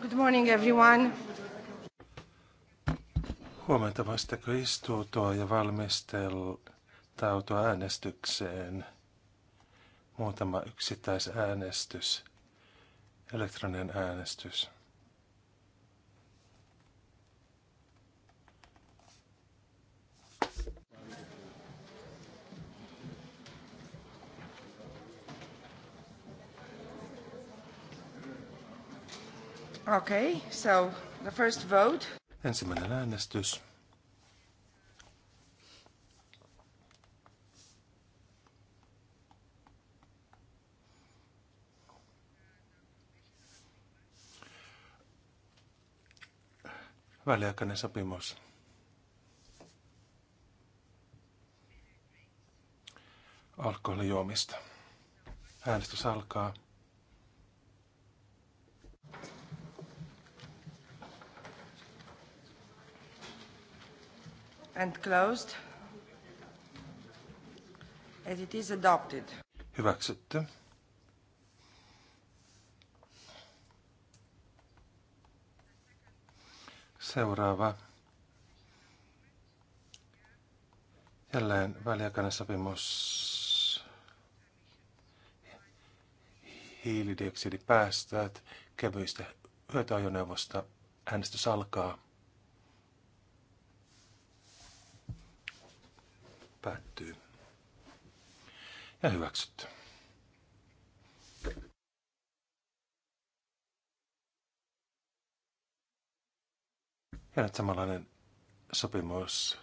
Good morning everyone. Huomenta vastako istuutua ja valmistautua äänestykseen. Muutama yksittäisäänestys, elektroninen äänestys. Okay, so the first vote. Ensimmäinen äänestys. väliaikainen sopimus. Alkoholijuomista. Äänestys alkaa. and closed. And it is adopted. Hyväksytty. Seuraava. Jälleen väliaikainen sopimus. Hiilidioksidipäästöt kevyistä hyötyajoneuvosta. Äänestys alkaa. Päättyy. Ja hyväksytty. Ja nyt samanlainen sopimus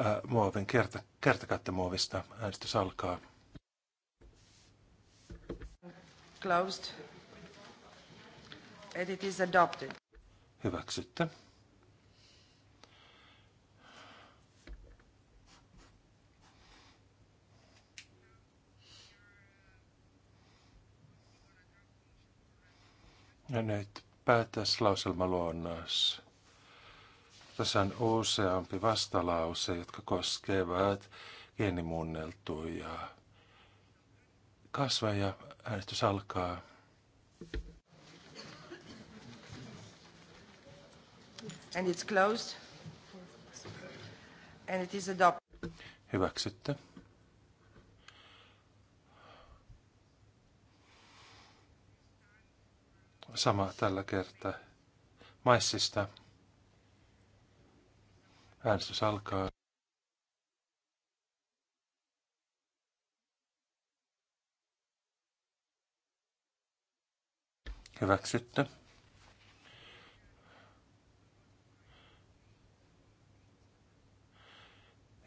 äh, muovin kerta, kertakäyttömuovista. Äänestys alkaa. Closed. And it is adopted. Hyväksytty. Ja nyt luonnos. Tässä on useampi vastalause, jotka koskevat geenimuunneltuja kasveja. Äänestys alkaa. And it's closed. And it is adopted. Hyväksytty. sama tällä kertaa. Maissista. Äänestys alkaa. Hyväksytty.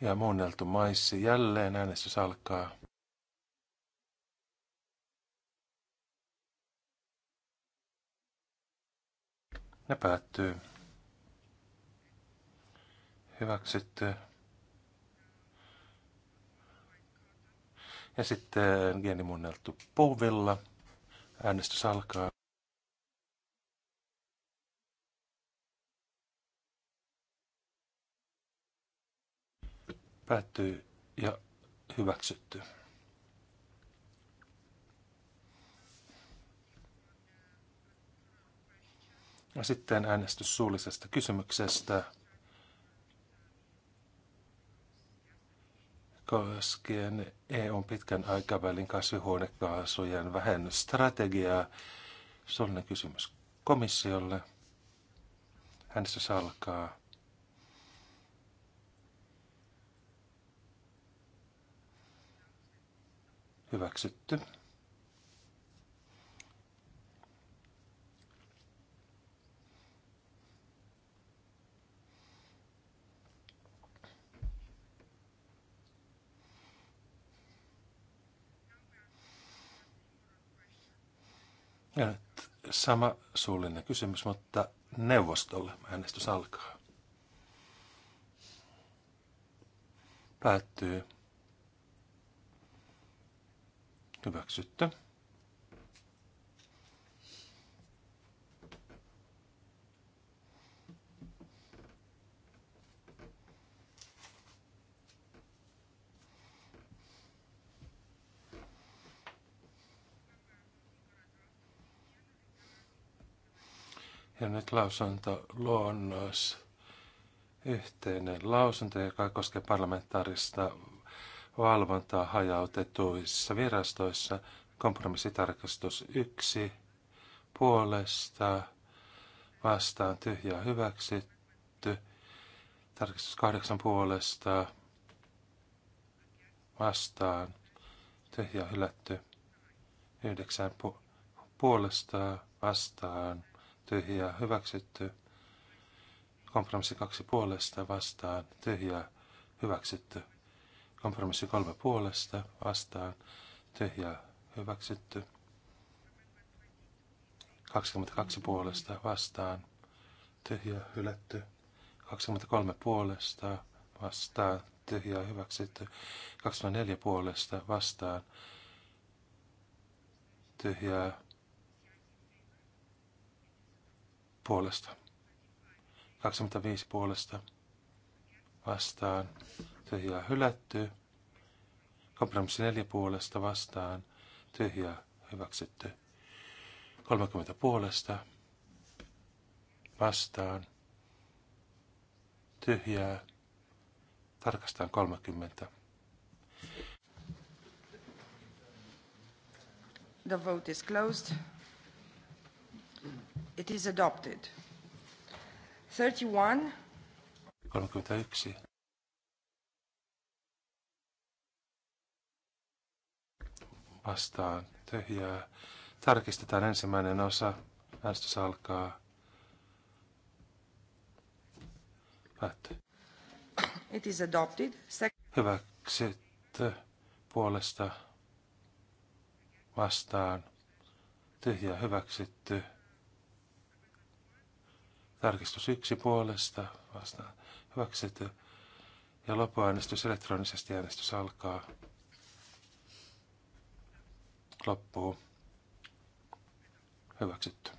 Ja muunneltu maissi. Jälleen äänestys alkaa. Ne päättyy. Hyväksytty. Ja sitten geenimuunneltu puuvilla. Äänestys alkaa. Päättyy ja hyväksytty. Ja sitten äänestys suullisesta kysymyksestä koskien EUn pitkän aikavälin kasvihuonekaasujen vähennysstrategiaa. Suullinen kysymys komissiolle. Äänestys alkaa. Hyväksytty. Ja nyt sama suullinen kysymys, mutta neuvostolle äänestys alkaa. Päättyy. Hyväksytty. Ja nyt lausunto luonnos. Yhteinen lausunto, joka koskee parlamentaarista valvontaa hajautetuissa virastoissa. Kompromissitarkastus 1 puolesta vastaan tyhjää hyväksytty. tarkastus 8 puolesta vastaan tyhjää hylätty. 9 pu- puolesta vastaan tyhjää hyväksytty. Kompromissi kaksi puolesta vastaan tyhjää hyväksytty. Kompromissi kolme puolesta vastaan tyhjää hyväksytty. 22 puolesta vastaan tyhjää hylätty. 23 puolesta vastaan tyhjää hyväksytty. 24 puolesta vastaan tyhjää puolesta. 25 puolesta vastaan. Tyhjää hylätty. Kompromissi 4 puolesta vastaan. Tyhjää hyväksytty. 30 puolesta vastaan. Tyhjää. Tarkastaan 30. The vote is closed. It is adopted. 31. 31. Vastaan tyhjää. Tarkistetaan ensimmäinen osa. Äänestys alkaa. Päättyy. It is adopted. Sek- Hyväksytty puolesta vastaan. Tyhjä hyväksytty. Tarkistus yksi puolesta vastaan hyväksytty. Ja loppuäänestys elektronisesti äänestys alkaa. Loppuu. Hyväksytty.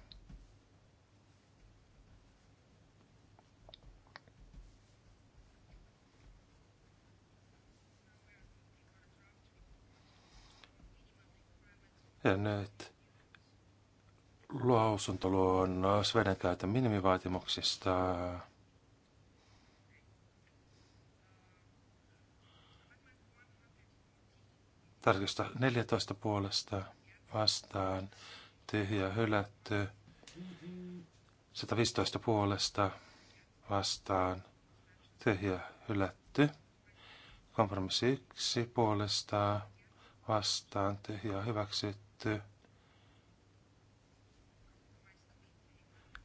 Ja nyt lausuntoluonnos äh, veden käytön minimivaatimuksista. Tarkista 14 puolesta vastaan, tyhjä hylätty. 115 puolesta vastaan, tyhjä hylätty. Kompromissi 1 puolesta vastaan, tyhjä hyväksytty.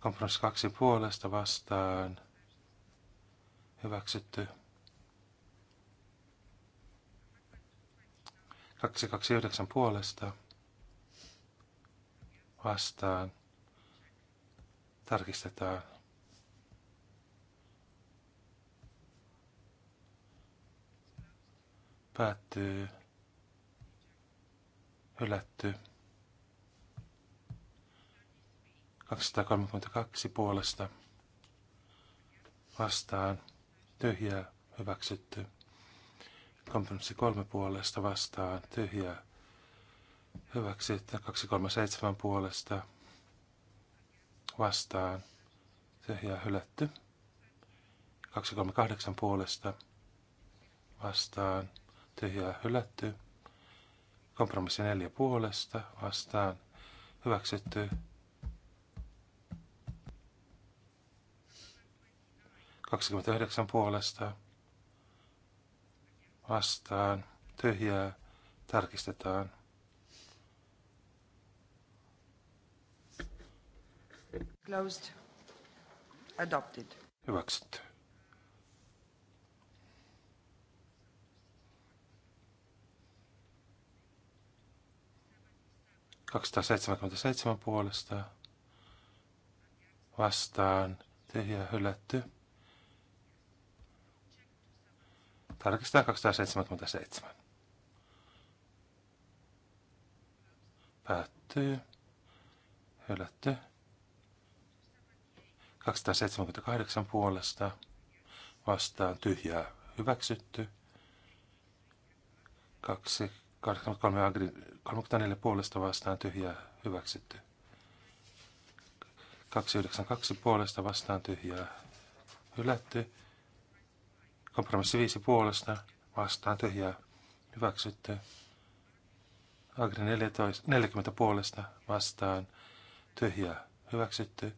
Kompromissi kaksi puolesta vastaan. Hyväksytty. 229 puolesta vastaan. Tarkistetaan. Päättyy. Hylätty. 232 puolesta vastaan tyhjää hyväksytty. Kompromissi kolme puolesta vastaan tyhjää hyväksytty. 237 puolesta vastaan tyhjää hylätty. 238 puolesta vastaan tyhjää hylätty. Kompromissi neljä puolesta vastaan hyväksytty. 29 puolesta vastaan tyhjää tarkistetaan. Closed. Adopted. Hyväksytty. Kaksisataaseitsemänkymmentäseitsemän puolesta vastaan tyhjä hylätty. Tarkistetaan 277. Päättyy. Hylätty. 278 puolesta. Vastaan tyhjää hyväksytty. 2, 34 puolesta vastaan tyhjää hyväksytty. 292 puolesta vastaan tyhjää hylätty. Kompromissi viisi puolesta vastaan tyhjää hyväksytty. Agri 14, 40 puolesta vastaan tyhjää hyväksytty.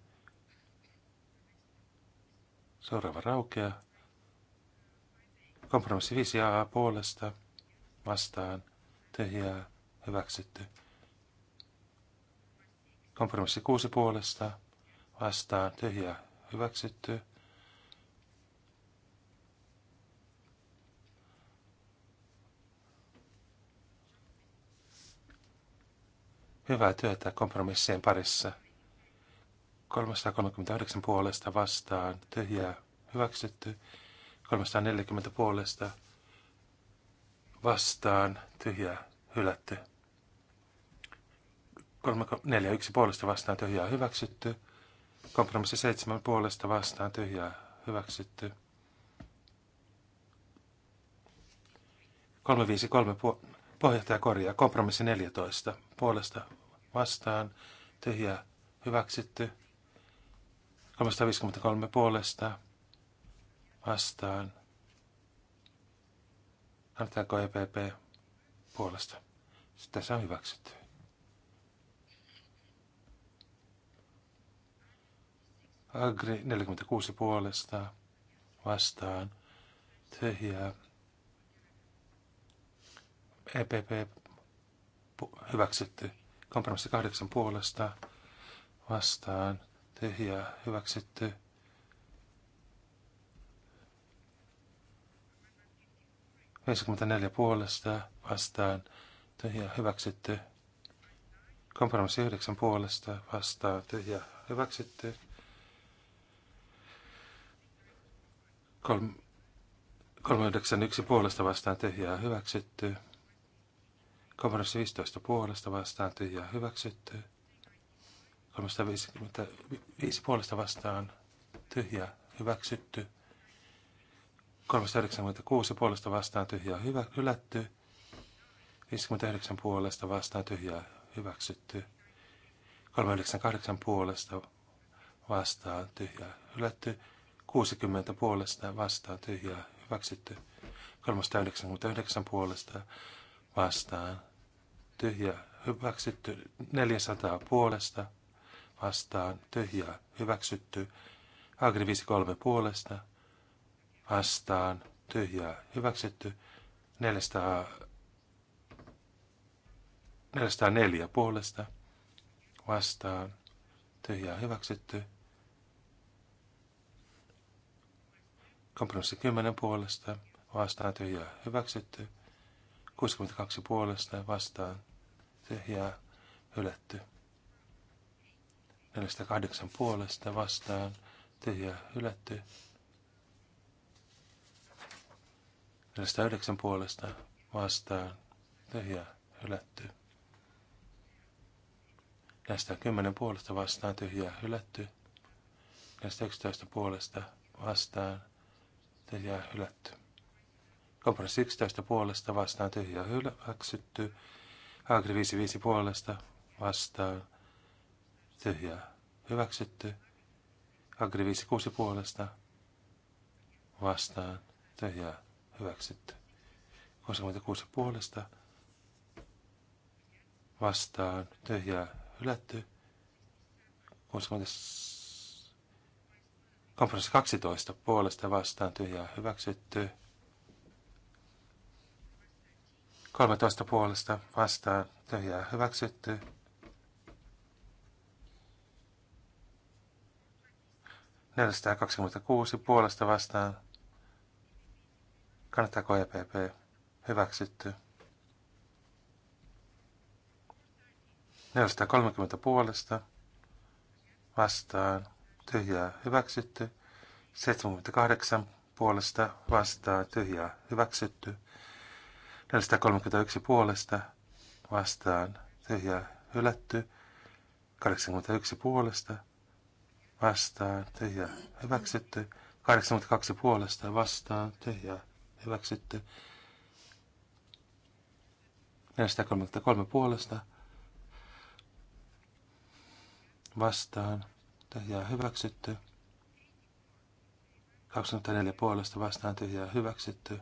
Seuraava raukea. Kompromissi 5a puolesta vastaan tyhjää hyväksytty. Kompromissi 6 puolesta vastaan tyhjää hyväksytty. hyvää työtä kompromissien parissa. 339 puolesta vastaan, tyhjää hyväksytty. 340 puolesta vastaan, tyhjää hylätty. 341 puolesta vastaan, tyhjää hyväksytty. Kompromissi 7 puolesta vastaan, tyhjää hyväksytty. 353 puolesta Puheenjohtaja korjaa. Kompromissi 14. Puolesta vastaan. Tyhjä hyväksytty. 353 puolesta vastaan. antaa EPP puolesta? Sitten tässä on hyväksytty. Agri 46 puolesta vastaan. Tyhjää EPP hyväksytty. Kompromissi kahdeksan puolesta vastaan tyhjä hyväksytty. neljä puolesta vastaan tyhjä hyväksytty. Kompromissi yhdeksän puolesta vastaan tyhjä hyväksytty. Kolme, yksi puolesta vastaan tyhjää hyväksytty. Kompromissi 15 puolesta vastaan tyhjää hyväksytty. 355 puolesta vastaan tyhjää hyväksytty. 396 puolesta vastaan tyhjää hyvä, hylätty. 59 puolesta vastaan tyhjää hyväksytty. 398 puolesta vastaan tyhjää hylätty. 60 puolesta vastaan tyhjää hyväksytty. 399 puolesta vastaan tyhjä hyväksytty 400 puolesta, vastaan tyhjä hyväksytty Agri 53 puolesta, vastaan tyhjä hyväksytty 400, 404 puolesta, vastaan tyhjä hyväksytty kompromissi 10 puolesta, vastaan tyhjä hyväksytty 62 puolesta, vastaan tyhjää hylätty. kahdeksan puolesta vastaan tyhjä hylätty. 409 puolesta vastaan tyhjä hylätty. 410 puolesta vastaan tyhjä hylätty. 411 puolesta vastaan tyhjä hylätty. Kompromissi 11 puolesta vastaan tyhjä hyväksytty. Agri 55 puolesta vastaan tyhjää hyväksytty. Agri 56 puolesta vastaan tyhjää hyväksytty. 36 puolesta vastaan tyhjää hylätty. 60 Kompromissi 12 puolesta vastaan tyhjää hyväksytty. 13 puolesta vastaan tyhjää hyväksytty. kuusi puolesta vastaan. Kannattaako EPP? Hyväksytty. 430 puolesta vastaan. Tyhjää hyväksytty. 78 puolesta vastaan. Tyhjää hyväksytty. 431 puolesta vastaan tyhjä hylätty. 81 puolesta vastaan tyhjä hyväksytty. 82 puolesta vastaan tyhjä hyväksytty. 433 puolesta vastaan tyhjä hyväksytty. 24 puolesta vastaan tyhjä hyväksytty.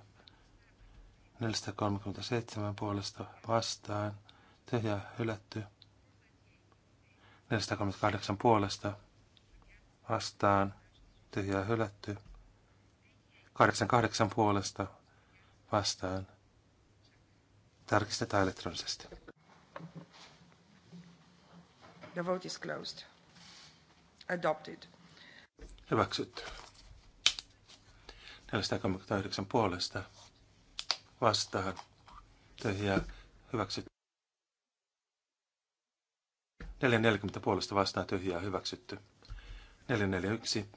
437 puolesta vastaan, tyhjää hylätty. 438 puolesta vastaan, tyhjää hylätty. 88 puolesta vastaan. Tarkistetaan elektronisesti. The vote is closed. Adopted. Hyväksytty. 439 puolesta vastaan tyhjää hyväksytty. 440 puolesta vastaan tyhjää hyväksytty. 441.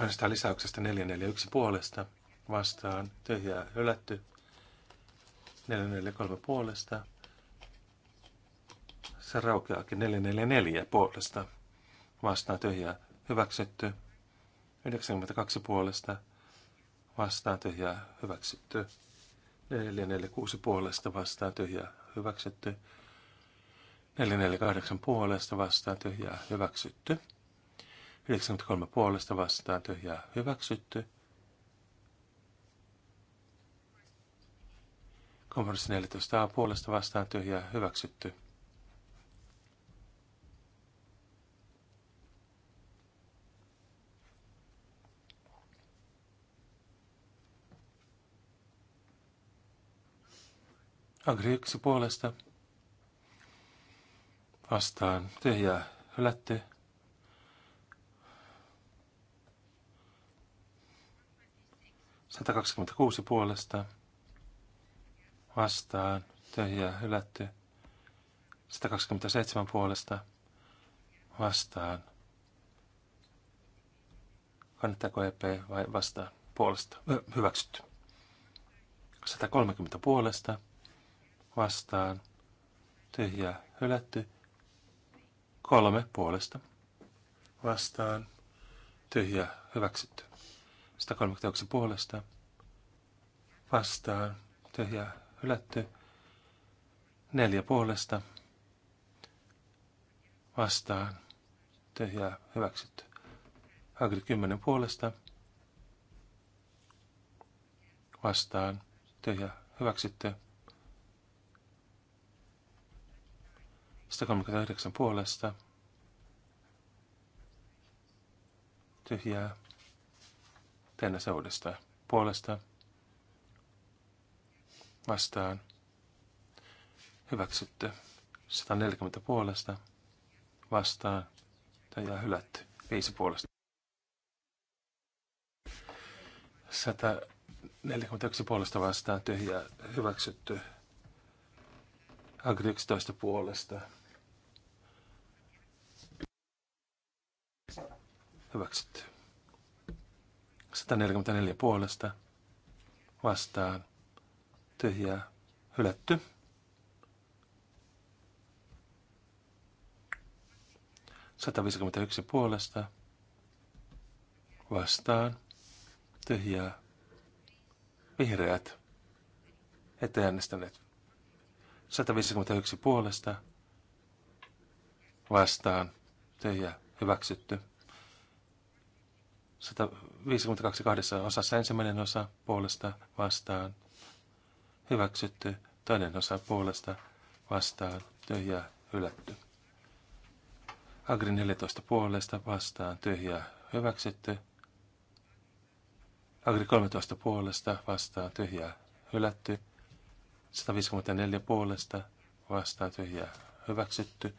Äänestää lisäyksestä 441 puolesta vastaan tyhjää hylätty. 443 puolesta. Se raukeakin 444 puolesta vastaan tyhjää hyväksytty. 92 puolesta vastaan tyhjää hyväksytty. 446 puolesta vastaan tyhjää hyväksytty. 448 puolesta vastaan tyhjää hyväksytty. 93 puolesta vastaan tyhjää hyväksytty. Kompromissi 14a puolesta vastaan tyhjää hyväksytty. Agriksi puolesta. Vastaan. Tyhjää. Hylätty. kuusi puolesta. Vastaan. Tyhjää. Hylätty. seitsemän puolesta. Vastaan. Kannattaako EP vai vastaan? Puolesta. Hyväksytty. 130 puolesta vastaan, tyhjä hylätty. Kolme puolesta vastaan, tyhjä hyväksytty. 139 puolesta vastaan, tyhjä hylätty. Neljä puolesta vastaan, tyhjä hyväksytty. Agri 10 puolesta vastaan, tyhjä hyväksytty. 139 puolesta. Tyhjää. Teennä se uudestaan. Puolesta. Vastaan. Hyväksytty. 140 puolesta. Vastaan. Tyhjää hylätty. 5 puolesta. 141 puolesta vastaan tyhjää hyväksytty. Agri 11 puolesta Hyväksytty. 144 puolesta vastaan tyhjää hylätty. yksi puolesta vastaan tyhjää vihreät ette äänestäneet 151 puolesta vastaan tyhjä hyväksytty 152 kahdessa osassa ensimmäinen osa puolesta vastaan. Hyväksytty. Toinen osa puolesta vastaan. Tyhjää hylätty. Agri 14 puolesta vastaan. Tyhjää hyväksytty. Agri 13 puolesta vastaan. Tyhjää hylätty. 154 puolesta vastaan. Tyhjää hyväksytty.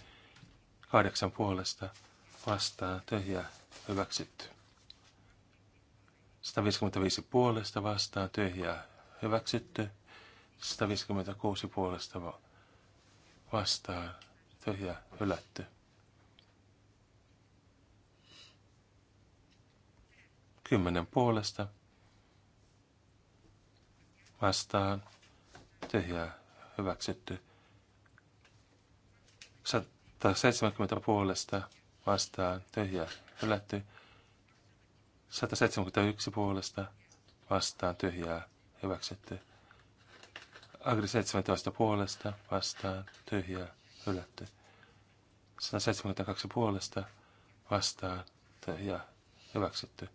8 puolesta vastaan. Tyhjää hyväksytty. 155 puolesta vastaan tyhjää hyväksytty. 156 puolesta vastaan tyhjää hylätty. Kymmenen puolesta vastaan tyhjää hyväksytty. 170 puolesta vastaan tyhjää hylätty. 171 puolesta vastaan tyhjää hyväksytty. Agri 17 puolesta vastaan tyhjää hylätty. 172 puolesta vastaan tyhjää hyväksytty.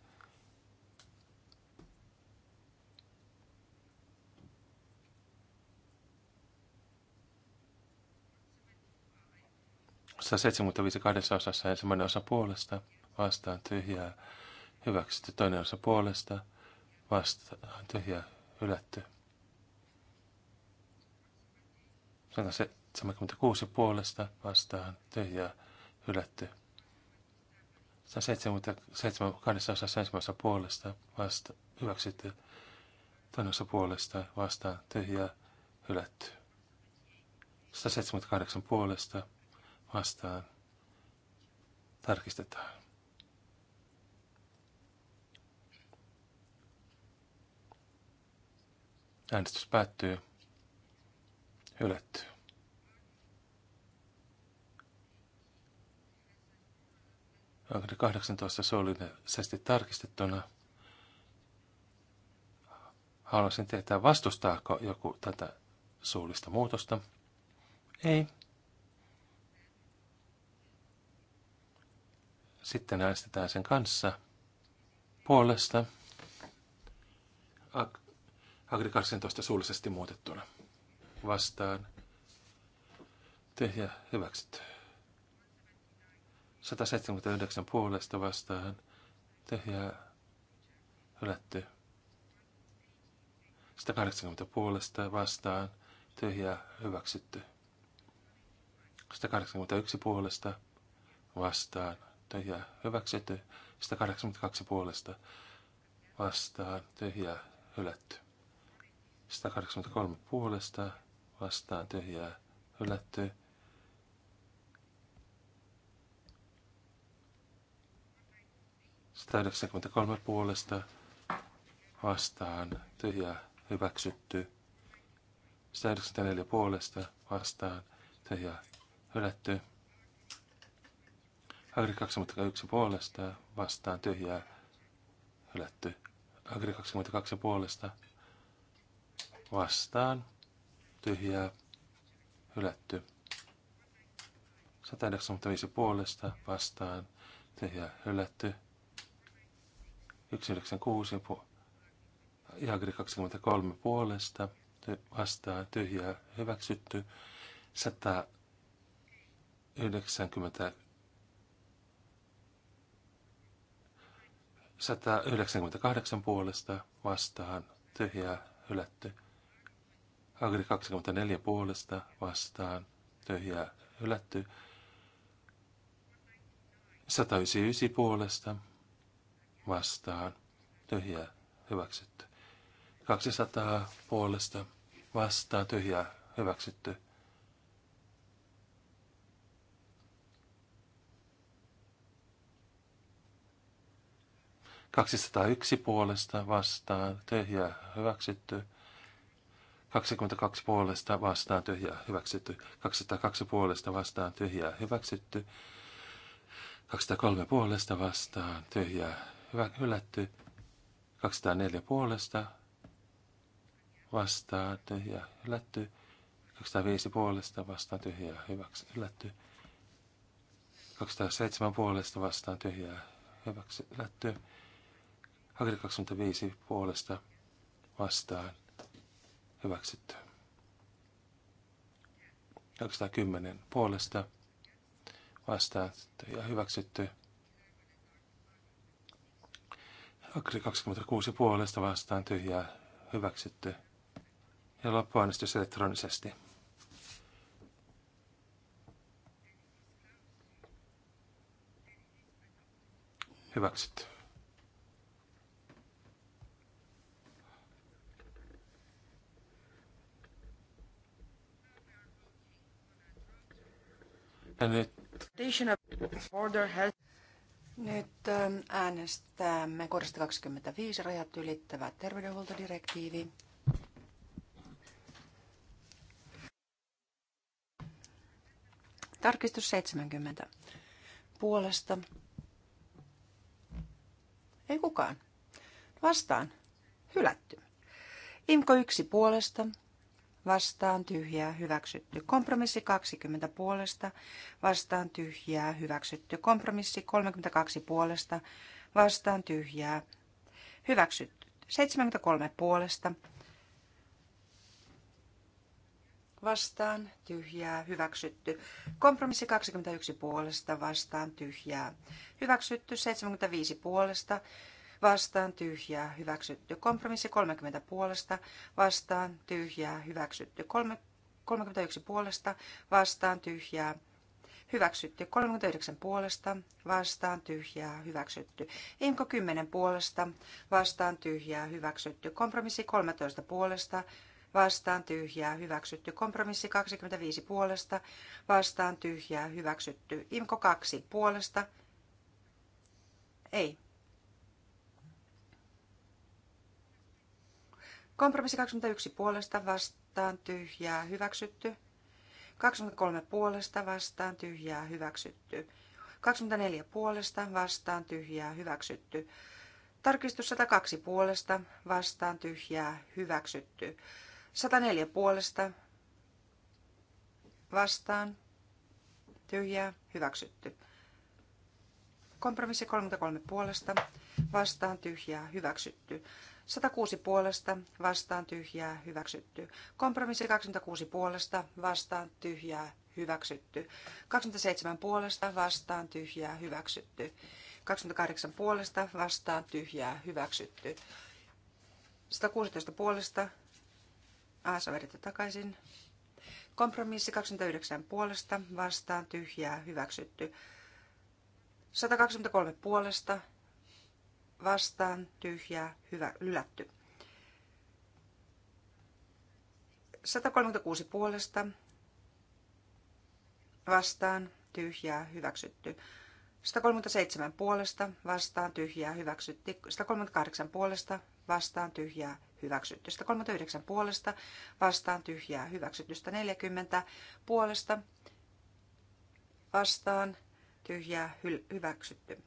Osa 75 kahdessa osassa ensimmäinen osa puolesta vastaan tyhjää Hyväksytty. Toinen osa puolesta. Vastaan. Tyhjä. Hylätty. 176 puolesta. Vastaan. Tyhjä. Hylätty. 177 kahdessa osassa ensimmäisessä puolesta. Vasta. Hyväksytty. Toinen osa puolesta. Vastaan. Tyhjä. Hylätty. 178 puolesta. Vastaan. Tarkistetaan. Äänestys päättyy. Hylätty. Agri 18 solidisesti tarkistettuna. Haluaisin tietää, vastustaako joku tätä suullista muutosta. Ei. Sitten äänestetään sen kanssa puolesta. Ak- Agri 12 suullisesti muutettuna. Vastaan. Tyhjä hyväksytty. 179 puolesta vastaan. Tyhjä hylätty. 180 puolesta vastaan. Tyhjä hyväksytty. 181 puolesta vastaan. Tyhjä hyväksytty. 182 puolesta vastaan. Tyhjä hylätty. 183 puolesta vastaan tyhjää hylätty. 93 puolesta vastaan tyhjä hyväksytty. Sitä 94 puolesta vastaan tyhjä hylätty. 21 puolesta vastaan tyhjä hylätty. 22 puolesta vastaan, tyhjää, hylätty. 185 puolesta vastaan, tyhjää, hylätty. 196 pu- 23 puolesta ty- vastaan, tyhjää, hyväksytty. 190 198 puolesta vastaan, tyhjää, hylätty. Agri 24 puolesta vastaan tyhjää hylätty. 199 puolesta vastaan tyhjää hyväksytty. 200 puolesta vastaan tyhjää hyväksytty. yksi puolesta vastaan tyhjää hyväksytty. 22 puolesta vastaan tyhjää hyväksytty. 202 puolesta vastaan tyhjää hyväksytty. 203 puolesta vastaan tyhjää hyvä, hylätty. 204 puolesta vastaan tyhjää hylätty. 205 puolesta vastaan tyhjää hyväksi hylätty. 207 puolesta vastaan tyhjää hyväksi hylätty. 25 puolesta vastaan Hyväksytty. 210 puolesta vastaan ja hyväksytty. 26 puolesta vastaan tyhjää hyväksytty. Ja loppuäänestys elektronisesti. Hyväksytty. Nyt. Nyt ähm, äänestämme kohdasta 25 rajat ylittävä terveydenhuoltodirektiivi. Tarkistus 70. Puolesta. Ei kukaan. Vastaan. Hylätty. Imko yksi puolesta vastaan tyhjää hyväksytty. Kompromissi 20 puolesta vastaan tyhjää hyväksytty. Kompromissi 32 puolesta vastaan tyhjää hyväksytty. 73 puolesta vastaan tyhjää hyväksytty. Kompromissi 21 puolesta vastaan tyhjää hyväksytty. 75 puolesta vastaan tyhjää hyväksytty. Kompromissi 30 puolesta vastaan tyhjää hyväksytty. Kolme, 31 puolesta vastaan tyhjää hyväksytty. 39 puolesta vastaan tyhjää hyväksytty. Inko 10 puolesta vastaan tyhjää hyväksytty. Kompromissi 13 puolesta vastaan tyhjää hyväksytty. Kompromissi 25 puolesta, vastaan tyhjää hyväksytty. Inko 2 puolesta, ei, Kompromissi 21 puolesta vastaan tyhjää hyväksytty. 23 puolesta vastaan tyhjää hyväksytty. 24 puolesta vastaan tyhjää hyväksytty. Tarkistus 102 puolesta vastaan tyhjää hyväksytty. 104 puolesta vastaan tyhjää hyväksytty. Kompromissi 33 puolesta vastaan tyhjää hyväksytty. 106 puolesta, vastaan tyhjää, hyväksytty. Kompromissi 26 puolesta, vastaan tyhjää, hyväksytty. 27 puolesta, vastaan tyhjää, hyväksytty. 28 puolesta, vastaan tyhjää, hyväksytty. 116 puolesta, aasa ah, vedetty takaisin. Kompromissi 29 puolesta, vastaan tyhjää, hyväksytty. 123 puolesta, vastaan tyhjää hyvä ylätty. 136 puolesta vastaan tyhjää hyväksytty. 137 puolesta vastaan tyhjää hyväksytty. 138 puolesta vastaan tyhjää hyväksytty. 139 puolesta vastaan tyhjää hyväksytty. 140 puolesta vastaan tyhjää hyväksytty.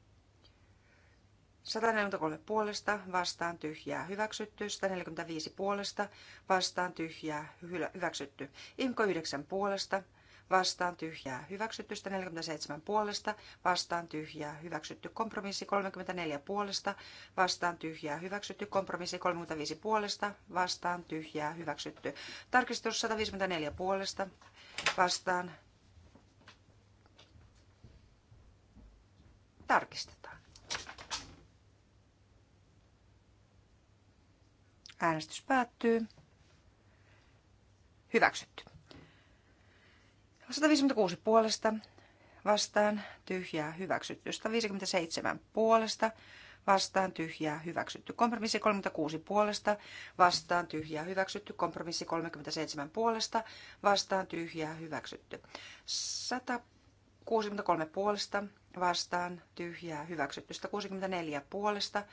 143 puolesta vastaan tyhjää hyväksytty, 145 puolesta vastaan tyhjää hyväksytty, IMKO 9 puolesta vastaan tyhjää hyväksytty, 147 puolesta vastaan tyhjää hyväksytty, kompromissi 34 puolesta vastaan tyhjää hyväksytty, kompromissi 35 puolesta vastaan tyhjää hyväksytty, tarkistus 154 puolesta vastaan tarkistetaan. Äänestys päättyy. Hyväksytty. 156 puolesta vastaan tyhjää hyväksytty. 157 puolesta vastaan tyhjää hyväksytty. Kompromissi 36 puolesta vastaan tyhjää hyväksytty. Kompromissi 37 puolesta vastaan tyhjää hyväksytty. 163 puolesta vastaan tyhjää hyväksytty. 164 puolesta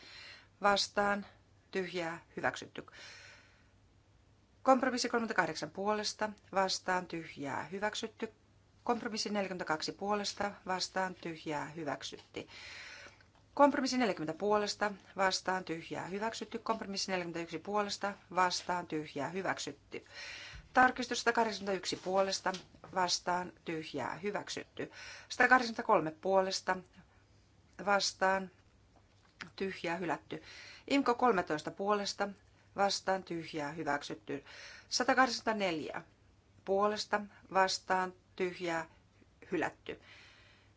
vastaan tyhjää, hyväksytty. Kompromissi 38 puolesta, vastaan tyhjää, hyväksytty. Kompromissi 42 puolesta, vastaan tyhjää, hyväksytti. Kompromissi 40 puolesta, vastaan tyhjää, hyväksytty. Kompromissi 41 puolesta, vastaan tyhjää, hyväksytty. Tarkistus 181 puolesta, vastaan tyhjää, hyväksytty. 183 puolesta, vastaan tyhjää hylätty. Imko 13 puolesta vastaan tyhjää hyväksytty. 184 puolesta vastaan tyhjää hylätty.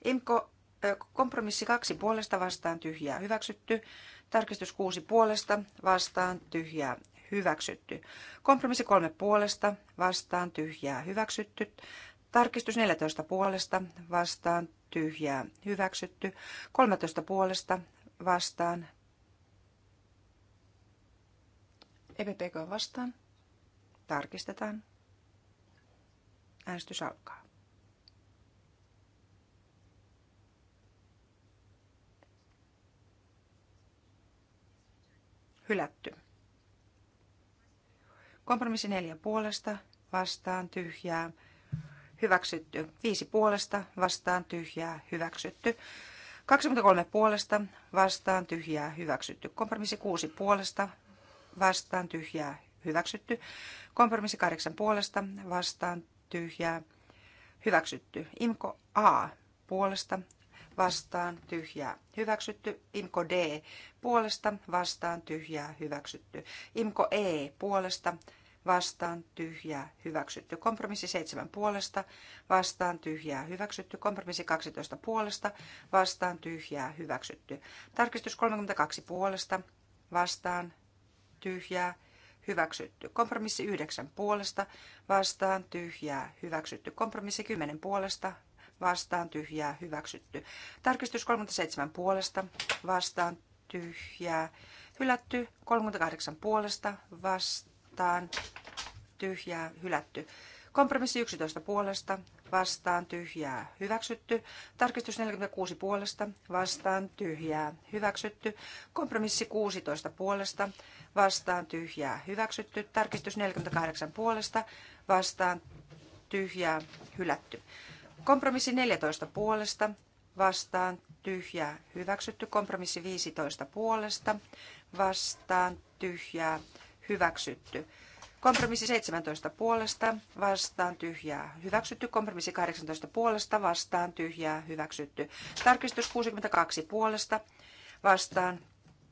Imko kompromissi 2 puolesta vastaan tyhjää hyväksytty. Tarkistus 6 puolesta vastaan tyhjää hyväksytty. Kompromissi 3 puolesta vastaan tyhjää hyväksytty. Tarkistus 14 puolesta vastaan tyhjää hyväksytty. 13 puolesta vastaan. EPPK vastaan. Tarkistetaan. Äänestys alkaa. Hylätty. Kompromissi neljä puolesta, vastaan tyhjää, hyväksytty. Viisi puolesta, vastaan tyhjää, hyväksytty. 23 puolesta vastaan tyhjää hyväksytty. Kompromissi 6 puolesta vastaan tyhjää hyväksytty. Kompromissi 8 puolesta vastaan tyhjää hyväksytty. Imko A puolesta vastaan tyhjää hyväksytty. Imko D puolesta vastaan tyhjää hyväksytty. Imko E puolesta vastaan tyhjää hyväksytty. Kompromissi 7 puolesta vastaan tyhjää hyväksytty. Kompromissi 12 puolesta vastaan tyhjää hyväksytty. Tarkistus 32 puolesta vastaan tyhjää hyväksytty. Kompromissi 9 puolesta vastaan tyhjää hyväksytty. Kompromissi 10 puolesta vastaan tyhjää hyväksytty. Tarkistus 37 puolesta vastaan tyhjää hylätty. 38 puolesta vastaan vastaan tyhjää hylätty. Kompromissi 11 puolesta vastaan tyhjää hyväksytty. Tarkistus 46 puolesta vastaan tyhjää hyväksytty. Kompromissi 16 puolesta vastaan tyhjää hyväksytty. Tarkistus 48 puolesta vastaan tyhjää hylätty. Kompromissi 14 puolesta vastaan tyhjää hyväksytty. Kompromissi 15 puolesta vastaan tyhjää hyväksytty. Kompromissi 17 puolesta, vastaan tyhjää, hyväksytty. Kompromissi 18 puolesta, vastaan tyhjää, hyväksytty. Tarkistus 62 puolesta, vastaan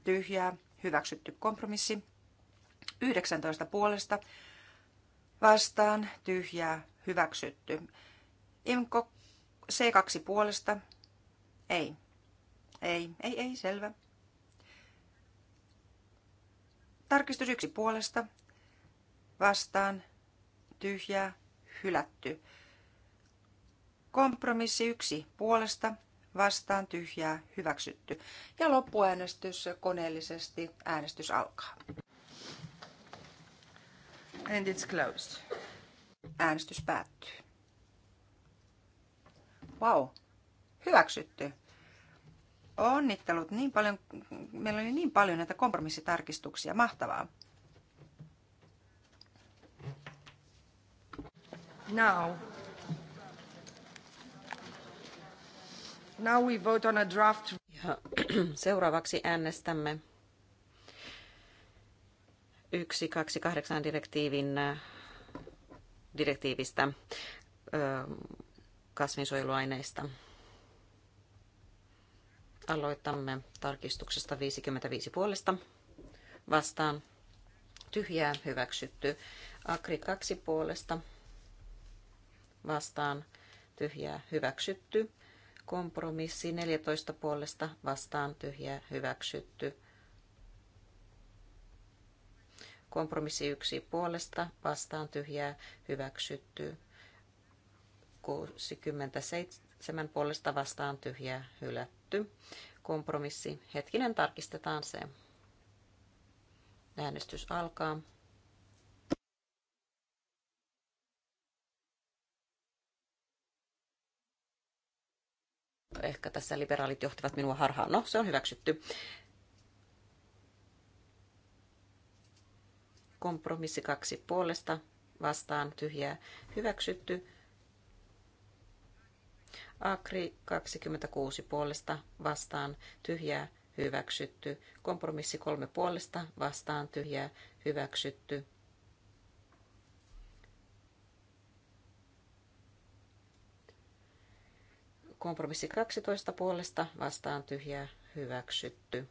tyhjää, hyväksytty. Kompromissi 19 puolesta, vastaan tyhjää, hyväksytty. Imko C2 puolesta, ei. Ei, ei, ei, selvä. Tarkistus yksi puolesta. Vastaan. Tyhjää. Hylätty. Kompromissi yksi puolesta. Vastaan tyhjää. Hyväksytty. Ja loppuäänestys koneellisesti. Äänestys alkaa. And it's closed. Äänestys päättyy. Wow. Hyväksytty. Onnittelut niin paljon, meillä oli niin paljon näitä kompromissitarkistuksia, mahtavaa. Now. Now we vote on a draft. Ja, seuraavaksi äänestämme 128 direktiivin äh, direktiivistä kasvinsuojeluaineista. Aloitamme tarkistuksesta 55 puolesta. Vastaan tyhjää hyväksytty. Akri 2 puolesta. Vastaan tyhjää hyväksytty. Kompromissi 14 puolesta vastaan tyhjää hyväksytty. Kompromissi 1 puolesta vastaan tyhjää hyväksytty. 67 puolesta vastaan tyhjää hylätty hylätty. Kompromissi. Hetkinen, tarkistetaan se. Äänestys alkaa. Ehkä tässä liberaalit johtavat minua harhaan. No, se on hyväksytty. Kompromissi kaksi puolesta vastaan tyhjää hyväksytty. Akri 26 puolesta vastaan tyhjää hyväksytty. Kompromissi 3 puolesta vastaan tyhjää hyväksytty. Kompromissi 12 puolesta vastaan tyhjää hyväksytty.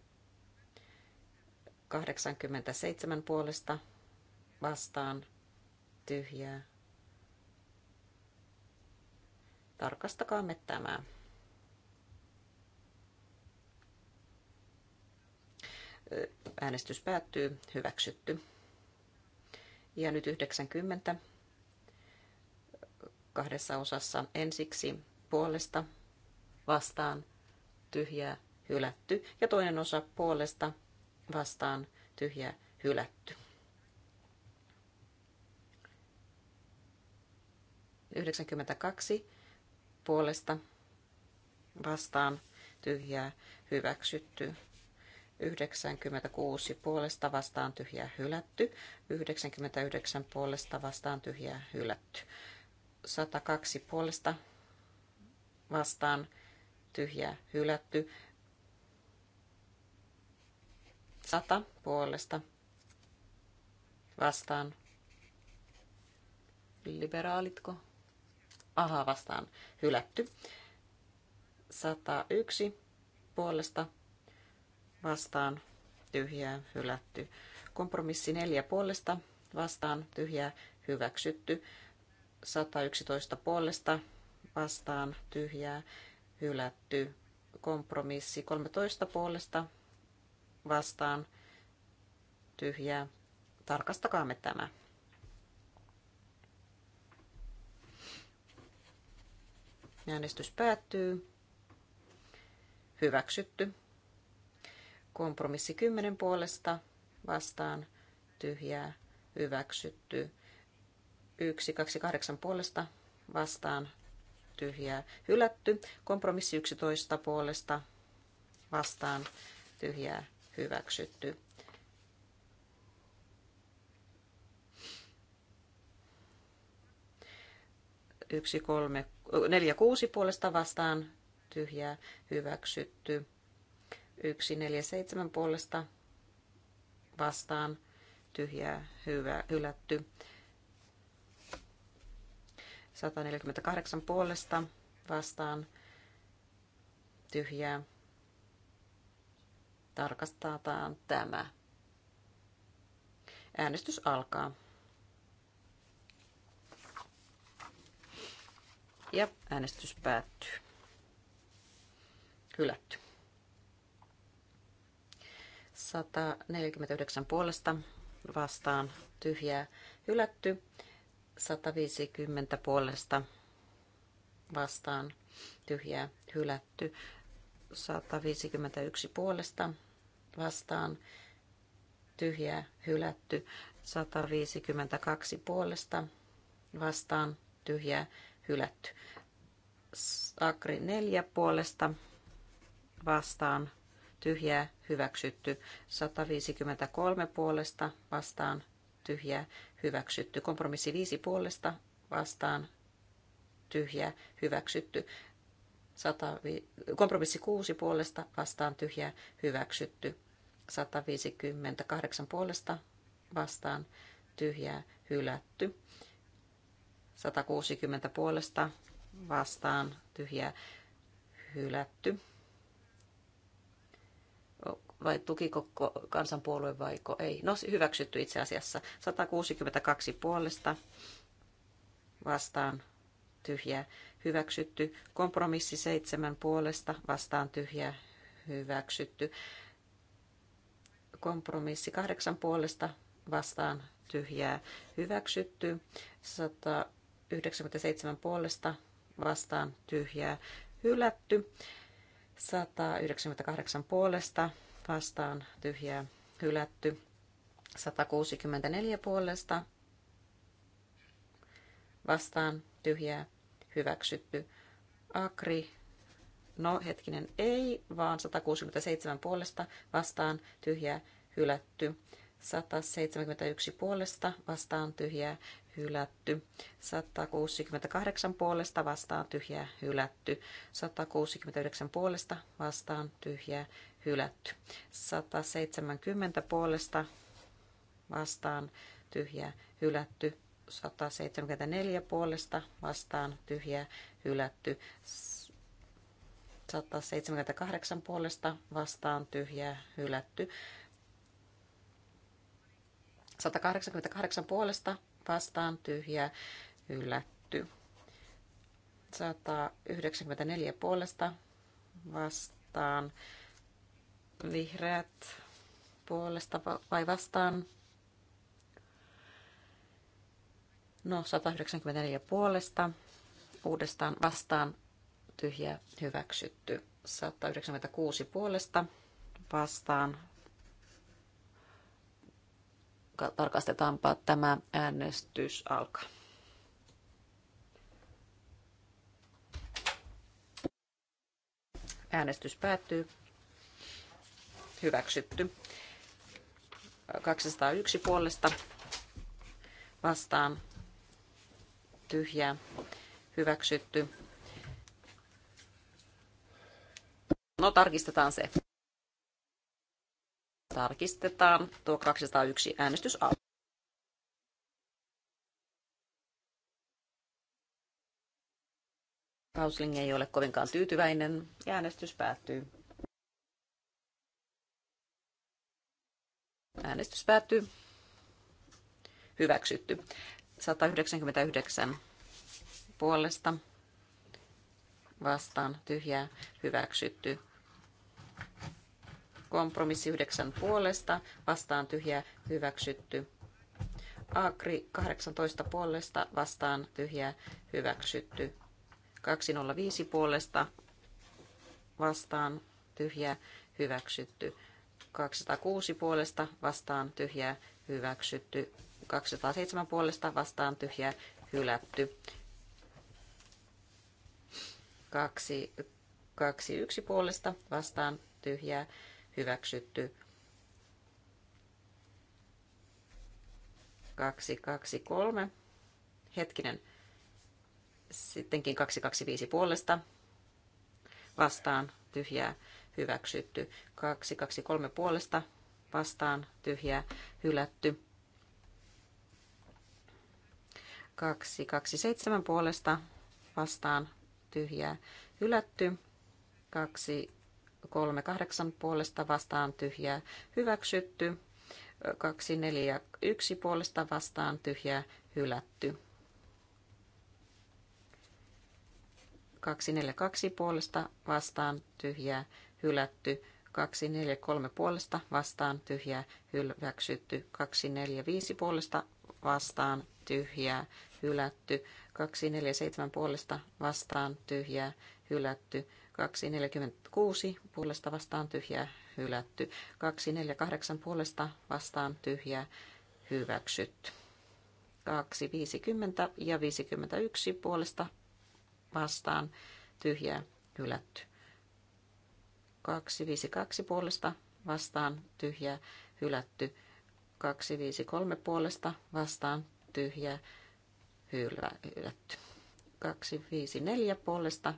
87 puolesta vastaan tyhjää Tarkastakaamme tämä. Äänestys päättyy. Hyväksytty. Ja nyt 90 kahdessa osassa ensiksi puolesta vastaan tyhjää hylätty ja toinen osa puolesta vastaan tyhjää hylätty. 92 puolesta vastaan tyhjää hyväksytty. 96 puolesta vastaan tyhjää hylätty. 99 puolesta vastaan tyhjää hylätty. 102 puolesta vastaan tyhjää hylätty. 100 puolesta vastaan. Liberaalitko? ahaa vastaan hylätty. 101 puolesta vastaan tyhjää hylätty. Kompromissi 4 puolesta vastaan tyhjää hyväksytty. 111 puolesta vastaan tyhjää hylätty. Kompromissi 13 puolesta vastaan tyhjää. Tarkastakaamme tämä. Äänestys päättyy. Hyväksytty. Kompromissi 10 puolesta vastaan tyhjää hyväksytty. 128 puolesta vastaan tyhjää hylätty. Kompromissi 11 puolesta vastaan tyhjää hyväksytty. Yksi kolme 46 puolesta vastaan tyhjää hyväksytty. seitsemän puolesta vastaan tyhjää hyvä, hylätty. 148 puolesta vastaan tyhjää. Tarkastetaan tämä. Äänestys alkaa. Ja äänestys päättyy. Hylätty. 149 puolesta vastaan tyhjää hylätty. 150 puolesta vastaan tyhjää hylätty. 151 puolesta vastaan tyhjää hylätty. 152 puolesta vastaan tyhjää hylätty. Sakri 4 puolesta vastaan tyhjää hyväksytty. 153 puolesta vastaan tyhjää hyväksytty. Kompromissi 5 puolesta vastaan tyhjää hyväksytty. 100, kompromissi 6 puolesta vastaan tyhjää hyväksytty. 158 puolesta vastaan tyhjää hylätty. 160 puolesta vastaan tyhjä hylätty. Vai tukiko kansanpuolue vaiko ei? No hyväksytty itse asiassa. 162 puolesta vastaan tyhjä hyväksytty. Kompromissi 7 puolesta vastaan tyhjä hyväksytty. Kompromissi 8 puolesta vastaan tyhjää hyväksytty. 100 197 puolesta vastaan tyhjää hylätty. 198 puolesta vastaan tyhjää hylätty. 164 puolesta vastaan tyhjää hyväksytty. Akri, no hetkinen ei, vaan 167 puolesta vastaan tyhjää hylätty. 171 puolesta vastaan tyhjää hylätty. 168 puolesta vastaan tyhjää hylätty. 169 puolesta vastaan tyhjää hylätty. 170 puolesta vastaan tyhjää hylätty. 174 puolesta vastaan tyhjää hylätty. 178 puolesta vastaan tyhjää hylätty. 188 puolesta vastaan tyhjä, hylätty. 194 puolesta vastaan vihreät puolesta vai vastaan. No 194 puolesta uudestaan vastaan tyhjä hyväksytty. 196 puolesta vastaan tarkastetaanpa tämä äänestys alkaa. Äänestys päättyy. Hyväksytty. 201 puolesta vastaan tyhjää. Hyväksytty. No tarkistetaan se. Tarkistetaan tuo 201 äänestys alkaa. Kausling ei ole kovinkaan tyytyväinen ja äänestys päättyy. Äänestys päättyy. Hyväksytty. 199 puolesta vastaan tyhjää hyväksytty. Kompromissi 9 puolesta vastaan tyhjä hyväksytty. Agri 18 puolesta vastaan tyhjä hyväksytty. 205 puolesta vastaan tyhjä hyväksytty. 206 puolesta vastaan tyhjä hyväksytty. 207 puolesta vastaan tyhjä hylätty. 2, 2 1 puolesta vastaan tyhjää hyväksytty. 223. Hetkinen. Sittenkin 225 puolesta vastaan tyhjää hyväksytty. 223 puolesta vastaan tyhjää hylätty. 227 puolesta vastaan tyhjää hylätty. 2 338 puolesta vastaan tyhjää hyväksytty. 241 puolesta vastaan tyhjää hylätty. 242 puolesta vastaan tyhjää hylätty. 243 puolesta vastaan tyhjää hyväksytty. 245 puolesta vastaan tyhjää hylätty. 247 puolesta vastaan tyhjää hylätty. 246 puolesta vastaan tyhjää hylätty. 248 puolesta vastaan tyhjää hyväksytty. 250 ja 51 puolesta vastaan tyhjää hylätty. 252 puolesta vastaan tyhjää hylätty. 253 puolesta vastaan tyhjää hylätty. 254 puolesta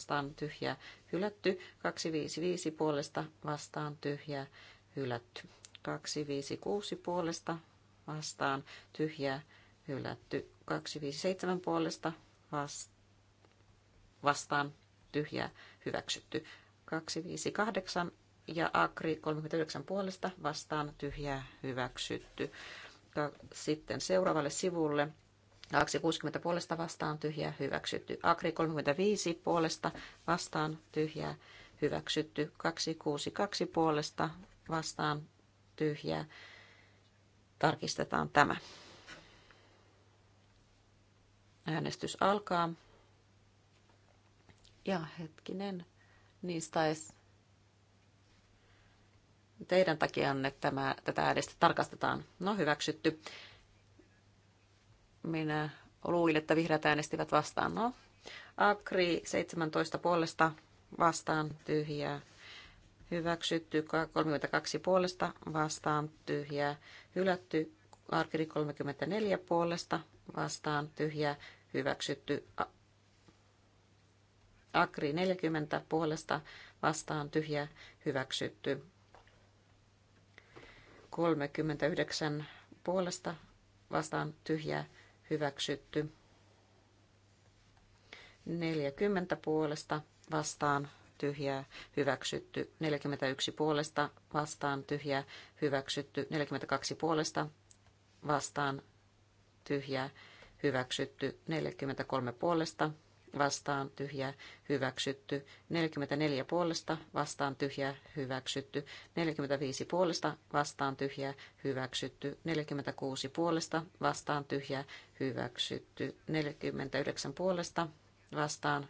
vastaan tyhjää hylätty. 255 puolesta vastaan tyhjää hylätty. 256 puolesta vastaan tyhjää hylätty. 257 puolesta vastaan tyhjää hyväksytty. 258 ja Akri 39 puolesta vastaan tyhjää hyväksytty. Sitten seuraavalle sivulle 260 puolesta vastaan tyhjää hyväksytty. Agri 35 puolesta vastaan tyhjää hyväksytty. 262 puolesta vastaan tyhjää. Tarkistetaan tämä. Äänestys alkaa. Ja hetkinen, niistä edes teidän että tämä, tätä äänestä tarkastetaan. No hyväksytty. Minä luulin, että vihreät äänestivät vastaan. No. Akri 17 puolesta vastaan tyhjää. Hyväksytty 32 puolesta vastaan tyhjää. Hylätty akri 34 puolesta vastaan tyhjää. Hyväksytty Akri 40 puolesta vastaan tyhjää. Hyväksytty 39 puolesta vastaan tyhjää hyväksytty. 40 puolesta vastaan tyhjää hyväksytty. 41 puolesta vastaan tyhjää hyväksytty. 42 puolesta vastaan tyhjää hyväksytty. 43 puolesta vastaan tyhjä hyväksytty. 44 puolesta vastaan tyhjä hyväksytty. 45 puolesta vastaan tyhjä hyväksytty. 46 puolesta vastaan tyhjä hyväksytty. 49 puolesta vastaan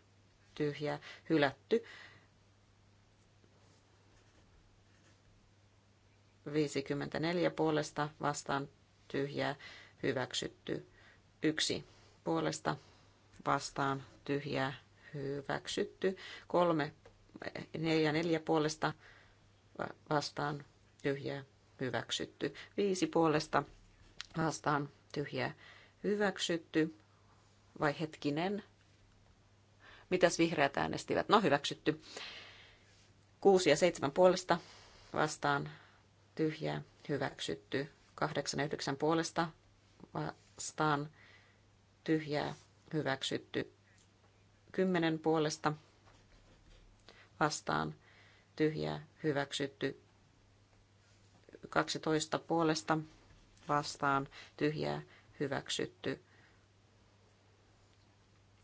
tyhjä hylätty. 54 puolesta vastaan tyhjä hyväksytty. 1 puolesta vastaan tyhjää hyväksytty. Kolme, neljä, neljä puolesta vastaan tyhjää hyväksytty. Viisi puolesta vastaan tyhjää hyväksytty. Vai hetkinen, mitäs vihreät äänestivät? No hyväksytty. Kuusi ja seitsemän puolesta vastaan tyhjää hyväksytty. Kahdeksan ja yhdeksän puolesta vastaan tyhjää hyväksytty kymmenen puolesta vastaan tyhjää hyväksytty 12 puolesta vastaan tyhjää hyväksytty.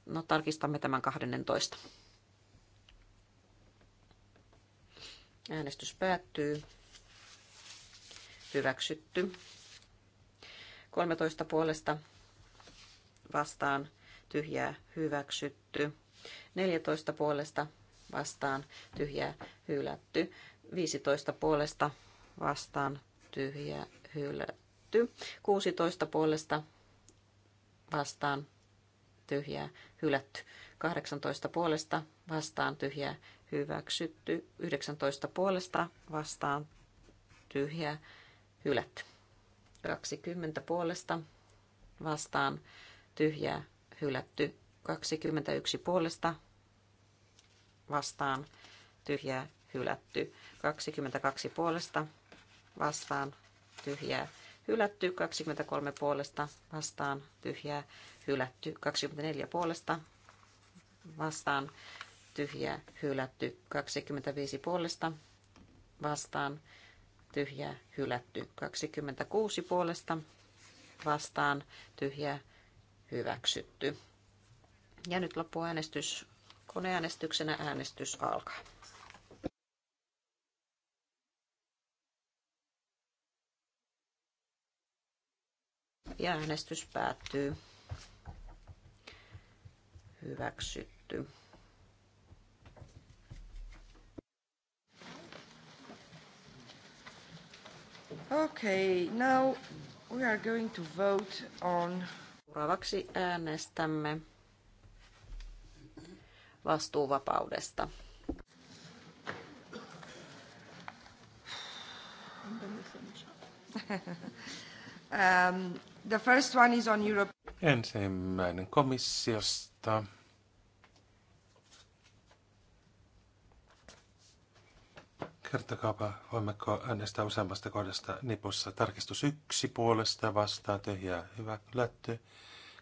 No tarkistamme tämän 12. Äänestys päättyy. Hyväksytty. 13 puolesta vastaan tyhjää hyväksytty. 14 puolesta vastaan tyhjää hylätty. 15 puolesta vastaan tyhjää hylätty. 16 puolesta vastaan tyhjää hylätty. 18 puolesta vastaan tyhjää hyväksytty. 19 puolesta vastaan tyhjää hylätty. 20 puolesta vastaan tyhjää hylätty 21 puolesta vastaan tyhjää hylätty 22 puolesta vastaan tyhjää hylätty 23 puolesta vastaan tyhjää hylätty 24 puolesta vastaan tyhjää hylätty 25 puolesta vastaan tyhjää hylätty 26 puolesta vastaan tyhjää hyväksytty. Ja nyt loppuäänestys koneäänestyksenä äänestys alkaa. Ja äänestys päättyy. Hyväksytty. Okay, now we are going to vote on Seuraavaksi äänestämme vastuuvapaudesta. um, the first one is on Europe. Ensimmäinen komissiosta. Kertokaapa, voimmeko äänestää useammasta kohdasta nipussa. Tarkistus yksi puolesta vastaan tyhjää hyvä lätty.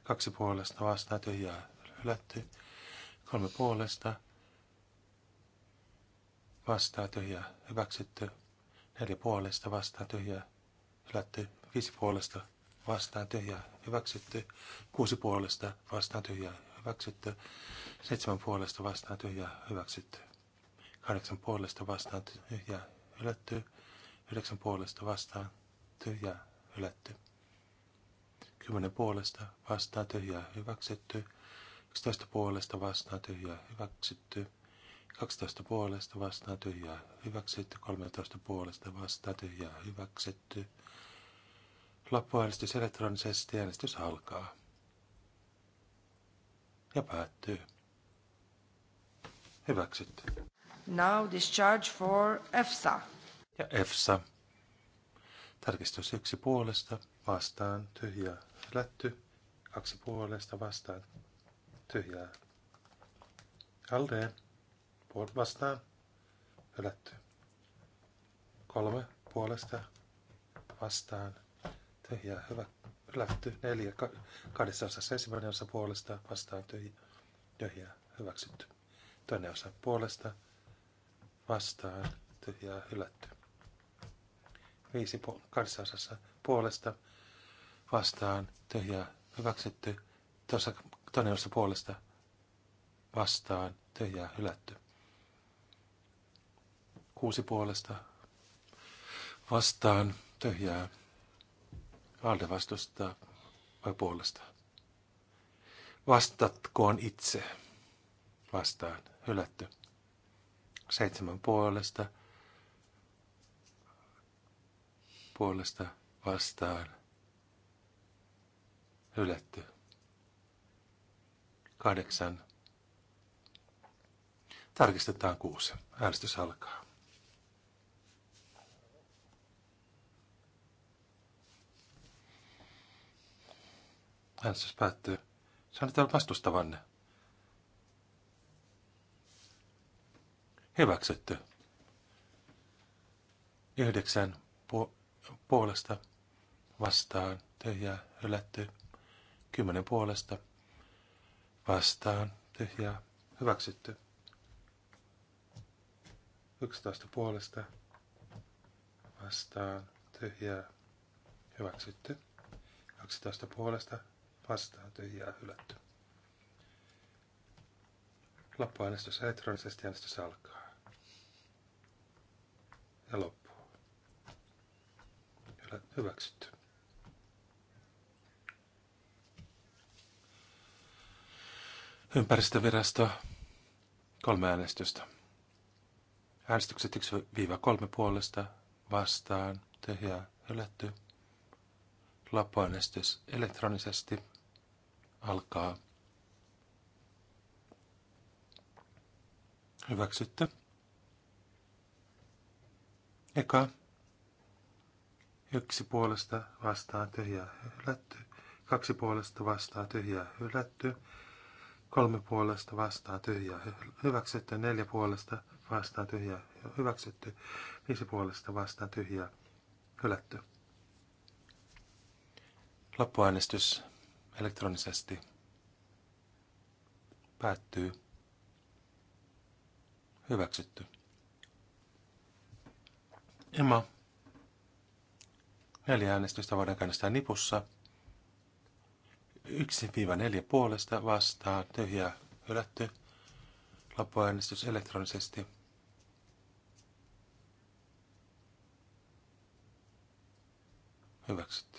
Kaksi puolesta vastaan tyhjää hylätty. Kolme puolesta vastaan tyhjää hyväksytty. Neljä puolesta vastaan tyhjää hylätty. Viisi puolesta vastaan tyhjää hyväksytty. Kuusi puolesta vastaan tyhjää hyväksytty. Seitsemän puolesta vastaan tyhjää hyväksytty. Kahdeksan puolesta vastaan tyhjää hylätty. Yhdeksän puolesta vastaan tyhjää hylätty. 10 puolesta vastaa tyhjää hyväksytty. 11 puolesta vastaa tyhjää hyväksytty. 12 puolesta vastaa tyhjää hyväksytty. 13 puolesta vastaa tyhjää hyväksytty. Loppuäänestys elektronisesti äänestys alkaa. Ja päättyy. Hyväksytty. Now discharge for EFSA. Ja EFSA. Tarkistus yksi puolesta vastaan tyhjä hylätty. Kaksi puolesta vastaan tyhjää. Aldeen puol- vastaan hylätty. Kolme puolesta vastaan tyhjää hyvä, hylätty. Neljä ka- kahdessa osassa ensimmäinen osa puolesta vastaan tyhjää, tyhjää hyväksytty. Toinen osa puolesta vastaan tyhjää hylätty viisi karsasassa puolesta vastaan tyhjä hyväksytty. Tuossa toinen osa puolesta vastaan tyhjää hylätty. Kuusi puolesta vastaan tyhjää. Alde vastustaa vai puolesta? Vastatkoon itse. Vastaan hylätty. Seitsemän puolesta puolesta vastaan. Hylätty. Kahdeksan. Tarkistetaan kuusi. Äänestys alkaa. Äänestys päättyy. Sanotaan vastustavanne. Hyväksytty. Yhdeksän puolesta vastaan tyhjää hylätty. Kymmenen puolesta vastaan tyhjää hyväksytty. Yksitoista puolesta vastaan tyhjää hyväksytty. Kaksitoista puolesta vastaan tyhjää hylätty. Loppuäänestys elektronisesti äänestys alkaa. Ja loppu hyväksytty. Ympäristövirasto, kolme äänestystä. Äänestykset 1-3 puolesta, vastaan, tyhjää, hylätty. Loppuäänestys elektronisesti alkaa. Hyväksytty. Eka Yksi puolesta vastaan tyhjää hylätty. Kaksi puolesta vastaan tyhjää hylätty. Kolme puolesta vastaan tyhjää hyväksytty. Neljä puolesta vastaan tyhjää hyväksytty. Viisi puolesta vastaan tyhjää hylätty. Loppuäänestys elektronisesti päättyy. Hyväksytty. Emma. Neljä äänestystä voidaan käynnistää nipussa. yksi viiva neljä puolesta vastaan tyhjää hylätty. Loppuäänestys elektronisesti. Hyväksytty.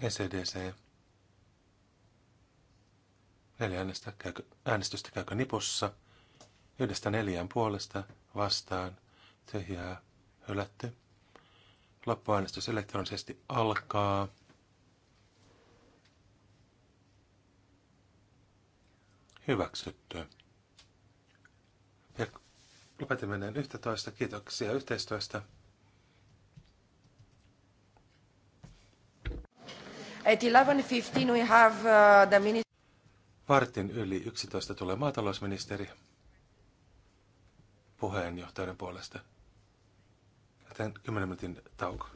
ECDC. Neljä äänestä äänestystä käykö nipussa. Yhdestä neljään puolesta vastaan tyhjää hylätty. Loppuäänestys elektronisesti alkaa. Hyväksytty. Ja lopetin näin 11. Kiitoksia yhteistyöstä. At 11.15 we have uh, the minister... Vartin yli 11 tulee maatalousministeri puheenjohtajan puolesta. Tämän 10 minuutin tauko.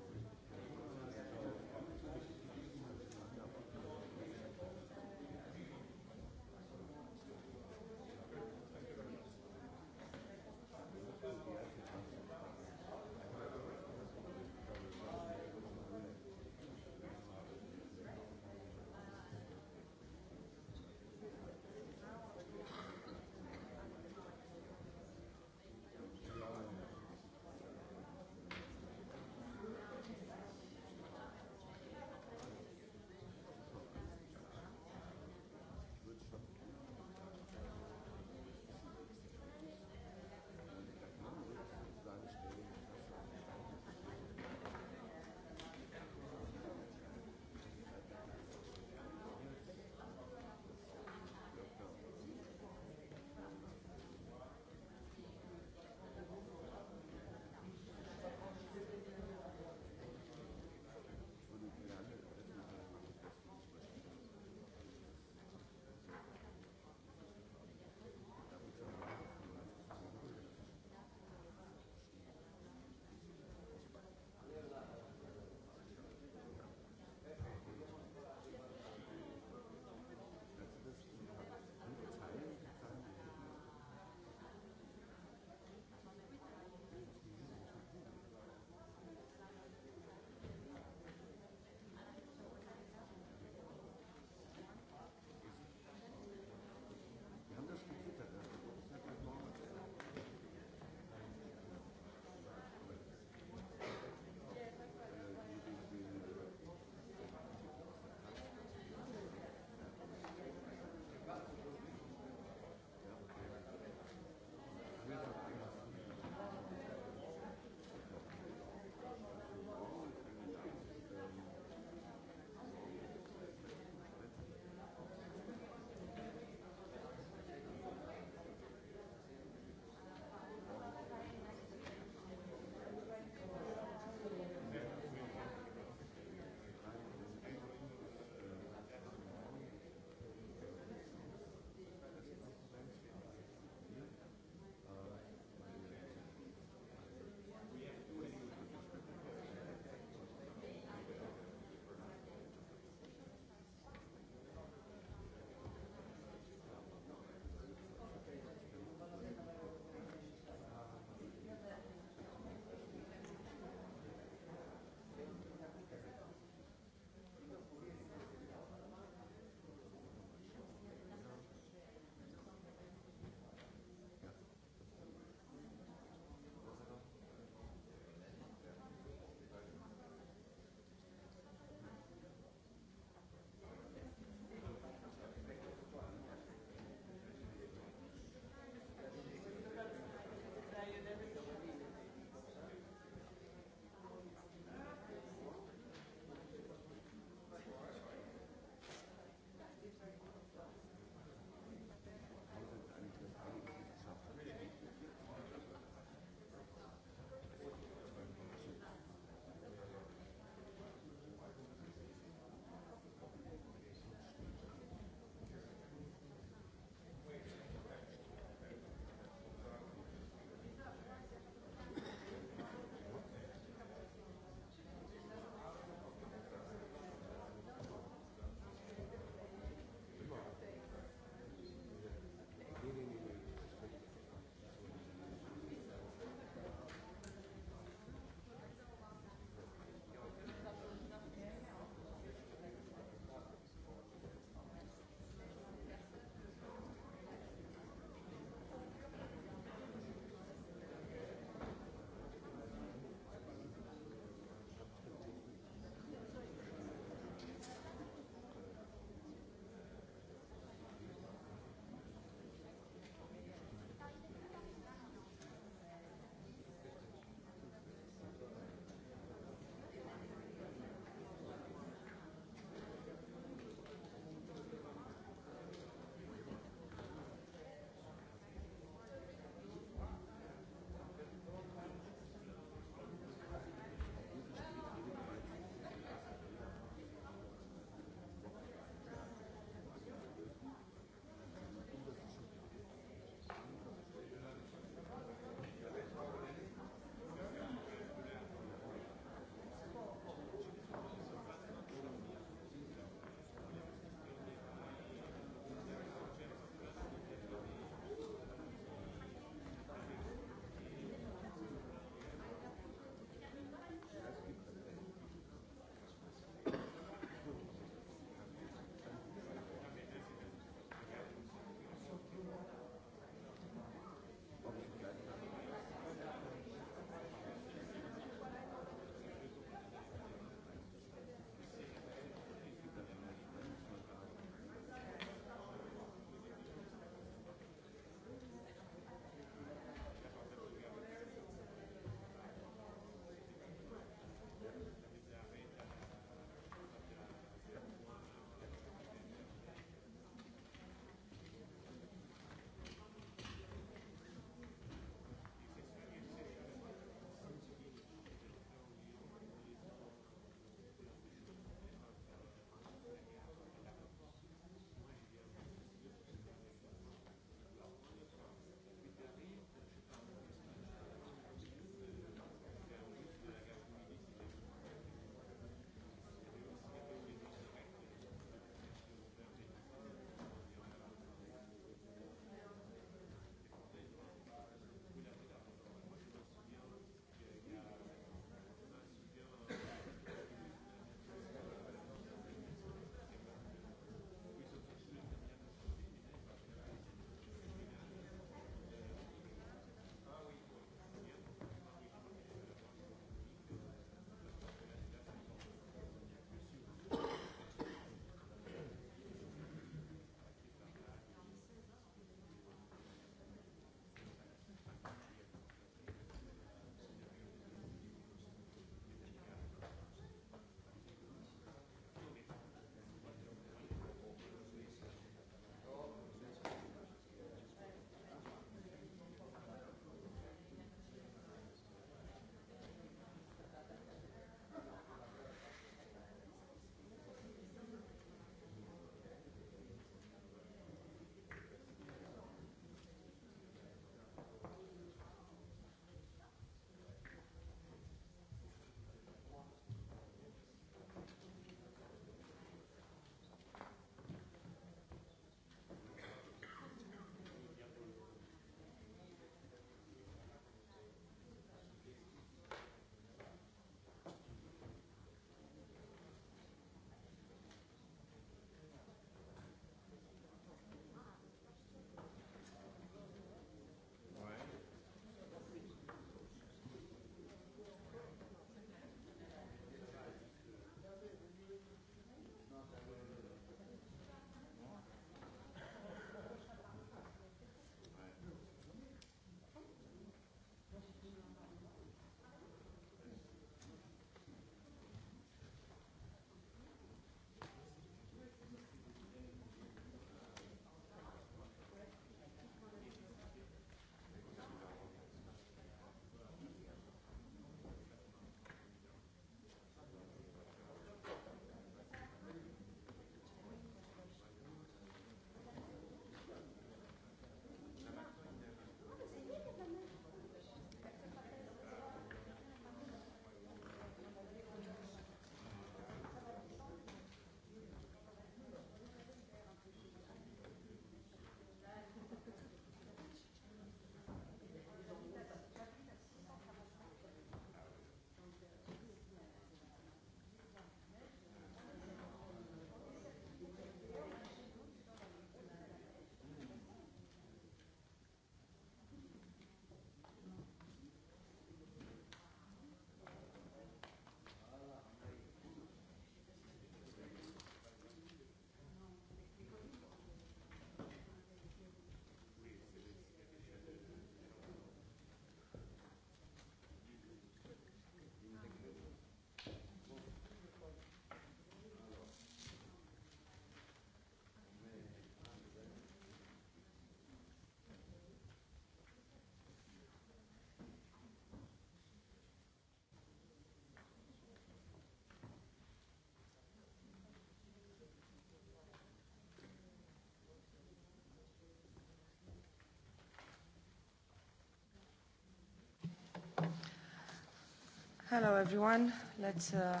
Hello everyone. Let's, uh...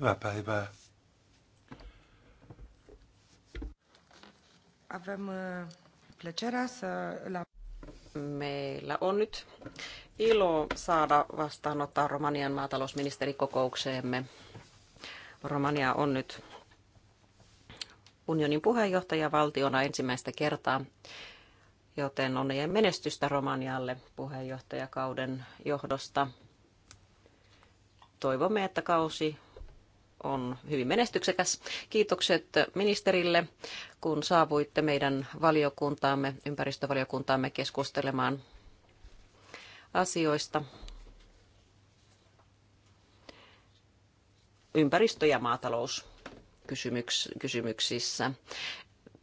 Hyvää päivää. Avem uh, plăcerea să la... Meillä on nyt ilo saada vastaanottaa Romanian maatalousministerikokoukseemme. Romania on nyt unionin puheenjohtajavaltiona ensimmäistä kertaa, joten onnien menestystä Romanialle puheenjohtajakauden johdosta toivomme, että kausi on hyvin menestyksekäs. Kiitokset ministerille, kun saavuitte meidän valiokuntaamme, ympäristövaliokuntaamme keskustelemaan asioista. Ympäristö- ja maatalouskysymyksissä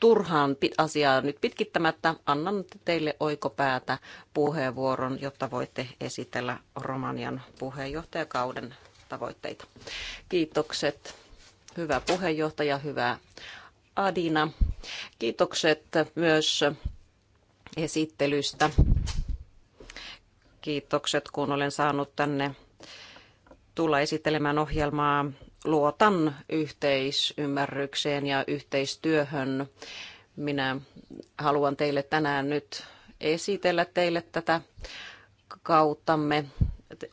turhaan asiaa nyt pitkittämättä annan teille oikopäätä puheenvuoron, jotta voitte esitellä Romanian puheenjohtajakauden tavoitteita. Kiitokset, hyvä puheenjohtaja, hyvä Adina. Kiitokset myös esittelystä. Kiitokset, kun olen saanut tänne tulla esittelemään ohjelmaa luotan yhteisymmärrykseen ja yhteistyöhön. Minä haluan teille tänään nyt esitellä teille tätä kauttamme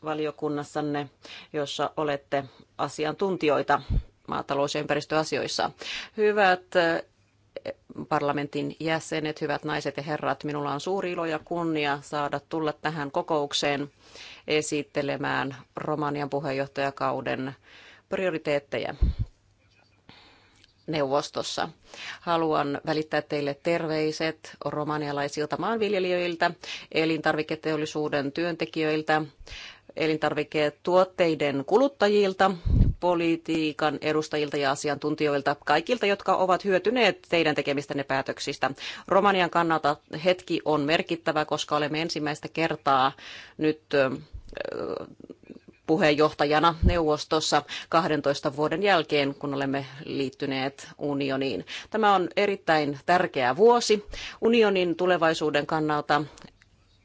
valiokunnassanne, jossa olette asiantuntijoita maatalous- ja ympäristöasioissa. Hyvät eh, parlamentin jäsenet, hyvät naiset ja herrat, minulla on suuri ilo ja kunnia saada tulla tähän kokoukseen esittelemään Romanian puheenjohtajakauden prioriteetteja neuvostossa. Haluan välittää teille terveiset romanialaisilta maanviljelijöiltä, elintarviketeollisuuden työntekijöiltä, elintarviketuotteiden kuluttajilta, politiikan edustajilta ja asiantuntijoilta, kaikilta, jotka ovat hyötyneet teidän tekemistänne päätöksistä. Romanian kannalta hetki on merkittävä, koska olemme ensimmäistä kertaa nyt puheenjohtajana neuvostossa 12 vuoden jälkeen, kun olemme liittyneet unioniin. Tämä on erittäin tärkeä vuosi unionin tulevaisuuden kannalta.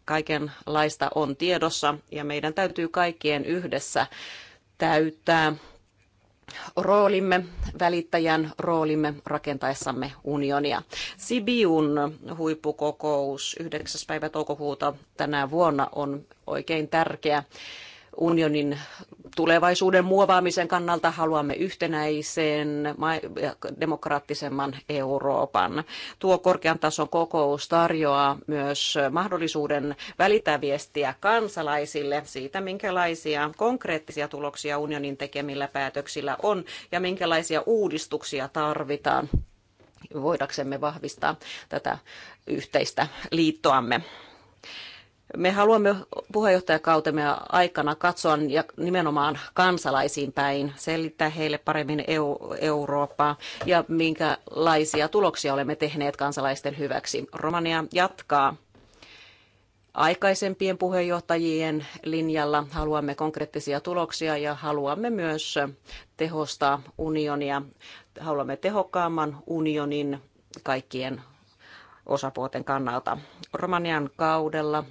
Kaikenlaista on tiedossa ja meidän täytyy kaikkien yhdessä täyttää roolimme, välittäjän roolimme rakentaessamme unionia. Sibiun huippukokous 9. päivä toukokuuta tänä vuonna on oikein tärkeä unionin tulevaisuuden muovaamisen kannalta haluamme yhtenäisen demokraattisemman Euroopan. Tuo korkean tason kokous tarjoaa myös mahdollisuuden välittää viestiä kansalaisille siitä, minkälaisia konkreettisia tuloksia unionin tekemillä päätöksillä on ja minkälaisia uudistuksia tarvitaan voidaksemme vahvistaa tätä yhteistä liittoamme. Me haluamme puheenjohtajakautemme aikana katsoa ja nimenomaan kansalaisiin päin, selittää heille paremmin EU, Eurooppaa ja minkälaisia tuloksia olemme tehneet kansalaisten hyväksi. Romania jatkaa aikaisempien puheenjohtajien linjalla. Haluamme konkreettisia tuloksia ja haluamme myös tehostaa unionia. Haluamme tehokkaamman unionin kaikkien osapuolten kannalta. Romanian kaudella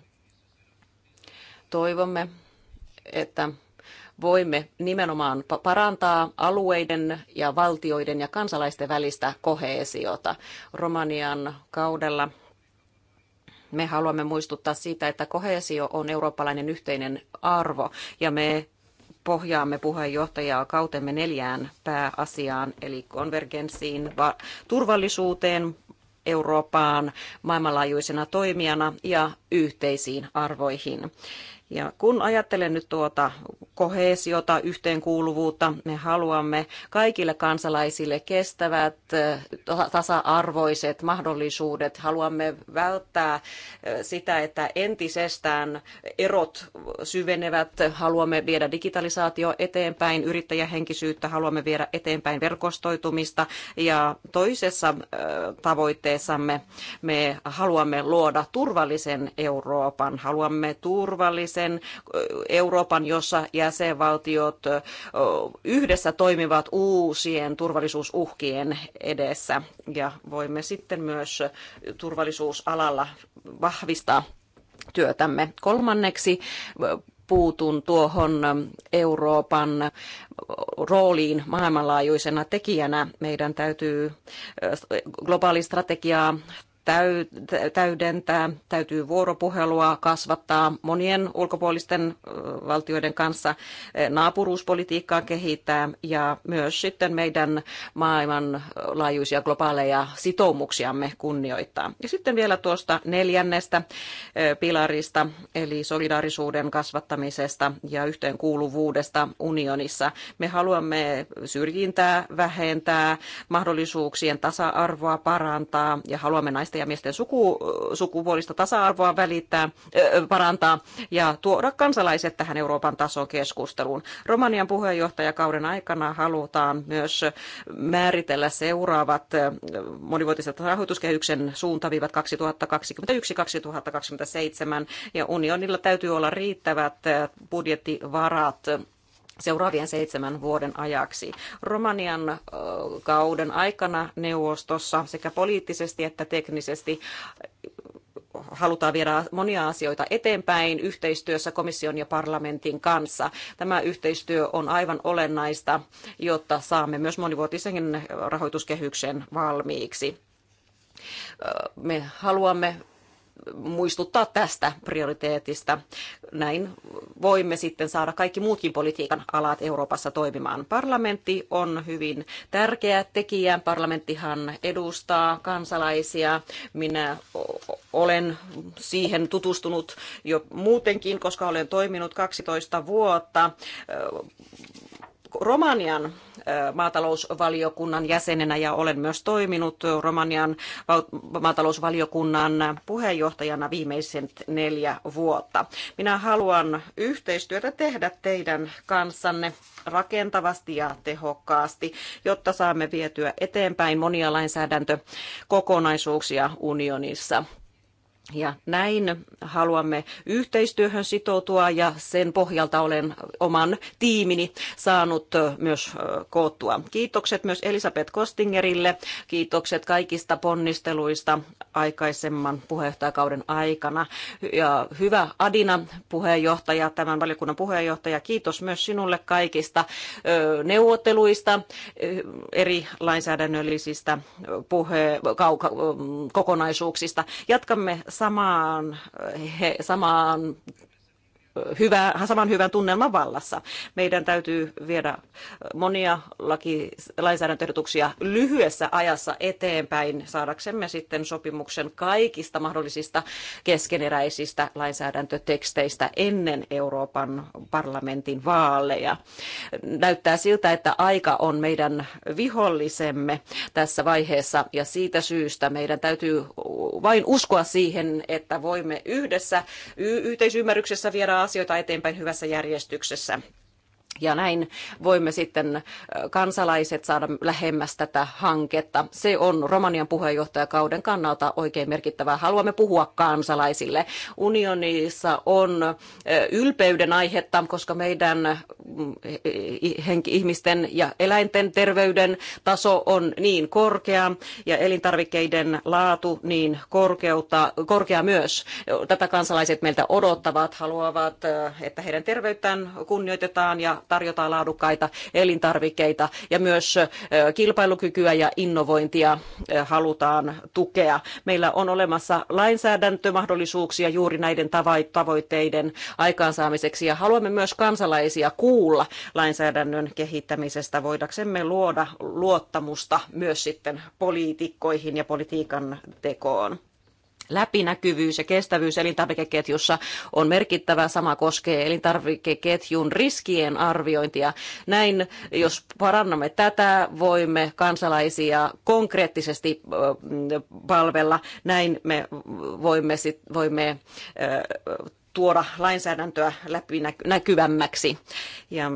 toivomme, että voimme nimenomaan parantaa alueiden ja valtioiden ja kansalaisten välistä koheesiota. Romanian kaudella me haluamme muistuttaa siitä, että koheesio on eurooppalainen yhteinen arvo ja me pohjaamme puheenjohtajaa kautemme neljään pääasiaan, eli konvergenssiin, turvallisuuteen, Eurooppaan maailmanlaajuisena toimijana ja yhteisiin arvoihin. Ja kun ajattelen nyt tuota kohesiota, yhteenkuuluvuutta, me haluamme kaikille kansalaisille kestävät, tasa-arvoiset mahdollisuudet. Haluamme välttää sitä, että entisestään erot syvenevät. Haluamme viedä digitalisaatio eteenpäin, yrittäjähenkisyyttä, haluamme viedä eteenpäin verkostoitumista. Ja toisessa tavoitteessamme me haluamme luoda turvallisen Euroopan, haluamme turvallisen sen Euroopan, jossa jäsenvaltiot yhdessä toimivat uusien turvallisuusuhkien edessä. Ja voimme sitten myös turvallisuusalalla vahvistaa työtämme. Kolmanneksi puutun tuohon Euroopan rooliin maailmanlaajuisena tekijänä. Meidän täytyy globaalistrategiaa täydentää, täytyy vuoropuhelua kasvattaa monien ulkopuolisten valtioiden kanssa, e, naapuruuspolitiikkaa kehittää ja myös sitten meidän maailmanlaajuisia globaaleja sitoumuksiamme kunnioittaa. Ja sitten vielä tuosta neljännestä e, pilarista, eli solidaarisuuden kasvattamisesta ja yhteenkuuluvuudesta unionissa. Me haluamme syrjintää vähentää, mahdollisuuksien tasa-arvoa parantaa ja haluamme naisten naisten ja miesten suku, sukupuolista tasa-arvoa välittää, parantaa ja tuoda kansalaiset tähän Euroopan keskusteluun. Romanian puheenjohtajakauden aikana halutaan myös määritellä seuraavat monivuotiset rahoituskehyksen suuntaviivat 2021-2027 ja unionilla täytyy olla riittävät budjettivarat seuraavien seitsemän vuoden ajaksi. Romanian kauden aikana neuvostossa sekä poliittisesti että teknisesti halutaan viedä monia asioita eteenpäin yhteistyössä komission ja parlamentin kanssa. Tämä yhteistyö on aivan olennaista, jotta saamme myös monivuotisen rahoituskehyksen valmiiksi. Me haluamme muistuttaa tästä prioriteetista. Näin voimme sitten saada kaikki muutkin politiikan alat Euroopassa toimimaan. Parlamentti on hyvin tärkeä tekijä. Parlamenttihan edustaa kansalaisia. Minä olen siihen tutustunut jo muutenkin, koska olen toiminut 12 vuotta Romanian maatalousvaliokunnan jäsenenä ja olen myös toiminut Romanian maatalousvaliokunnan puheenjohtajana viimeiset neljä vuotta. Minä haluan yhteistyötä tehdä teidän kanssanne rakentavasti ja tehokkaasti, jotta saamme vietyä eteenpäin monia lainsäädäntökokonaisuuksia unionissa. Ja näin haluamme yhteistyöhön sitoutua ja sen pohjalta olen oman tiimini saanut myös koottua. Kiitokset myös Elisabeth Kostingerille. Kiitokset kaikista ponnisteluista aikaisemman puheenjohtajakauden aikana. Ja hyvä Adina, puheenjohtaja, tämän valiokunnan puheenjohtaja, kiitos myös sinulle kaikista neuvotteluista, eri lainsäädännöllisistä puhe- kokonaisuuksista. Jatkamme samaan, he, samaan hyvä, saman hyvän tunnelman vallassa. Meidän täytyy viedä monia laki, lainsäädäntöehdotuksia lyhyessä ajassa eteenpäin saadaksemme sitten sopimuksen kaikista mahdollisista keskeneräisistä lainsäädäntöteksteistä ennen Euroopan parlamentin vaaleja. Näyttää siltä, että aika on meidän vihollisemme tässä vaiheessa ja siitä syystä meidän täytyy vain uskoa siihen, että voimme yhdessä y- yhteisymmärryksessä viedä asioita eteenpäin hyvässä järjestyksessä. Ja näin voimme sitten kansalaiset saada lähemmäs tätä hanketta. Se on Romanian puheenjohtajakauden kannalta oikein merkittävää. Haluamme puhua kansalaisille. Unionissa on ylpeyden aihetta, koska meidän ihmisten ja eläinten terveyden taso on niin korkea ja elintarvikkeiden laatu niin korkeuta, korkea myös. Tätä kansalaiset meiltä odottavat, haluavat, että heidän terveyttään kunnioitetaan ja tarjotaan laadukkaita elintarvikkeita ja myös kilpailukykyä ja innovointia halutaan tukea. Meillä on olemassa lainsäädäntömahdollisuuksia juuri näiden tavoitteiden aikaansaamiseksi ja haluamme myös kansalaisia kuulla lainsäädännön kehittämisestä voidaksemme luoda luottamusta myös sitten poliitikkoihin ja politiikan tekoon. Läpinäkyvyys ja kestävyys elintarvikeketjussa on merkittävä. Sama koskee elintarvikeketjun riskien arviointia. Näin, jos parannamme tätä, voimme kansalaisia konkreettisesti palvella. Näin me voimme, sit, voimme tuoda lainsäädäntöä läpinäkyvämmäksi. Ja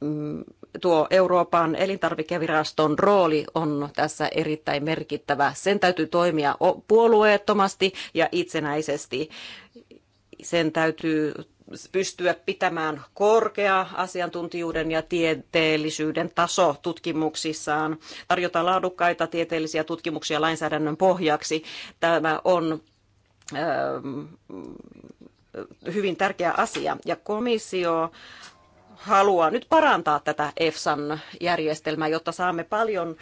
Mm, tuo Euroopan elintarvikeviraston rooli on tässä erittäin merkittävä. Sen täytyy toimia puolueettomasti ja itsenäisesti. Sen täytyy pystyä pitämään korkea asiantuntijuuden ja tieteellisyyden taso tutkimuksissaan, tarjota laadukkaita tieteellisiä tutkimuksia lainsäädännön pohjaksi. Tämä on öö, hyvin tärkeä asia. Ja komissio haluaa nyt parantaa tätä EFSAn järjestelmää, jotta saamme paljon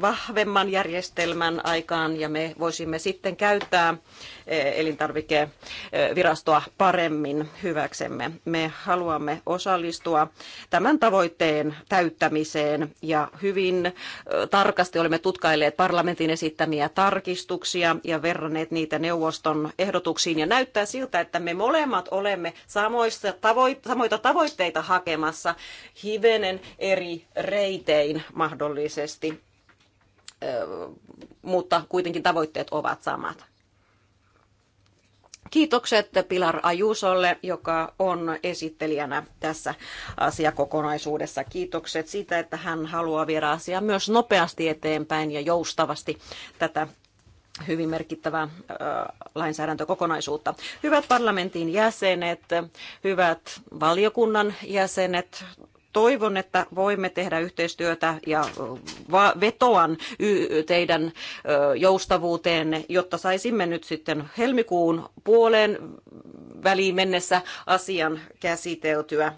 vahvemman järjestelmän aikaan ja me voisimme sitten käyttää elintarvikevirastoa paremmin hyväksemme. Me haluamme osallistua tämän tavoitteen täyttämiseen ja hyvin tarkasti olemme tutkailleet parlamentin esittämiä tarkistuksia ja verranneet niitä neuvoston ehdotuksiin ja näyttää siltä, että me molemmat olemme samoista tavoitteita tavoitteita hakemassa hivenen eri reitein mahdollisesti, mutta kuitenkin tavoitteet ovat samat. Kiitokset Pilar Ajusolle, joka on esittelijänä tässä asiakokonaisuudessa. Kiitokset siitä, että hän haluaa viedä asiaa myös nopeasti eteenpäin ja joustavasti tätä hyvin merkittävää lainsäädäntökokonaisuutta. Hyvät parlamentin jäsenet, hyvät valiokunnan jäsenet, toivon, että voimme tehdä yhteistyötä ja vetoan teidän joustavuuteenne, jotta saisimme nyt sitten helmikuun puoleen väliin mennessä asian käsiteltyä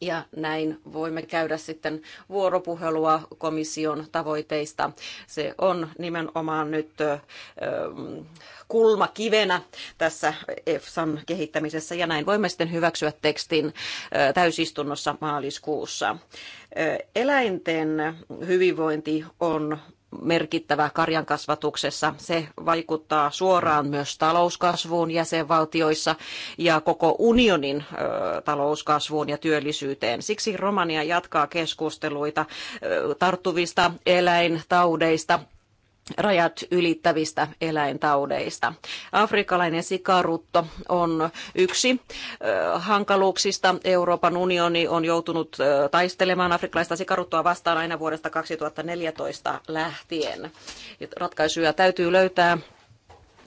ja näin voimme käydä sitten vuoropuhelua komission tavoitteista. Se on nimenomaan nyt kulmakivenä tässä EFSAn kehittämisessä ja näin voimme sitten hyväksyä tekstin täysistunnossa maaliskuussa. Eläinten hyvinvointi on merkittävä karjankasvatuksessa. kasvatuksessa. Se vaikuttaa suoraan myös talouskasvuun jäsenvaltioissa ja koko unionin talouskasvuun ja työllisyyteen. Siksi Romania jatkaa keskusteluita tarttuvista eläintaudeista rajat ylittävistä eläintaudeista. Afrikkalainen sikarutto on yksi hankaluuksista. Euroopan unioni on joutunut taistelemaan afrikkalaista sikaruttoa vastaan aina vuodesta 2014 lähtien. Ratkaisuja täytyy löytää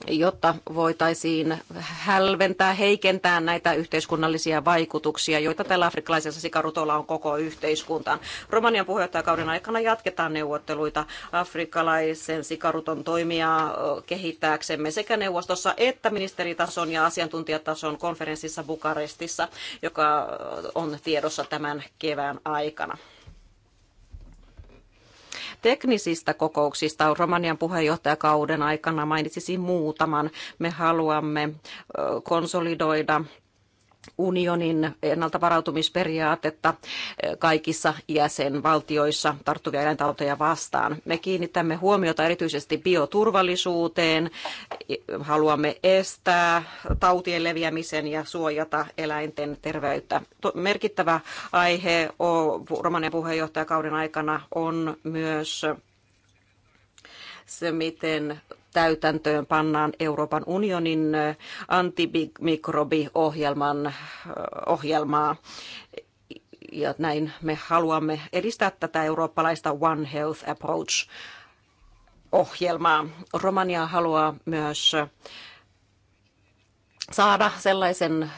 jotta voitaisiin hälventää, heikentää näitä yhteiskunnallisia vaikutuksia, joita tällä afrikkalaisella sikarutolla on koko yhteiskuntaan. Romanian puheenjohtajakauden aikana jatketaan neuvotteluita afrikkalaisen sikaruton toimia kehittääksemme sekä neuvostossa että ministeritason ja asiantuntijatason konferenssissa Bukarestissa, joka on tiedossa tämän kevään aikana teknisistä kokouksista Romanian puheenjohtajakauden aikana mainitsisin muutaman. Me haluamme konsolidoida unionin ennaltavarautumisperiaatetta eh, kaikissa jäsenvaltioissa tarttuvia eläintauteja vastaan. Me kiinnitämme huomiota erityisesti bioturvallisuuteen. Haluamme estää tautien leviämisen ja suojata eläinten terveyttä. Merkittävä aihe Romanian puheenjohtajakauden aikana on myös se, miten täytäntöön pannaan Euroopan unionin antimikrobiohjelman ohjelmaa ja näin me haluamme edistää tätä eurooppalaista One Health Approach ohjelmaa. Romania haluaa myös saada sellaisen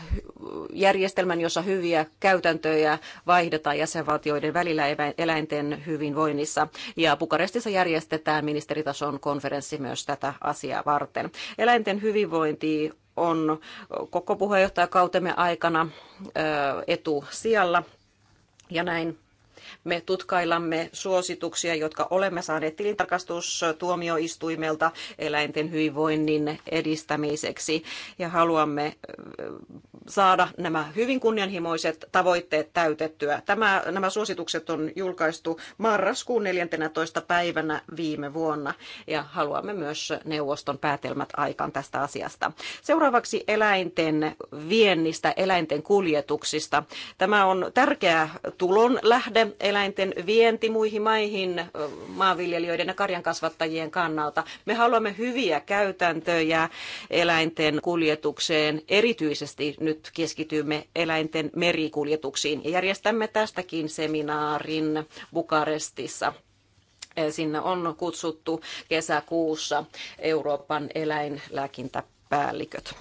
järjestelmän, jossa hyviä käytäntöjä vaihdetaan jäsenvaltioiden välillä eläinten hyvinvoinnissa. Ja Bukarestissa järjestetään ministeritason konferenssi myös tätä asiaa varten. Eläinten hyvinvointi on koko puheenjohtajakautemme aikana etusijalla. Ja näin me tutkailamme suosituksia, jotka olemme saaneet tilintarkastustuomioistuimelta eläinten hyvinvoinnin edistämiseksi ja haluamme saada nämä hyvin kunnianhimoiset tavoitteet täytettyä. Tämä, nämä suositukset on julkaistu marraskuun 14. päivänä viime vuonna ja haluamme myös neuvoston päätelmät aikaan tästä asiasta. Seuraavaksi eläinten viennistä, eläinten kuljetuksista. Tämä on tärkeä tulonlähde eläinten vienti muihin maihin maanviljelijöiden ja karjankasvattajien kannalta. Me haluamme hyviä käytäntöjä eläinten kuljetukseen. Erityisesti nyt keskitymme eläinten merikuljetuksiin ja järjestämme tästäkin seminaarin Bukarestissa. Sinne on kutsuttu kesäkuussa Euroopan eläinlääkintäpäälliköt.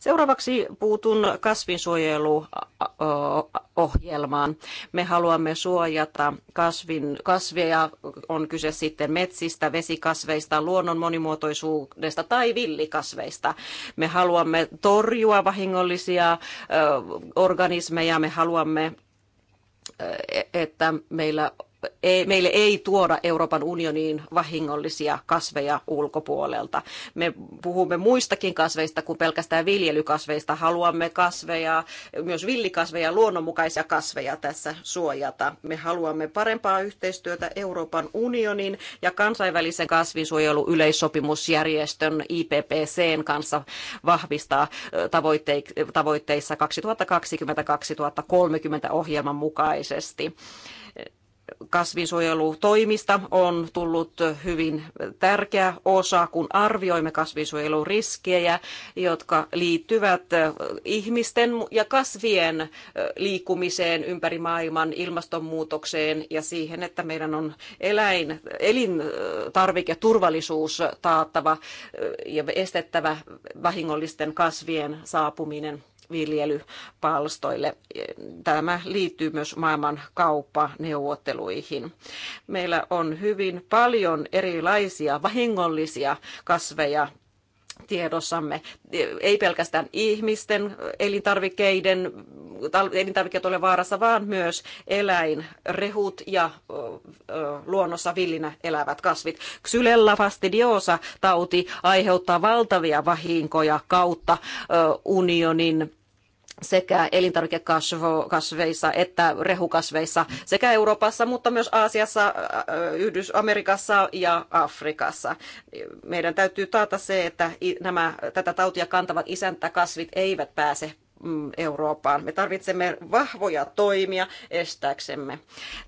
Seuraavaksi puutun kasvinsuojeluohjelmaan. Me haluamme suojata kasvin, kasveja, on kyse sitten metsistä, vesikasveista, luonnon monimuotoisuudesta tai villikasveista. Me haluamme torjua vahingollisia organismeja, me haluamme e, että meillä ei, meille ei tuoda Euroopan unioniin vahingollisia kasveja ulkopuolelta. Me puhumme muistakin kasveista kuin pelkästään viljelykasveista. Haluamme kasveja, myös villikasveja, luonnonmukaisia kasveja tässä suojata. Me haluamme parempaa yhteistyötä Euroopan unionin ja kansainvälisen kasvinsuojeluyleissopimusjärjestön IPPCn kanssa vahvistaa tavoitteissa 2020-2030 ohjelman mukaisesti kasvinsuojelutoimista on tullut hyvin tärkeä osa, kun arvioimme kasvinsuojeluriskejä, jotka liittyvät ihmisten ja kasvien liikkumiseen ympäri maailman ilmastonmuutokseen ja siihen, että meidän on eläin, elintarviketurvallisuus taattava ja estettävä vahingollisten kasvien saapuminen viljelypalstoille. Tämä liittyy myös maailman kauppaneuvotteluihin. Meillä on hyvin paljon erilaisia vahingollisia kasveja tiedossamme, ei pelkästään ihmisten elintarvikkeiden, elintarvikkeet ole vaarassa, vaan myös eläinrehut ja luonnossa villinä elävät kasvit. Xylella fastidiosa tauti aiheuttaa valtavia vahinkoja kautta unionin sekä elintarvikekasveissa että rehukasveissa sekä Euroopassa, mutta myös Aasiassa, Yhdys-Amerikassa ja Afrikassa. Meidän täytyy taata se, että nämä, tätä tautia kantavat isäntäkasvit eivät pääse Mm, Eurooppaan. Me tarvitsemme vahvoja toimia estääksemme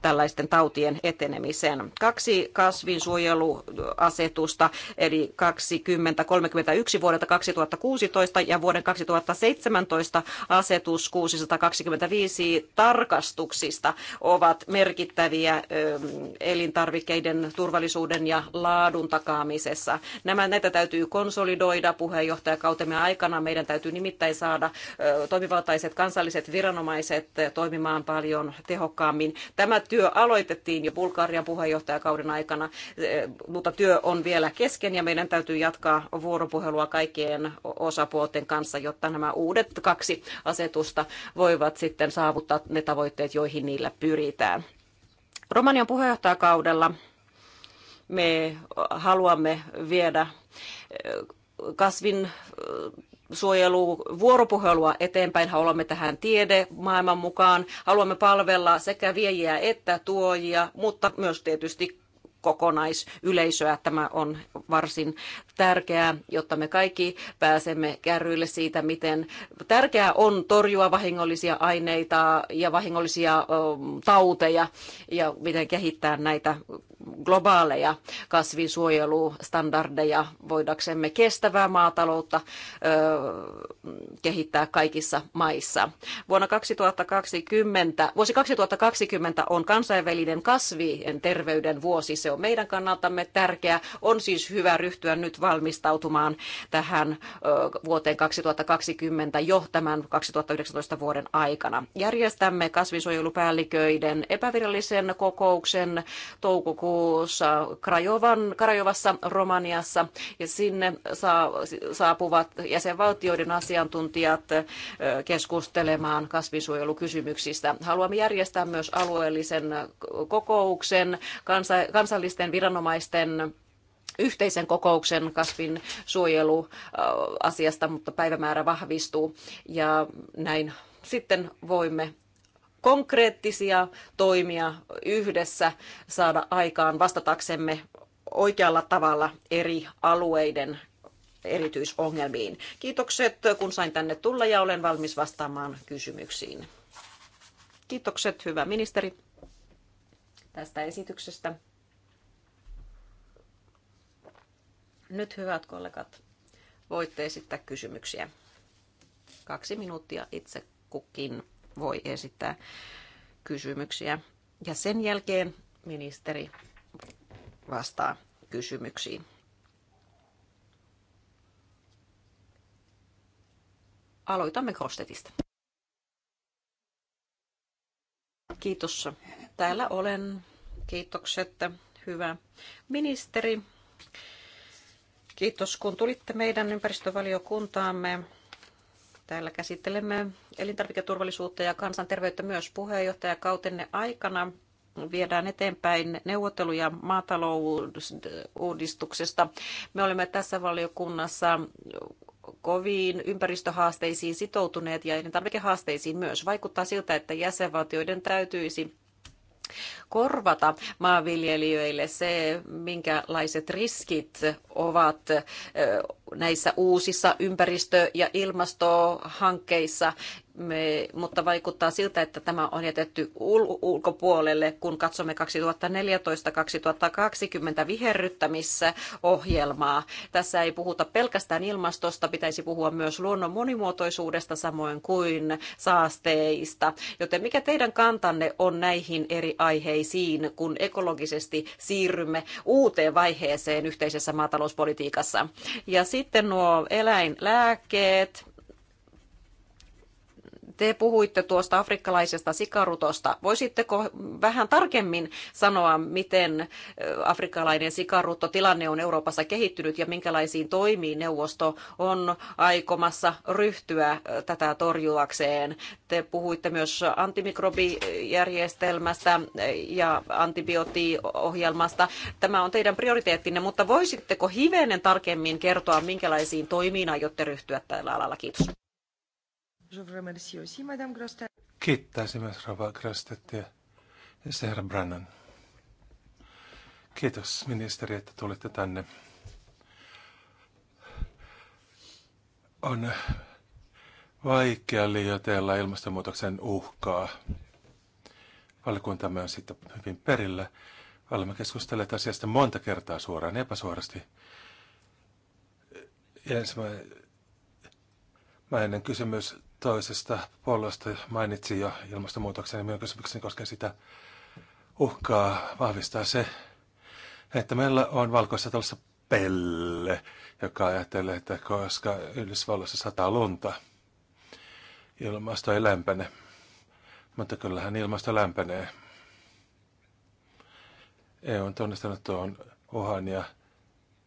tällaisten tautien etenemisen. Kaksi kasvinsuojeluasetusta, eli 2031 vuodelta 2016 ja vuoden 2017 asetus 625 tarkastuksista ovat merkittäviä elintarvikkeiden turvallisuuden ja laadun takaamisessa. Nämä, näitä täytyy konsolidoida puheenjohtajakautemme aikana. Meidän täytyy nimittäin saada toimivaltaiset kansalliset viranomaiset toimimaan paljon tehokkaammin. Tämä työ aloitettiin jo Bulgarian puheenjohtajakauden aikana, eh, mutta työ on vielä kesken ja meidän täytyy jatkaa vuoropuhelua kaikkien osapuolten kanssa, jotta nämä uudet kaksi asetusta voivat sitten saavuttaa ne tavoitteet, joihin niillä pyritään. Romanian puheenjohtajakaudella me haluamme viedä eh, kasvin eh, Suojelu vuoropuhelua eteenpäin. Haluamme tähän tiede maailman mukaan. Haluamme palvella sekä viejiä että tuojia, mutta myös tietysti kokonaisyleisöä. Tämä on varsin tärkeää, jotta me kaikki pääsemme kärryille siitä, miten tärkeää on torjua vahingollisia aineita ja vahingollisia tauteja ja miten kehittää näitä globaaleja kasvinsuojelustandardeja voidaksemme kestävää maataloutta kehittää kaikissa maissa. Vuonna 2020, vuosi 2020 on kansainvälinen kasvien terveyden vuosi. Se on meidän kannaltamme tärkeä. On siis hyvä ryhtyä nyt valmistautumaan tähän vuoteen 2020 jo tämän 2019 vuoden aikana. Järjestämme kasvinsuojelupäälliköiden epävirallisen kokouksen toukokuussa Krajovan, Krajovassa Romaniassa ja sinne saapuvat jäsenvaltioiden asiantuntijat keskustelemaan kasvinsuojelukysymyksistä. Haluamme järjestää myös alueellisen kokouksen kansa, kansallisten viranomaisten yhteisen kokouksen kasvin suojeluasiasta, mutta päivämäärä vahvistuu ja näin sitten voimme konkreettisia toimia yhdessä saada aikaan vastataksemme oikealla tavalla eri alueiden erityisongelmiin. Kiitokset, kun sain tänne tulla ja olen valmis vastaamaan kysymyksiin. Kiitokset, hyvä ministeri, tästä esityksestä. Nyt hyvät kollegat, voitte esittää kysymyksiä. Kaksi minuuttia itse kukin voi esittää kysymyksiä. Ja sen jälkeen ministeri vastaa kysymyksiin. Aloitamme Krostetista. Kiitos. Täällä olen. Kiitokset. Hyvä ministeri. Kiitos, kun tulitte meidän ympäristövaliokuntaamme. Täällä käsittelemme elintarviketurvallisuutta ja kansanterveyttä myös puheenjohtajakautenne aikana. Viedään eteenpäin neuvotteluja maatalousuudistuksesta. Me olemme tässä valiokunnassa koviin ympäristöhaasteisiin sitoutuneet ja elintarvikehaasteisiin myös. Vaikuttaa siltä, että jäsenvaltioiden täytyisi korvata maanviljelijöille se, minkälaiset riskit ovat näissä uusissa ympäristö- ja ilmastohankkeissa, me, mutta vaikuttaa siltä, että tämä on jätetty ul- ulkopuolelle, kun katsomme 2014-2020 viherryttämissä ohjelmaa. Tässä ei puhuta pelkästään ilmastosta, pitäisi puhua myös luonnon monimuotoisuudesta samoin kuin saasteista. Joten mikä teidän kantanne on näihin eri aiheisiin, kun ekologisesti siirrymme uuteen vaiheeseen yhteisessä maatalouspolitiikassa? Ja sitten sitten nuo eläinlääkkeet. Te puhuitte tuosta afrikkalaisesta sikarutosta. Voisitteko vähän tarkemmin sanoa, miten afrikkalainen sikaruttotilanne on Euroopassa kehittynyt ja minkälaisiin toimiin neuvosto on aikomassa ryhtyä tätä torjuakseen? Te puhuitte myös antimikrobijärjestelmästä ja antibioottiohjelmasta. Tämä on teidän prioriteettinne, mutta voisitteko hivenen tarkemmin kertoa, minkälaisiin toimiin aiotte ryhtyä tällä alalla? Kiitos. Kiittäisin myös Rova Grostettia ja Sarah siis Brannan. Kiitos ministeri, että tulitte tänne. On vaikea liioitella ilmastonmuutoksen uhkaa. Valkuntamme on sitten hyvin perillä. Olemme keskustelleet asiasta monta kertaa suoraan epäsuorasti. Ja ensimmäinen kysymys toisesta puolueesta mainitsi jo ilmastonmuutoksen ja minun kysymykseni sitä uhkaa vahvistaa se, että meillä on valkoissa talossa pelle, joka ajattelee, että koska Yhdysvalloissa sataa lunta, ilmasto ei lämpene. Mutta kyllähän ilmasto lämpenee. EU on tunnistanut tuon uhan ja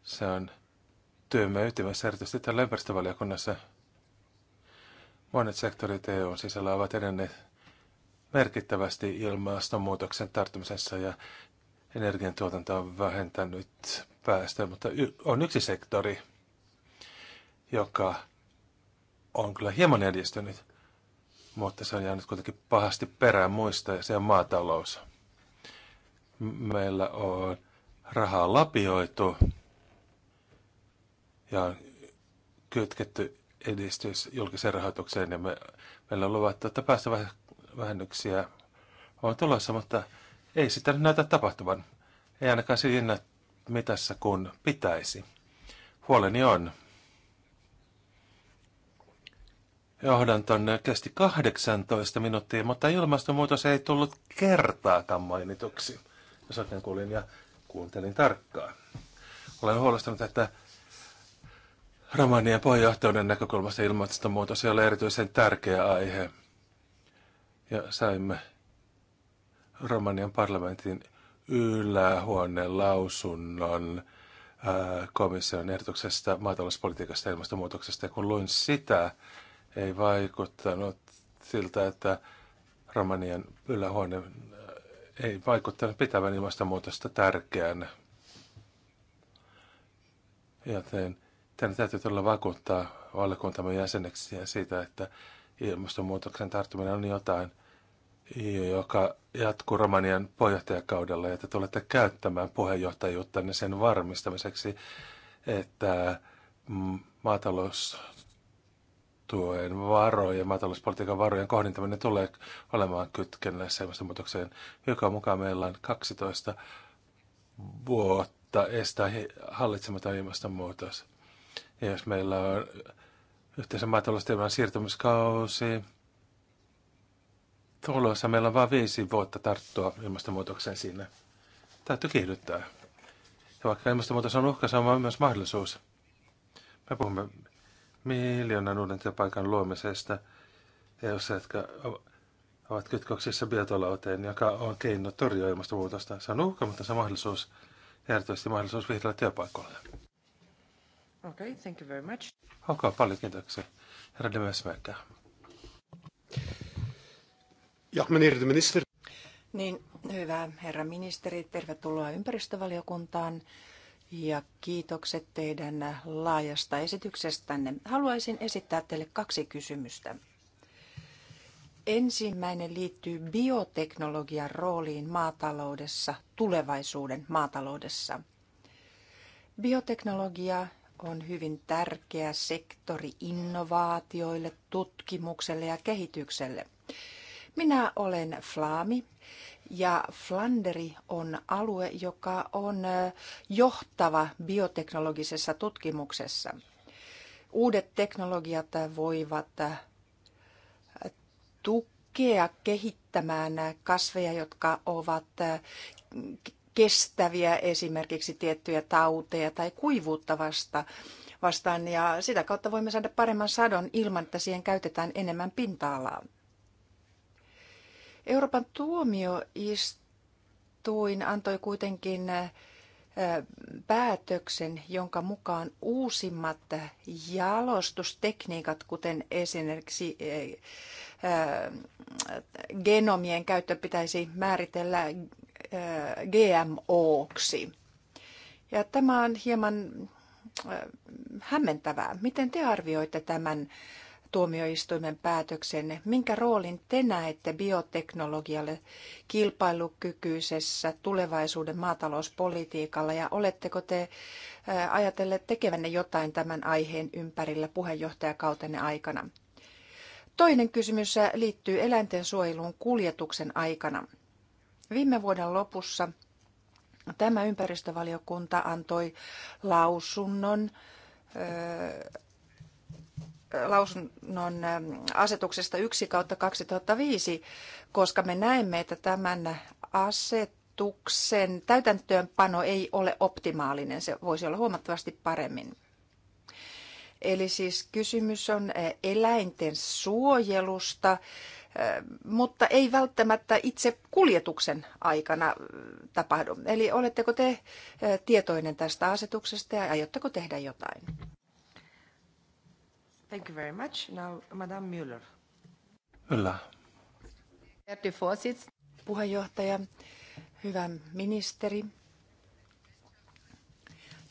se on työmme ytimessä erityisesti täällä ympäristövaliokunnassa – Monet sektorit EUn sisällä ovat edenneet merkittävästi ilmastonmuutoksen tarttumisessa ja energiantuotanto on vähentänyt päästöjä, mutta on yksi sektori, joka on kyllä hieman edistynyt, mutta se on jäänyt kuitenkin pahasti perään muista ja se on maatalous. Meillä on rahaa lapioitu ja on kytketty edistys julkiseen rahoitukseen ja me, meillä on luvattu, että päästövähennyksiä on tulossa, mutta ei sitä nyt näytä tapahtuvan. Ei ainakaan siinä mitassa kun pitäisi. Huoleni on. Johdanton kesti 18 minuuttia, mutta ilmastonmuutos ei tullut kertaakaan mainituksi, jos oikein kuulin ja kuuntelin tarkkaan. Olen huolestunut, että Romanian puheenjohtajuuden näkökulmasta ilmastonmuutos ei ole erityisen tärkeä aihe. Ja saimme Romanian parlamentin ylähuoneen lausunnon äh, komission ehdotuksesta maatalouspolitiikasta ja ilmastonmuutoksesta. Ja kun luin sitä, ei vaikuttanut siltä, että Romanian ylähuone äh, ei vaikuttanut pitävän ilmastonmuutosta tärkeänä. Joten Tänne täytyy todella vakuuttaa valiokuntamme jäseneksi siitä, että ilmastonmuutoksen tarttuminen on jotain, joka jatkuu Romanian puheenjohtajakaudella, ja te tulette käyttämään puheenjohtajuuttanne sen varmistamiseksi, että mm, maatalous tuen varojen, maatalouspolitiikan varojen kohdentaminen tulee olemaan kytkennässä ilmastonmuutokseen, joka mukaan meillä on 12 vuotta estää hallitsematon ilmastonmuutos. Ja jos meillä on yhteensä maatalousteollisuuden siirtymiskausi, tuolossa meillä on vain viisi vuotta tarttua ilmastonmuutokseen sinne. Täytyy kiihdyttää. Ja vaikka ilmastonmuutos on uhka, se on myös mahdollisuus. Me puhumme miljoonan uuden työpaikan luomisesta, jos jotka ovat kytköksissä biotalouteen, joka on keino torjua ilmastonmuutosta. Se on uhka, mutta se on mahdollisuus ja erityisesti mahdollisuus vihreällä työpaikoilla. Okay, thank you very much. Okay, paljon kiitoksia. Herra de Mesmerkä. Ja, meneer de minister. Niin, hyvä herra ministeri, tervetuloa ympäristövaliokuntaan ja kiitokset teidän laajasta esityksestänne. Haluaisin esittää teille kaksi kysymystä. Ensimmäinen liittyy bioteknologian rooliin maataloudessa, tulevaisuuden maataloudessa. Bioteknologia on hyvin tärkeä sektori innovaatioille, tutkimukselle ja kehitykselle. Minä olen Flaami ja Flanderi on alue, joka on johtava bioteknologisessa tutkimuksessa. Uudet teknologiat voivat tukea kehittämään kasveja, jotka ovat kestäviä esimerkiksi tiettyjä tauteja tai kuivuutta vasta, vastaan ja sitä kautta voimme saada paremman sadon ilman, että siihen käytetään enemmän pinta-alaa. Euroopan tuomioistuin antoi kuitenkin päätöksen, jonka mukaan uusimmat jalostustekniikat, kuten esimerkiksi genomien käyttö pitäisi määritellä GMOksi. Ja tämä on hieman hämmentävää. Miten te arvioitte tämän tuomioistuimen päätöksen? Minkä roolin te näette bioteknologialle kilpailukykyisessä tulevaisuuden maatalouspolitiikalla ja oletteko te ajatelleet tekevänne jotain tämän aiheen ympärillä puheenjohtajakautenne aikana? Toinen kysymys liittyy eläinten suojeluun kuljetuksen aikana. Viime vuoden lopussa tämä ympäristövaliokunta antoi lausunnon lausunnon asetuksesta 1 kautta 2005, koska me näemme, että tämän asetuksen täytäntöönpano ei ole optimaalinen. Se voisi olla huomattavasti paremmin. Eli siis kysymys on eläinten suojelusta mutta ei välttämättä itse kuljetuksen aikana tapahdu. Eli oletteko te tietoinen tästä asetuksesta ja aiotteko tehdä jotain? Thank you very much. Now, Madame Müller. Kyllä. Puheenjohtaja, hyvä ministeri.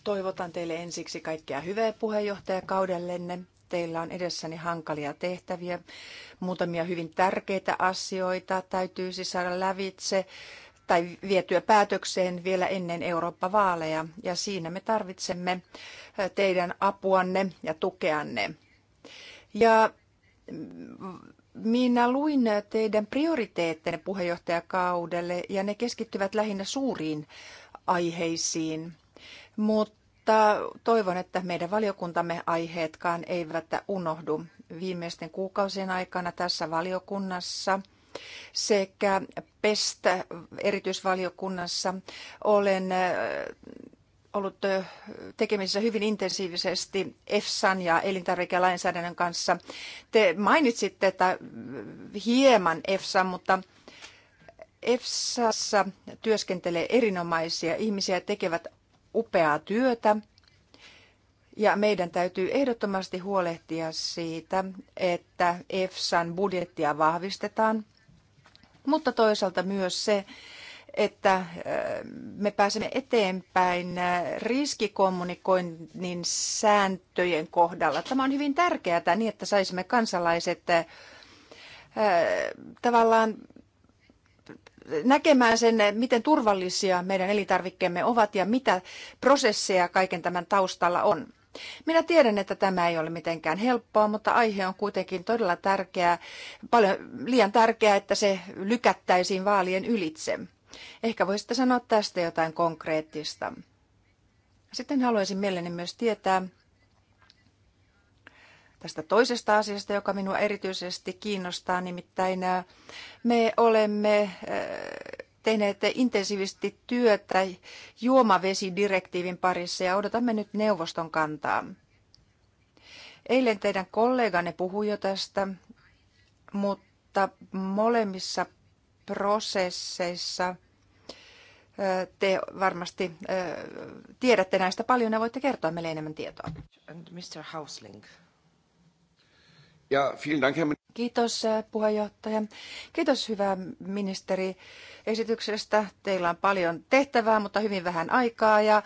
Toivotan teille ensiksi kaikkea hyvää puheenjohtajakaudellenne teillä on edessäni hankalia tehtäviä. Muutamia hyvin tärkeitä asioita täytyy siis saada lävitse tai vietyä päätökseen vielä ennen Eurooppa-vaaleja. Ja siinä me tarvitsemme teidän apuanne ja tukeanne. Ja mm, minä luin teidän prioriteettenne puheenjohtajakaudelle ja ne keskittyvät lähinnä suuriin aiheisiin. Mutta mutta toivon, että meidän valiokuntamme aiheetkaan eivät unohdu. Viimeisten kuukausien aikana tässä valiokunnassa sekä PESTä erityisvaliokunnassa olen äh, ollut äh, tekemisissä hyvin intensiivisesti EFSAn ja elintarvikelainsäädännön kanssa. Te mainitsitte, että hieman EFSA, mutta EFSAssa työskentelee erinomaisia ihmisiä ja tekevät upeaa työtä. Ja meidän täytyy ehdottomasti huolehtia siitä, että EFSAn budjettia vahvistetaan, mutta toisaalta myös se, että äh, me pääsemme eteenpäin äh, riskikommunikoinnin sääntöjen kohdalla. Tämä on hyvin tärkeää niin, että saisimme kansalaiset äh, tavallaan näkemään sen, miten turvallisia meidän elintarvikkeemme ovat ja mitä prosesseja kaiken tämän taustalla on. Minä tiedän, että tämä ei ole mitenkään helppoa, mutta aihe on kuitenkin todella tärkeää, paljon liian tärkeää, että se lykättäisiin vaalien ylitse. Ehkä voisitte sanoa tästä jotain konkreettista. Sitten haluaisin mielelläni myös tietää, tästä toisesta asiasta, joka minua erityisesti kiinnostaa. Nimittäin äh, me olemme äh, tehneet intensiivisesti työtä juomavesidirektiivin parissa ja odotamme nyt neuvoston kantaa. Eilen teidän kolleganne puhui jo tästä, mutta molemmissa prosesseissa äh, te varmasti tiedätte näistä paljon ja voitte kertoa meille enemmän tietoa. And Mr. Hausling. Ja Kiitos äh, puheenjohtaja. Kiitos hyvä ministeri esityksestä. Teillä on paljon tehtävää, mutta hyvin vähän aikaa ja äh,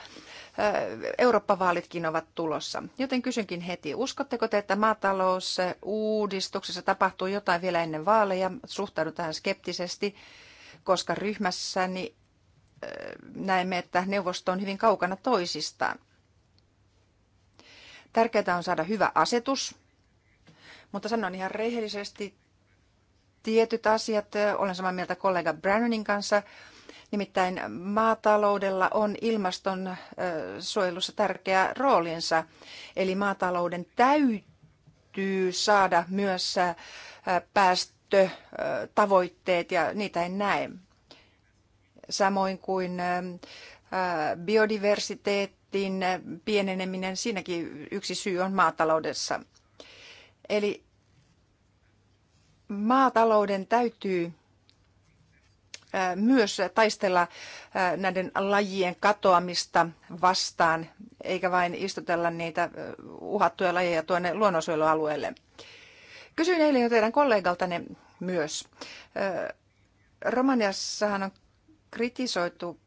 Eurooppa-vaalitkin ovat tulossa. Joten kysynkin heti, uskotteko te, että maatalousuudistuksessa tapahtuu jotain vielä ennen vaaleja? Suhtaudun tähän skeptisesti, koska ryhmässäni äh, näemme, että neuvosto on hyvin kaukana toisistaan. Tärkeää on saada hyvä asetus mutta sanon ihan rehellisesti, tietyt asiat, olen samaa mieltä kollega Brannonin kanssa, nimittäin maataloudella on ilmaston suojelussa tärkeä roolinsa, eli maatalouden täytyy saada myös päästötavoitteet ja niitä en näe. Samoin kuin biodiversiteetin pieneneminen, siinäkin yksi syy on maataloudessa. Eli maatalouden täytyy myös taistella näiden lajien katoamista vastaan, eikä vain istutella niitä uhattuja lajeja tuonne luonnonsuojelualueelle. Kysyin eilen jo teidän kollegaltanne myös. Romaniassahan on kritisoitu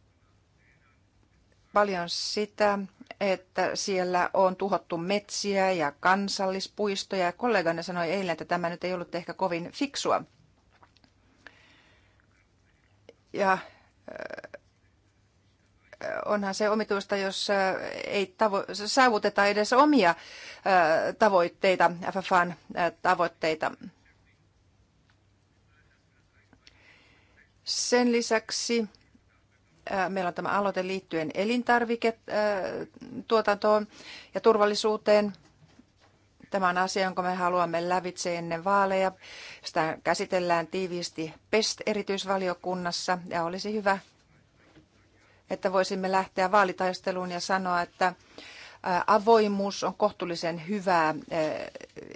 paljon sitä, että siellä on tuhottu metsiä ja kansallispuistoja. Kollegani sanoi eilen, että tämä nyt ei ollut ehkä kovin fiksua. Ja onhan se omituista, jos ei tavo- saavuteta edes omia tavoitteita, FFAn tavoitteita. Sen lisäksi meillä on tämä aloite liittyen elintarviketuotantoon ja turvallisuuteen. Tämä on asia, jonka me haluamme lävitse ennen vaaleja. Sitä käsitellään tiiviisti PEST-erityisvaliokunnassa ja olisi hyvä, että voisimme lähteä vaalitaisteluun ja sanoa, että avoimuus on kohtuullisen hyvää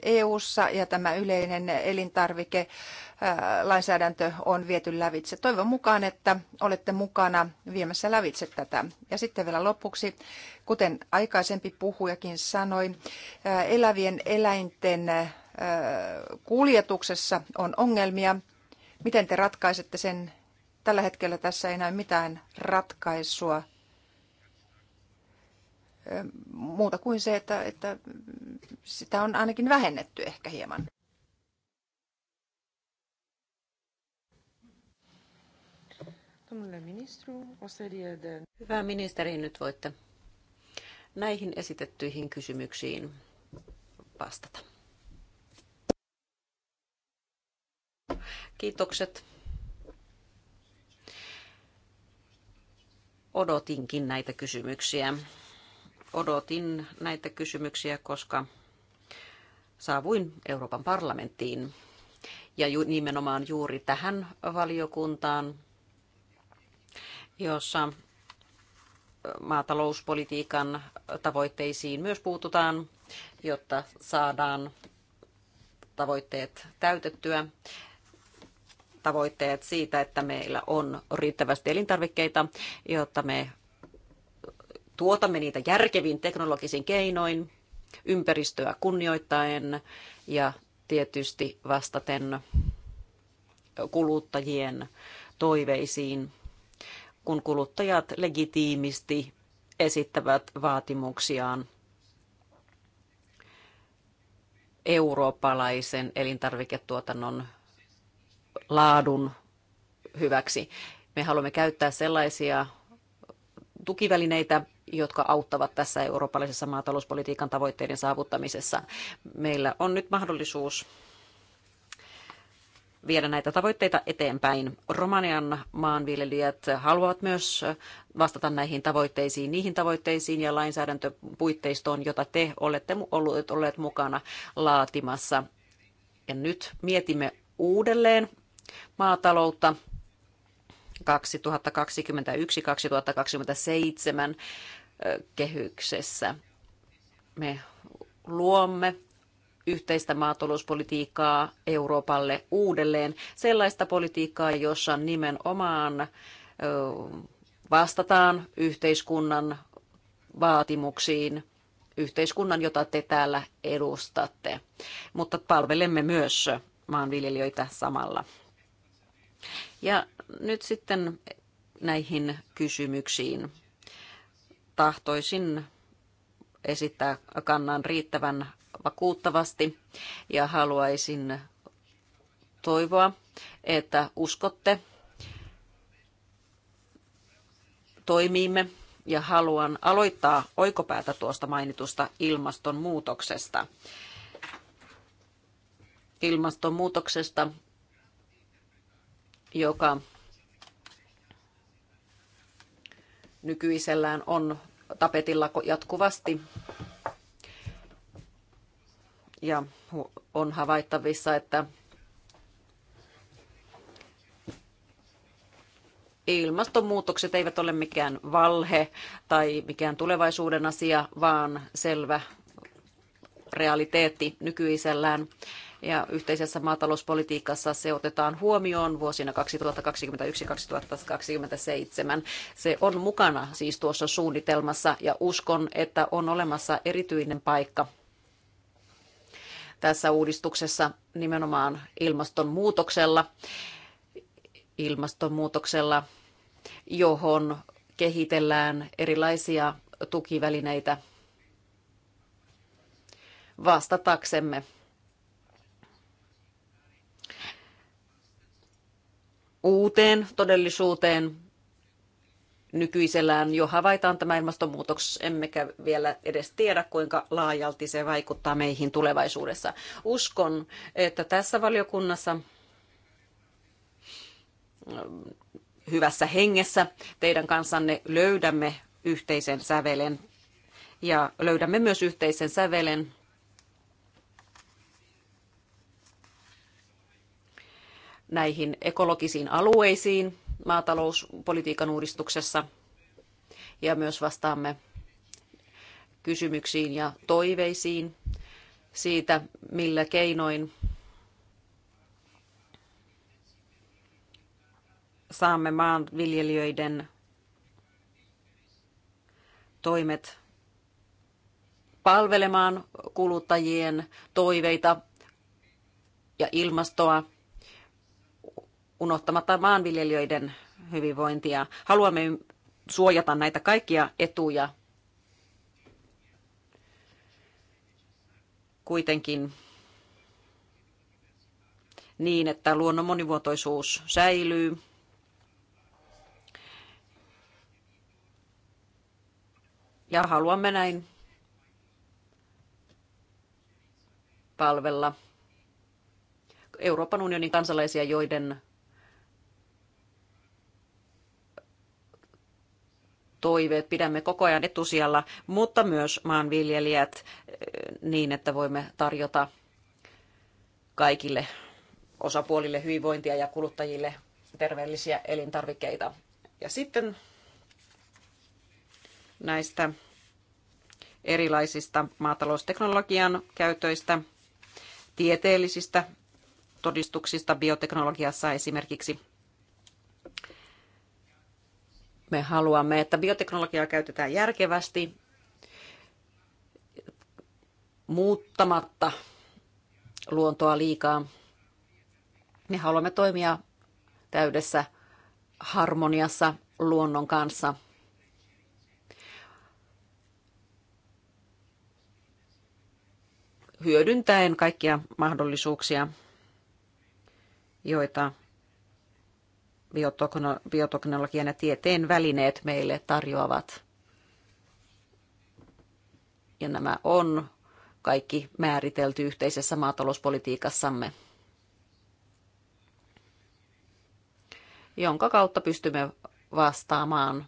EU:ssa ja tämä yleinen elintarvike lainsäädäntö on viety lävitse. Toivon mukaan, että olette mukana viemässä lävitse tätä. Ja sitten vielä lopuksi, kuten aikaisempi puhujakin sanoi, elävien eläinten kuljetuksessa on ongelmia. Miten te ratkaisette sen? Tällä hetkellä tässä ei näy mitään ratkaisua muuta kuin se, että, että sitä on ainakin vähennetty ehkä hieman. Hyvä ministeri, nyt voitte näihin esitettyihin kysymyksiin vastata. Kiitokset. Odotinkin näitä kysymyksiä. Odotin näitä kysymyksiä, koska saavuin Euroopan parlamenttiin ja ju- nimenomaan juuri tähän valiokuntaan, jossa maatalouspolitiikan tavoitteisiin myös puututaan, jotta saadaan tavoitteet täytettyä. Tavoitteet siitä, että meillä on riittävästi elintarvikkeita, jotta me tuotamme niitä järkevin teknologisin keinoin, ympäristöä kunnioittaen ja tietysti vastaten kuluttajien toiveisiin, kun kuluttajat legitiimisti esittävät vaatimuksiaan eurooppalaisen elintarviketuotannon laadun hyväksi. Me haluamme käyttää sellaisia tukivälineitä, jotka auttavat tässä eurooppalaisessa maatalouspolitiikan tavoitteiden saavuttamisessa. Meillä on nyt mahdollisuus viedä näitä tavoitteita eteenpäin. Romanian maanviljelijät haluavat myös vastata näihin tavoitteisiin, niihin tavoitteisiin ja lainsäädäntöpuitteistoon, jota te olette olleet, olleet mukana laatimassa. Ja nyt mietimme uudelleen maataloutta 2021-2027 kehyksessä. Me luomme yhteistä maatalouspolitiikkaa Euroopalle uudelleen, sellaista politiikkaa, jossa nimenomaan vastataan yhteiskunnan vaatimuksiin, yhteiskunnan, jota te täällä edustatte, mutta palvelemme myös maanviljelijöitä samalla. Ja nyt sitten näihin kysymyksiin tahtoisin esittää kannan riittävän vakuuttavasti ja haluaisin toivoa, että uskotte toimiimme ja haluan aloittaa oikopäätä tuosta mainitusta ilmastonmuutoksesta. Ilmastonmuutoksesta, joka nykyisellään on tapetilla jatkuvasti. Ja on havaittavissa, että ilmastonmuutokset eivät ole mikään valhe tai mikään tulevaisuuden asia, vaan selvä realiteetti nykyisellään ja yhteisessä maatalouspolitiikassa se otetaan huomioon vuosina 2021-2027. Se on mukana siis tuossa suunnitelmassa ja uskon, että on olemassa erityinen paikka tässä uudistuksessa nimenomaan ilmastonmuutoksella, ilmastonmuutoksella johon kehitellään erilaisia tukivälineitä vastataksemme uuteen todellisuuteen. Nykyisellään jo havaitaan tämä ilmastonmuutos, emmekä vielä edes tiedä, kuinka laajalti se vaikuttaa meihin tulevaisuudessa. Uskon, että tässä valiokunnassa mm, hyvässä hengessä teidän kanssanne löydämme yhteisen sävelen ja löydämme myös yhteisen sävelen näihin ekologisiin alueisiin maatalouspolitiikan uudistuksessa ja myös vastaamme kysymyksiin ja toiveisiin siitä, millä keinoin saamme maanviljelijöiden toimet palvelemaan kuluttajien toiveita ja ilmastoa unohtamatta maanviljelijöiden hyvinvointia. Haluamme suojata näitä kaikkia etuja. Kuitenkin niin, että luonnon monivuotoisuus säilyy. Ja haluamme näin palvella Euroopan unionin kansalaisia, joiden toiveet pidämme koko ajan etusijalla, mutta myös maanviljelijät eh, niin, että voimme tarjota kaikille osapuolille hyvinvointia ja kuluttajille terveellisiä elintarvikkeita. Ja sitten näistä erilaisista maatalousteknologian käytöistä, tieteellisistä todistuksista bioteknologiassa esimerkiksi me haluamme, että bioteknologiaa käytetään järkevästi muuttamatta luontoa liikaa. Me haluamme toimia täydessä harmoniassa luonnon kanssa. Hyödyntäen kaikkia mahdollisuuksia, joita bioteknologian ja tieteen välineet meille tarjoavat. Ja nämä on kaikki määritelty yhteisessä maatalouspolitiikassamme, jonka kautta pystymme vastaamaan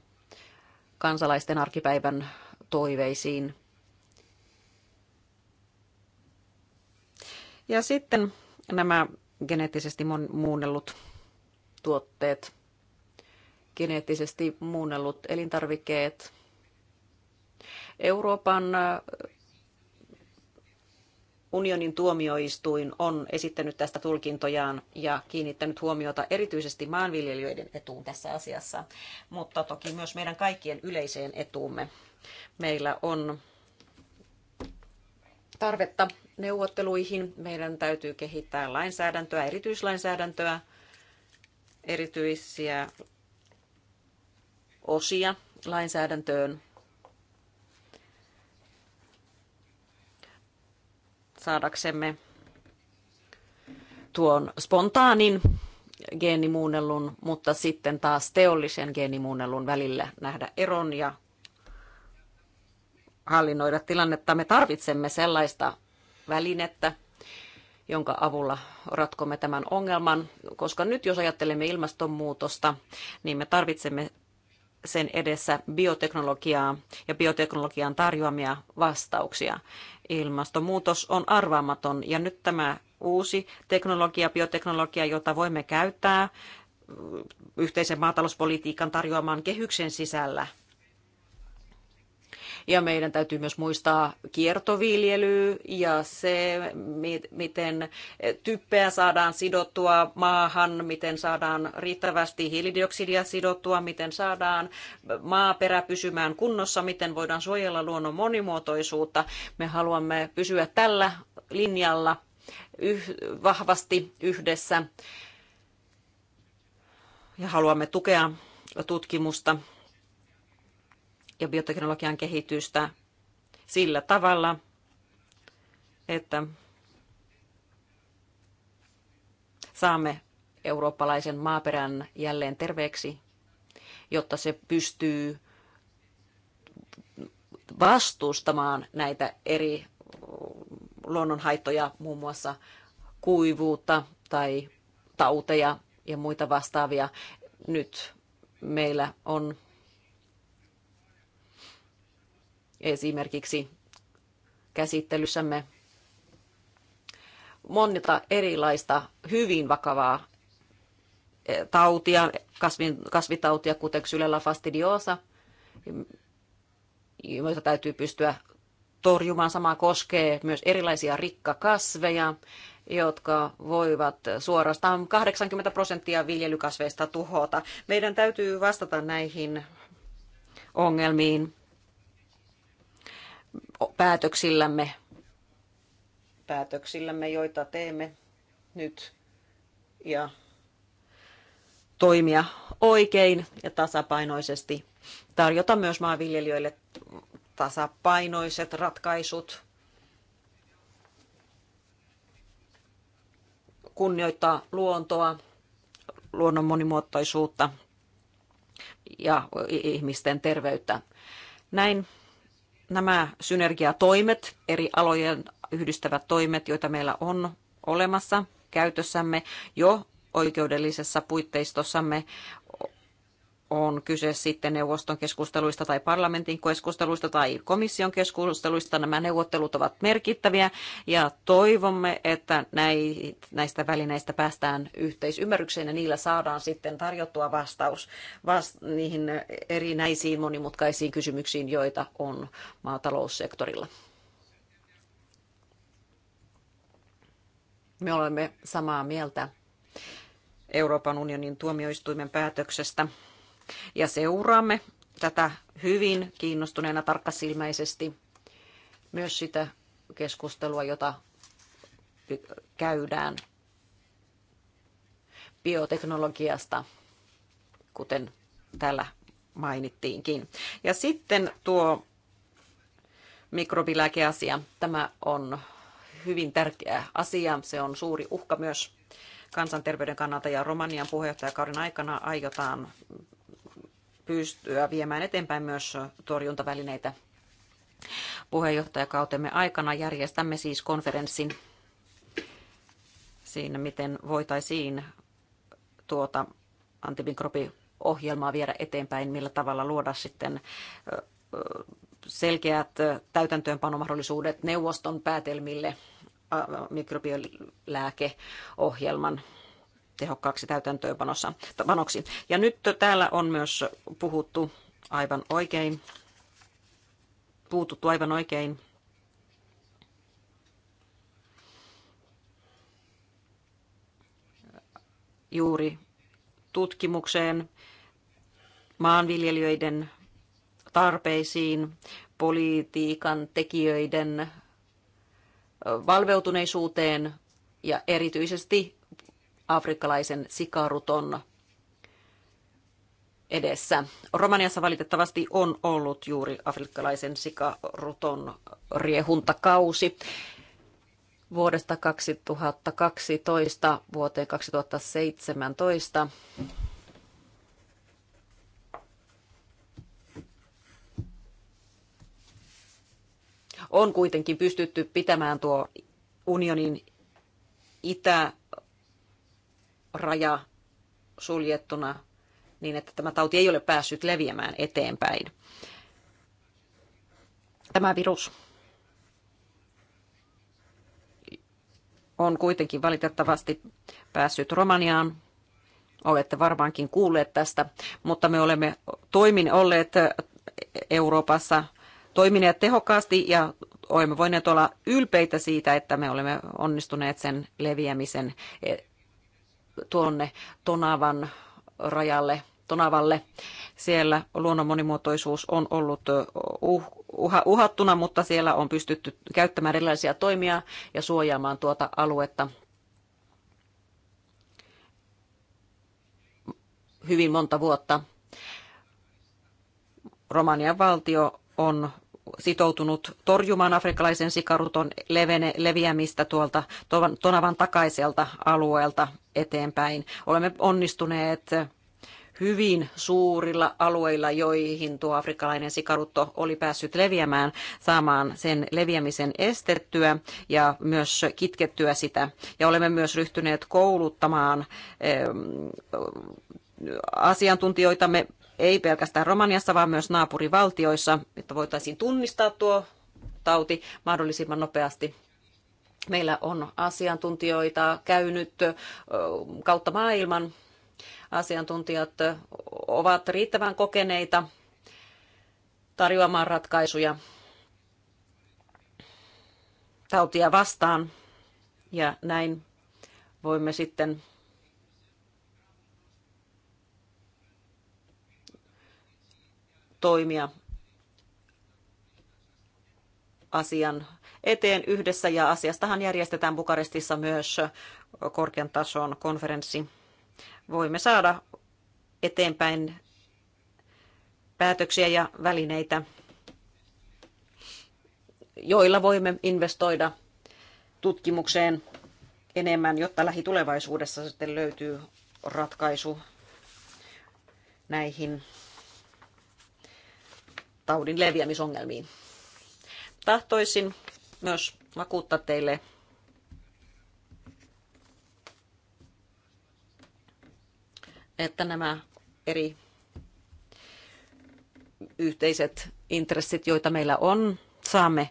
kansalaisten arkipäivän toiveisiin. Ja sitten nämä geneettisesti muunnellut tuotteet, geneettisesti muunnellut elintarvikkeet. Euroopan äh, unionin tuomioistuin on esittänyt tästä tulkintojaan ja kiinnittänyt huomiota erityisesti maanviljelijöiden etuun tässä asiassa, mutta toki myös meidän kaikkien yleiseen etuumme. Meillä on tarvetta neuvotteluihin. Meidän täytyy kehittää lainsäädäntöä, erityislainsäädäntöä, erityisiä osia lainsäädäntöön saadaksemme tuon spontaanin geenimuunnellun, mutta sitten taas teollisen geenimuunnellun välillä nähdä eron ja hallinnoida tilannetta. Me tarvitsemme sellaista välinettä, jonka avulla ratkomme tämän ongelman, koska nyt jos ajattelemme ilmastonmuutosta, niin me tarvitsemme sen edessä bioteknologiaa ja bioteknologian tarjoamia vastauksia. Ilmastonmuutos on arvaamaton ja nyt tämä uusi teknologia, bioteknologia, jota voimme käyttää yhteisen maatalouspolitiikan tarjoaman kehyksen sisällä – ja meidän täytyy myös muistaa kiertoviljely ja se, miten typpeä saadaan sidottua maahan, miten saadaan riittävästi hiilidioksidia sidottua, miten saadaan maaperä pysymään kunnossa, miten voidaan suojella luonnon monimuotoisuutta. Me haluamme pysyä tällä linjalla yh- vahvasti yhdessä ja haluamme tukea tutkimusta ja bioteknologian kehitystä sillä tavalla, että saamme eurooppalaisen maaperän jälleen terveeksi, jotta se pystyy vastustamaan näitä eri luonnonhaittoja, muun muassa kuivuutta tai tauteja ja muita vastaavia. Nyt meillä on esimerkiksi käsittelyssämme monta erilaista hyvin vakavaa eh, tautia, kasvin, kasvitautia, kuten Xylella fastidiosa, joita täytyy pystyä torjumaan. Sama koskee myös erilaisia rikkakasveja, jotka voivat suorastaan 80 prosenttia viljelykasveista tuhota. Meidän täytyy vastata näihin ongelmiin päätöksillämme, päätöksillämme, joita teemme nyt ja toimia oikein ja tasapainoisesti. Tarjota myös maanviljelijöille tasapainoiset ratkaisut, kunnioittaa luontoa, luonnon monimuotoisuutta ja ihmisten terveyttä. Näin Nämä synergiatoimet, eri alojen yhdistävät toimet, joita meillä on olemassa käytössämme jo oikeudellisessa puitteistossamme, on kyse sitten neuvoston keskusteluista tai parlamentin keskusteluista tai komission keskusteluista. Nämä neuvottelut ovat merkittäviä ja toivomme, että näistä välineistä päästään yhteisymmärrykseen ja niillä saadaan sitten tarjottua vastaus vast- niihin erinäisiin monimutkaisiin kysymyksiin, joita on maataloussektorilla. Me olemme samaa mieltä Euroopan unionin tuomioistuimen päätöksestä ja seuraamme tätä hyvin kiinnostuneena tarkkasilmäisesti myös sitä keskustelua, jota käydään bioteknologiasta, kuten täällä mainittiinkin. Ja sitten tuo mikrobilääkeasia, tämä on hyvin tärkeä asia. Se on suuri uhka myös kansanterveyden kannalta ja Romanian puheenjohtajakauden aikana aiotaan pystyä viemään eteenpäin myös torjuntavälineitä. Puheenjohtajakautemme aikana järjestämme siis konferenssin siinä, miten voitaisiin tuota antimikrobiohjelmaa viedä eteenpäin, millä tavalla luoda sitten selkeät täytäntöönpanomahdollisuudet neuvoston päätelmille mikrobiolääkeohjelman tehokkaaksi täytäntöönpanoksi. Ja nyt täällä on myös puhuttu aivan oikein, puututtu aivan oikein juuri tutkimukseen, maanviljelijöiden tarpeisiin, politiikan tekijöiden valveutuneisuuteen ja erityisesti afrikkalaisen sikaruton edessä. Romaniassa valitettavasti on ollut juuri afrikkalaisen sikaruton riehuntakausi. Vuodesta 2012 vuoteen 2017 on kuitenkin pystytty pitämään tuo unionin itä raja suljettuna niin, että tämä tauti ei ole päässyt leviämään eteenpäin. Tämä virus on kuitenkin valitettavasti päässyt Romaniaan. Olette varmaankin kuulleet tästä, mutta me olemme toimin olleet Euroopassa toimineet tehokkaasti ja olemme voineet olla ylpeitä siitä, että me olemme onnistuneet sen leviämisen tuonne Tonavan rajalle, Tonavalle. Siellä luonnon monimuotoisuus on ollut uh, uh, uhattuna, mutta siellä on pystytty käyttämään erilaisia toimia ja suojaamaan tuota aluetta hyvin monta vuotta. Romanian valtio on sitoutunut torjumaan afrikkalaisen sikaruton levene, leviämistä tuolta Tonavan takaiselta alueelta eteenpäin. Olemme onnistuneet hyvin suurilla alueilla, joihin tuo afrikkalainen sikarutto oli päässyt leviämään, saamaan sen leviämisen estettyä ja myös kitkettyä sitä. Ja olemme myös ryhtyneet kouluttamaan asiantuntijoitamme ei pelkästään Romaniassa, vaan myös naapurivaltioissa, että voitaisiin tunnistaa tuo tauti mahdollisimman nopeasti. Meillä on asiantuntijoita käynyt kautta maailman. Asiantuntijat ovat riittävän kokeneita tarjoamaan ratkaisuja tautia vastaan. Ja näin voimme sitten toimia asian eteen yhdessä ja asiastahan järjestetään Bukarestissa myös korkean tason konferenssi. Voimme saada eteenpäin päätöksiä ja välineitä, joilla voimme investoida tutkimukseen enemmän, jotta lähitulevaisuudessa sitten löytyy ratkaisu näihin taudin leviämisongelmiin. Tahtoisin myös vakuuttaa teille että nämä eri yhteiset intressit, joita meillä on, saamme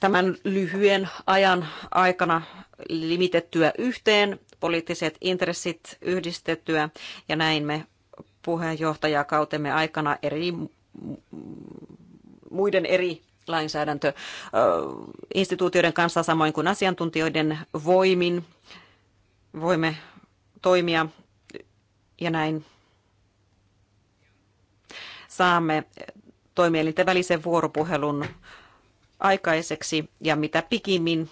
tämän lyhyen ajan aikana limitettyä yhteen, poliittiset intressit yhdistettyä ja näin me puheenjohtajakautemme aikana eri muiden eri lainsäädäntöinstituutioiden kanssa samoin kuin asiantuntijoiden voimin voimme toimia ja näin saamme toimielinten välisen vuoropuhelun aikaiseksi ja mitä pikimmin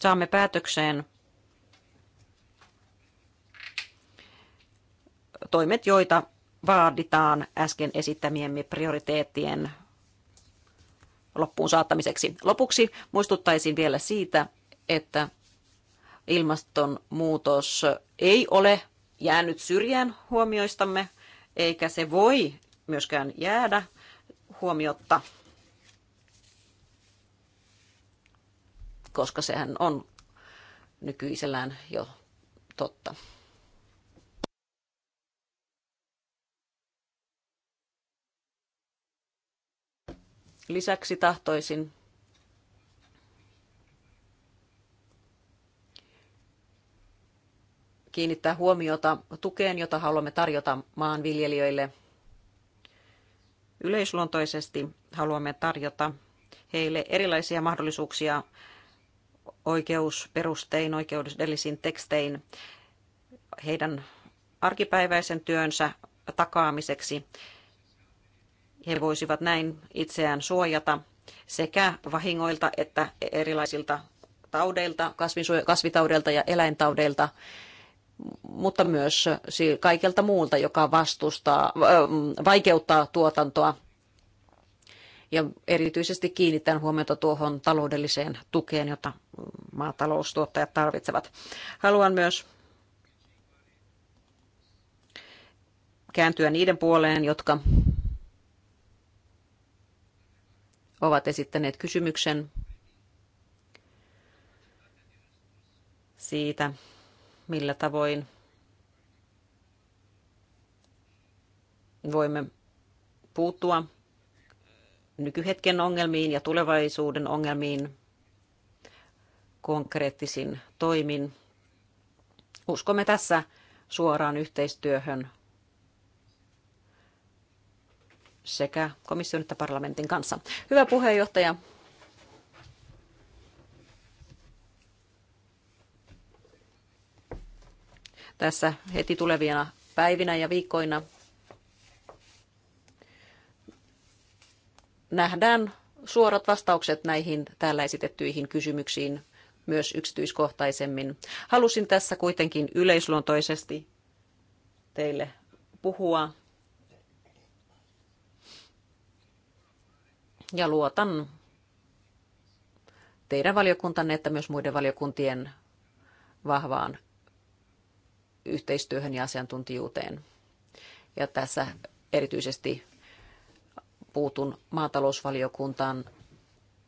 saamme päätökseen toimet, joita vaaditaan äsken esittämiemme prioriteettien loppuun saattamiseksi. Lopuksi muistuttaisin vielä siitä, että ilmastonmuutos ei ole jäänyt syrjään huomioistamme, eikä se voi myöskään jäädä huomiotta, koska sehän on nykyisellään jo totta. Lisäksi tahtoisin kiinnittää huomiota tukeen, jota haluamme tarjota maanviljelijöille. Yleisluontoisesti haluamme tarjota heille erilaisia mahdollisuuksia oikeusperustein, oikeudellisin tekstein heidän arkipäiväisen työnsä takaamiseksi he voisivat näin itseään suojata sekä vahingoilta että erilaisilta taudeilta, kasvitaudeilta ja eläintaudeilta, mutta myös kaikelta muulta, joka vastustaa, vaikeuttaa tuotantoa. Ja erityisesti kiinnitän huomiota tuohon taloudelliseen tukeen, jota maataloustuottajat tarvitsevat. Haluan myös kääntyä niiden puoleen, jotka ovat esittäneet kysymyksen siitä, millä tavoin voimme puuttua nykyhetken ongelmiin ja tulevaisuuden ongelmiin konkreettisin toimin. Uskomme tässä suoraan yhteistyöhön sekä komission että parlamentin kanssa. Hyvä puheenjohtaja. Tässä heti tulevina päivinä ja viikkoina nähdään suorat vastaukset näihin täällä esitettyihin kysymyksiin myös yksityiskohtaisemmin. Halusin tässä kuitenkin yleisluontoisesti teille puhua ja luotan teidän valiokuntanne että myös muiden valiokuntien vahvaan yhteistyöhön ja asiantuntijuuteen. Ja tässä erityisesti puutun maatalousvaliokuntaan,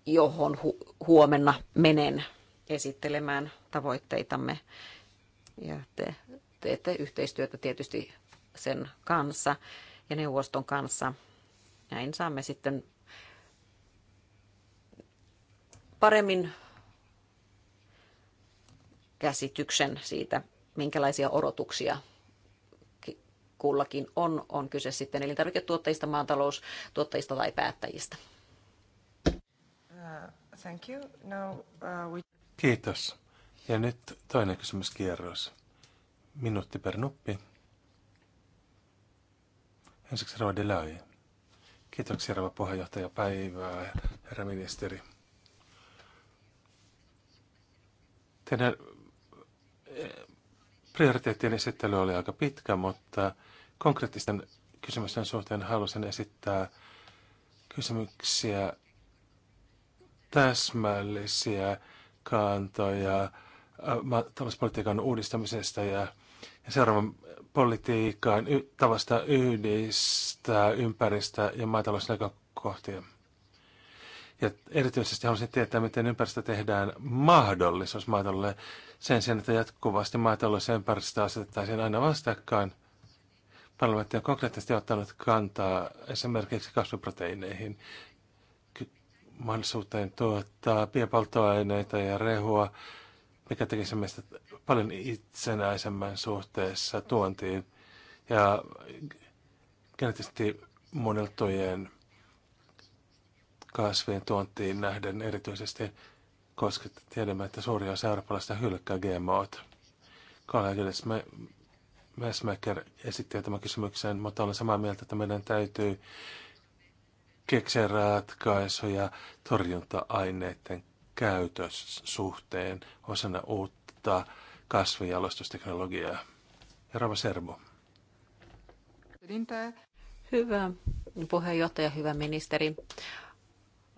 johon hu- huomenna menen esittelemään tavoitteitamme. Ja te teette yhteistyötä tietysti sen kanssa ja neuvoston kanssa. Näin saamme sitten paremmin käsityksen siitä, minkälaisia odotuksia kullakin on, on kyse sitten elintarviketuottajista, maataloustuottajista tai päättäjistä. Uh, thank you. Now, uh, we... Kiitos. Ja nyt toinen kierros. Minuutti per nuppi. Ensiksi Rode Kiitoksia, rouva puheenjohtaja. Päivää, herra ministeri. Teidän eh, prioriteettien esittely oli aika pitkä, mutta konkreettisten kysymysten suhteen halusin esittää kysymyksiä, täsmällisiä kantoja eh, talouspolitiikan uudistamisesta ja, ja seuraavan politiikan tavasta yhdistää ympäristö- ja maatalousnäkökohtia. Ja erityisesti haluaisin tietää, miten ympäristö tehdään mahdollisuus maatalolle sen sijaan, että jatkuvasti maatalous ja ympäristö asetettaisiin aina vastakkain. Parlamentti on konkreettisesti ottanut kantaa esimerkiksi kasviproteiineihin, mahdollisuuteen tuottaa biopolttoaineita ja rehua, mikä tekisi meistä paljon itsenäisemmän suhteessa tuontiin ja geneettisesti muunneltujen kasvien tuontiin nähden erityisesti, koska tiedämme, että suuri osa eurooppalaista hylkkää GMOt. Kollegides Messmaker esitti tämän kysymyksen, mutta olen samaa mieltä, että meidän täytyy keksiä ratkaisuja torjunta-aineiden käytös suhteen osana uutta kasvijalostusteknologiaa. Rava Serbo. Hyvä puheenjohtaja, hyvä ministeri.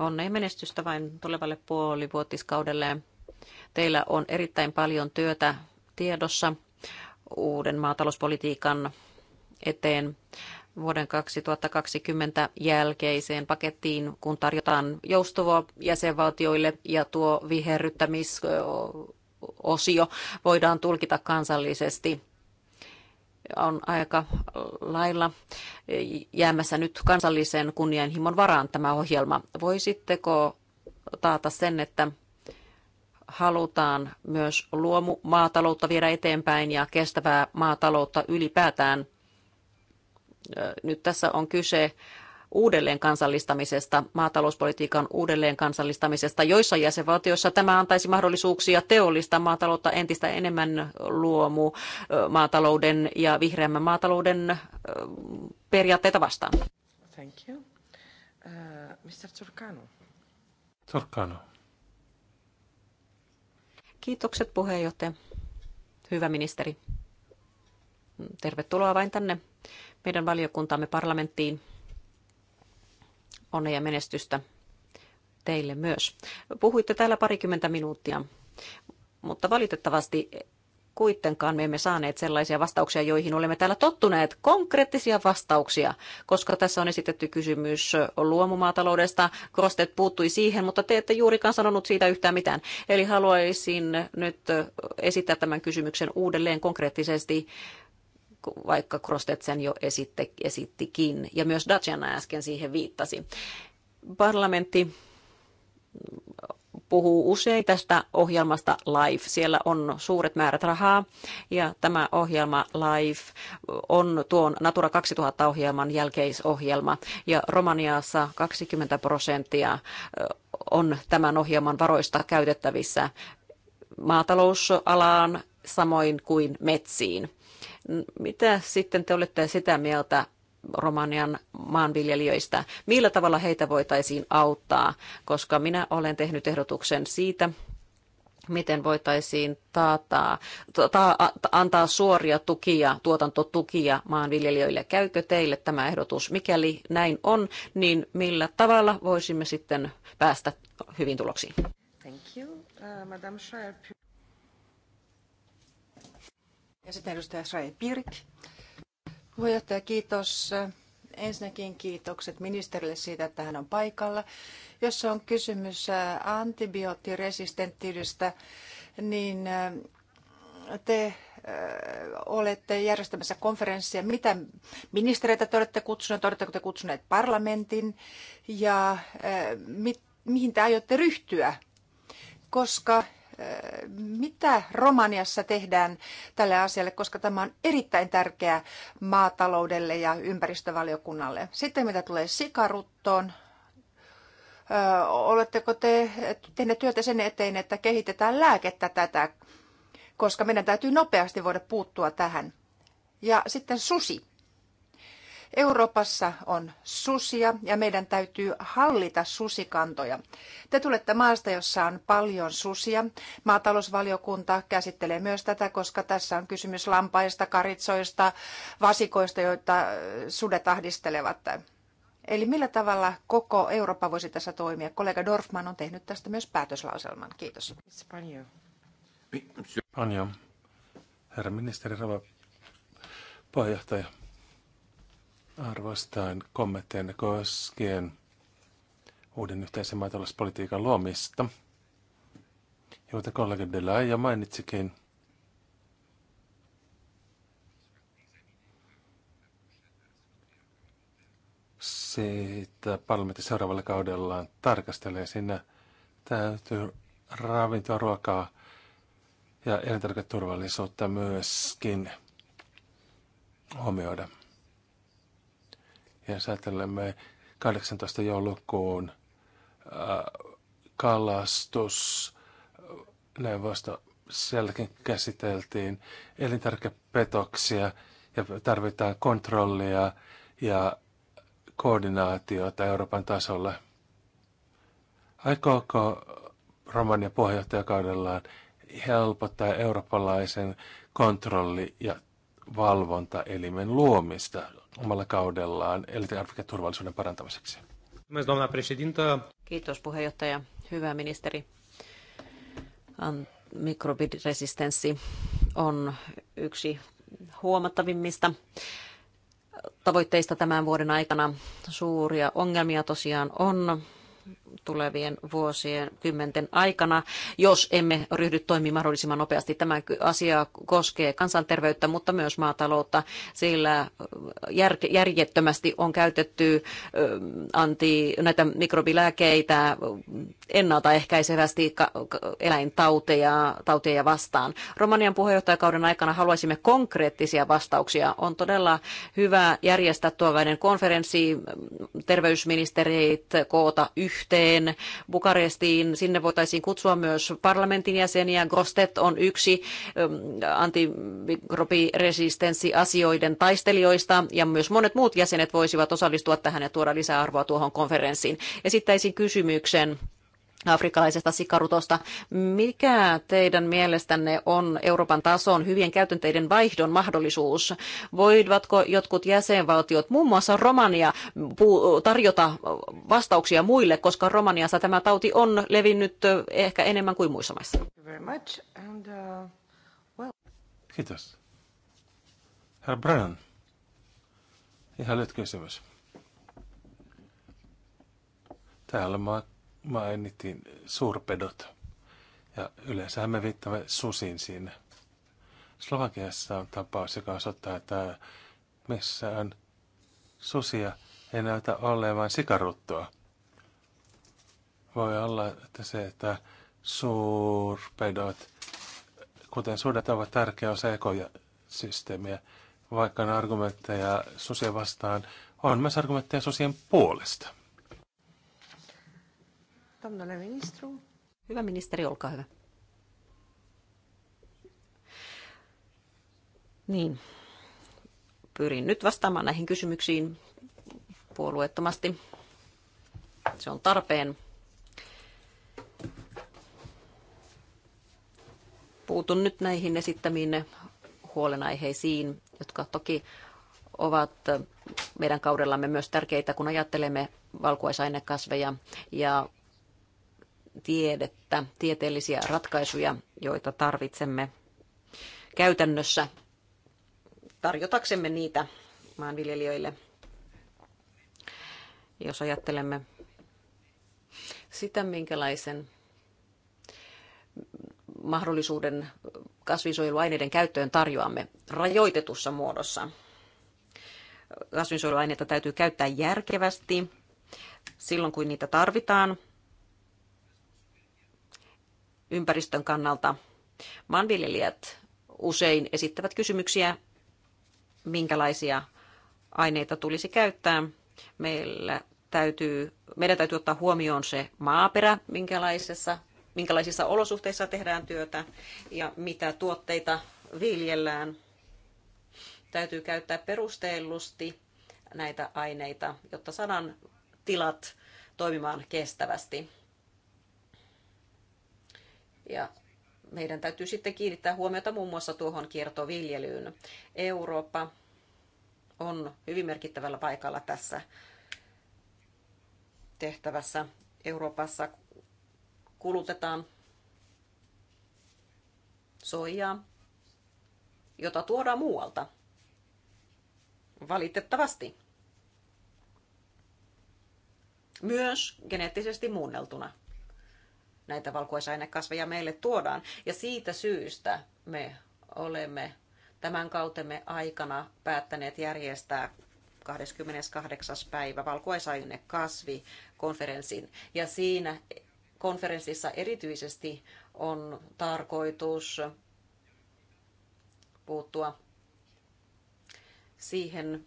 Onnea ja menestystä vain tulevalle puolivuotiskaudelle. Teillä on erittäin paljon työtä tiedossa uuden maatalouspolitiikan eteen vuoden 2020 jälkeiseen pakettiin, kun tarjotaan joustoa jäsenvaltioille ja tuo viherryttämisosio voidaan tulkita kansallisesti on aika lailla jäämässä nyt kansallisen kunnianhimon varaan tämä ohjelma. Voisitteko taata sen, että halutaan myös luomumaataloutta viedä eteenpäin ja kestävää maataloutta ylipäätään? Nyt tässä on kyse uudelleen kansallistamisesta, maatalouspolitiikan uudelleen kansallistamisesta. Joissa jäsenvaltioissa tämä antaisi mahdollisuuksia teollista maataloutta entistä enemmän luomu maatalouden ja vihreämmän maatalouden periaatteita vastaan. Thank you. Uh, Mr. Turcano. Turcano. Kiitokset puheenjohtaja. Hyvä ministeri. Tervetuloa vain tänne meidän valiokuntamme parlamenttiin onnea ja menestystä teille myös. Puhuitte täällä parikymmentä minuuttia, mutta valitettavasti kuitenkaan me emme saaneet sellaisia vastauksia, joihin olemme täällä tottuneet. Konkreettisia vastauksia, koska tässä on esitetty kysymys luomumaataloudesta. Krostet puuttui siihen, mutta te ette juurikaan sanonut siitä yhtään mitään. Eli haluaisin nyt esittää tämän kysymyksen uudelleen konkreettisesti vaikka Krostet sen jo esitte, esittikin, ja myös Dacian äsken siihen viittasi. Parlamentti puhuu usein tästä ohjelmasta Live. Siellä on suuret määrät rahaa ja tämä ohjelma Live on tuon Natura 2000-ohjelman jälkeisohjelma ja Romaniassa 20 prosenttia on tämän ohjelman varoista käytettävissä maatalousalaan samoin kuin metsiin. Mitä sitten te olette sitä mieltä Romanian maanviljelijöistä? Millä tavalla heitä voitaisiin auttaa? Koska minä olen tehnyt ehdotuksen siitä, miten voitaisiin taata, ta, antaa suoria tukia, tuotantotukia maanviljelijöille. Käykö teille tämä ehdotus? Mikäli näin on, niin millä tavalla voisimme sitten päästä hyvin tuloksiin? Thank you. Uh, Madame ja sitten edustaja Sraje Pirk. Puheenjohtaja, kiitos. Ensinnäkin kiitokset ministerille siitä, että hän on paikalla. Jos on kysymys äh, antibioottiresistenttiydestä, niin äh, te äh, olette järjestämässä konferenssia. Mitä ministereitä te olette kutsuneet? Oletteko te kutsuneet parlamentin? Ja mi, mihin te aiotte ryhtyä? Koska mitä Romaniassa tehdään tälle asialle, koska tämä on erittäin tärkeää maataloudelle ja ympäristövaliokunnalle. Sitten mitä tulee sikaruttoon, oletteko te tehneet työtä sen eteen, että kehitetään lääkettä tätä, koska meidän täytyy nopeasti voida puuttua tähän. Ja sitten susi. Euroopassa on susia ja meidän täytyy hallita susikantoja. Te tulette maasta, jossa on paljon susia. Maatalousvaliokunta käsittelee myös tätä, koska tässä on kysymys lampaista, karitsoista, vasikoista, joita sudet ahdistelevat. Eli millä tavalla koko Eurooppa voisi tässä toimia? Kollega Dorfman on tehnyt tästä myös päätöslauselman. Kiitos. Herra ministeri, rouva puheenjohtaja. Arvostan kommentteina koskien uuden yhteisen maatalouspolitiikan luomista, joita kollega Delay jo mainitsikin. Siitä parlamentti seuraavalla kaudellaan tarkastelee. Siinä täytyy ravintoa, ruokaa ja elintarviketurvallisuutta myöskin huomioida ja ajattelemme 18. joulukuun äh, kalastus vasta Sielläkin käsiteltiin elintarvikepetoksia ja tarvitaan kontrollia ja koordinaatiota Euroopan tasolla. Aikooko Romania puheenjohtajakaudellaan helpottaa eurooppalaisen kontrolli- ja valvontaelimen luomista omalla kaudellaan elintarviketurvallisuuden parantamiseksi. Kiitos puheenjohtaja. Hyvä ministeri. Mikrobiresistenssi on yksi huomattavimmista tavoitteista tämän vuoden aikana. Suuria ongelmia tosiaan on tulevien vuosien kymmenten aikana, jos emme ryhdy toimimaan mahdollisimman nopeasti. Tämä asia koskee kansanterveyttä, mutta myös maataloutta, sillä järjettömästi on käytetty anti, näitä mikrobilääkeitä ennaltaehkäisevästi eläintauteja tauteja vastaan. Romanian puheenjohtajakauden aikana haluaisimme konkreettisia vastauksia. On todella hyvä järjestää tuollainen konferenssi, terveysministereit koota yhteen yhteen Bukarestiin. Sinne voitaisiin kutsua myös parlamentin jäseniä. Grostet on yksi ähm, antimikrobiresistenssiasioiden asioiden taistelijoista ja myös monet muut jäsenet voisivat osallistua tähän ja tuoda lisäarvoa tuohon konferenssiin. Esittäisin kysymyksen afrikkalaisesta sikarutosta. Mikä teidän mielestänne on Euroopan tason hyvien käytänteiden vaihdon mahdollisuus? Voivatko jotkut jäsenvaltiot, muun muassa Romania, tarjota vastauksia muille, koska Romaniassa tämä tauti on levinnyt ehkä enemmän kuin muissa maissa? Uh, Kiitos. Herra Brennan, ihan lyhyt kysymys. Täällä maat mainittiin suurpedot. Ja yleensä me viittamme susiin siinä. Slovakiassa on tapaus, joka osoittaa, että missään susia ei näytä olevan sikaruttoa. Voi olla, että se, että suurpedot, kuten sudet, ovat tärkeä osa ekosysteemiä, vaikka on argumentteja susien vastaan, on myös argumentteja susien puolesta. Domnule ministru. Hyvä ministeri, olkaa hyvä. Niin, pyrin nyt vastaamaan näihin kysymyksiin puolueettomasti. Se on tarpeen. Puutun nyt näihin esittämiin huolenaiheisiin, jotka toki ovat meidän kaudellamme myös tärkeitä, kun ajattelemme valkuaisainekasveja ja tiedettä, tieteellisiä ratkaisuja, joita tarvitsemme käytännössä tarjotaksemme niitä maanviljelijöille. Jos ajattelemme sitä, minkälaisen mahdollisuuden kasvinsuojeluaineiden käyttöön tarjoamme rajoitetussa muodossa. Kasvinsuojeluaineita täytyy käyttää järkevästi silloin, kun niitä tarvitaan – ympäristön kannalta. Maanviljelijät usein esittävät kysymyksiä, minkälaisia aineita tulisi käyttää. Meillä täytyy, meidän täytyy ottaa huomioon se maaperä, minkälaisessa, minkälaisissa olosuhteissa tehdään työtä ja mitä tuotteita viljellään. Täytyy käyttää perusteellusti näitä aineita, jotta saadaan tilat toimimaan kestävästi. Ja meidän täytyy sitten kiinnittää huomiota muun muassa tuohon kiertoviljelyyn. Eurooppa on hyvin merkittävällä paikalla tässä tehtävässä. Euroopassa kulutetaan soijaa, jota tuodaan muualta. Valitettavasti. Myös geneettisesti muunneltuna näitä valkuaisainekasveja meille tuodaan. Ja siitä syystä me olemme tämän kautemme aikana päättäneet järjestää 28. päivä valkuaisainekasvikonferenssin. Ja siinä konferenssissa erityisesti on tarkoitus puuttua siihen,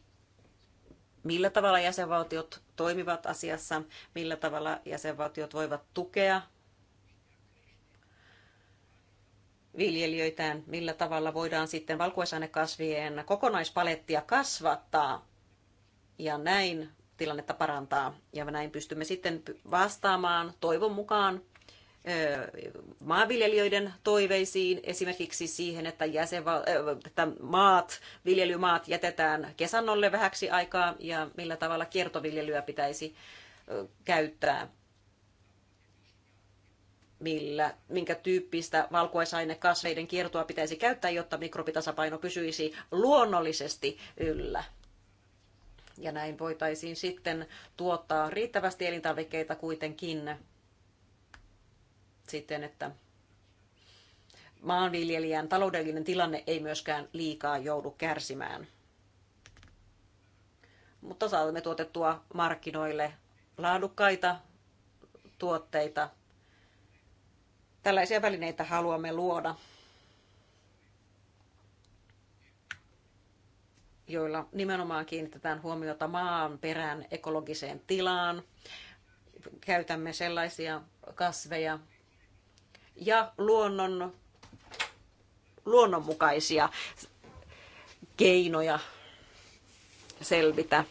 millä tavalla jäsenvaltiot toimivat asiassa, millä tavalla jäsenvaltiot voivat tukea viljelijöitään, millä tavalla voidaan sitten valkuaisainekasvien kokonaispalettia kasvattaa ja näin tilannetta parantaa. Ja näin pystymme sitten vastaamaan toivon mukaan maanviljelijöiden toiveisiin, esimerkiksi siihen, että, jäsenval- että maat, viljelymaat jätetään kesannolle vähäksi aikaa ja millä tavalla kiertoviljelyä pitäisi käyttää millä, minkä tyyppistä valkuaisainekasveiden kiertoa pitäisi käyttää, jotta mikrobitasapaino pysyisi luonnollisesti yllä. Ja näin voitaisiin sitten tuottaa riittävästi elintarvikkeita kuitenkin sitten, että maanviljelijän taloudellinen tilanne ei myöskään liikaa joudu kärsimään. Mutta saamme tuotettua markkinoille laadukkaita tuotteita Tällaisia välineitä haluamme luoda, joilla nimenomaan kiinnitetään huomiota maan perään ekologiseen tilaan. Käytämme sellaisia kasveja ja luonnon, luonnonmukaisia keinoja selvitä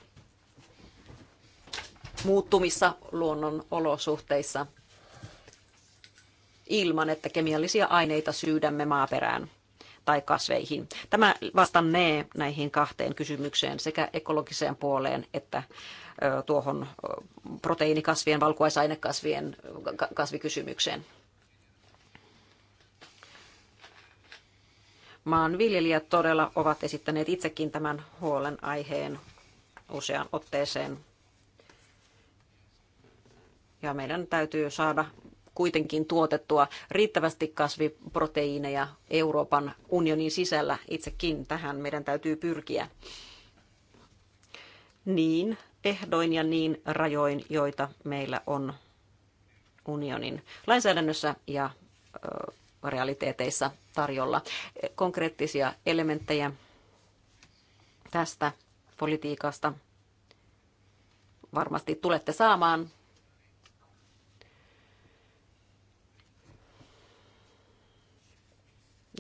muuttumissa luonnon olosuhteissa ilman, että kemiallisia aineita syydämme maaperään tai kasveihin. Tämä vastannee näihin kahteen kysymykseen sekä ekologiseen puoleen että tuohon proteiinikasvien, valkuaisainekasvien kasvikysymykseen. Maanviljelijät todella ovat esittäneet itsekin tämän huolen aiheen useaan otteeseen. Ja meidän täytyy saada kuitenkin tuotettua riittävästi kasviproteiineja Euroopan unionin sisällä itsekin. Tähän meidän täytyy pyrkiä niin ehdoin ja niin rajoin, joita meillä on unionin lainsäädännössä ja ö, realiteeteissa tarjolla. Konkreettisia elementtejä tästä politiikasta varmasti tulette saamaan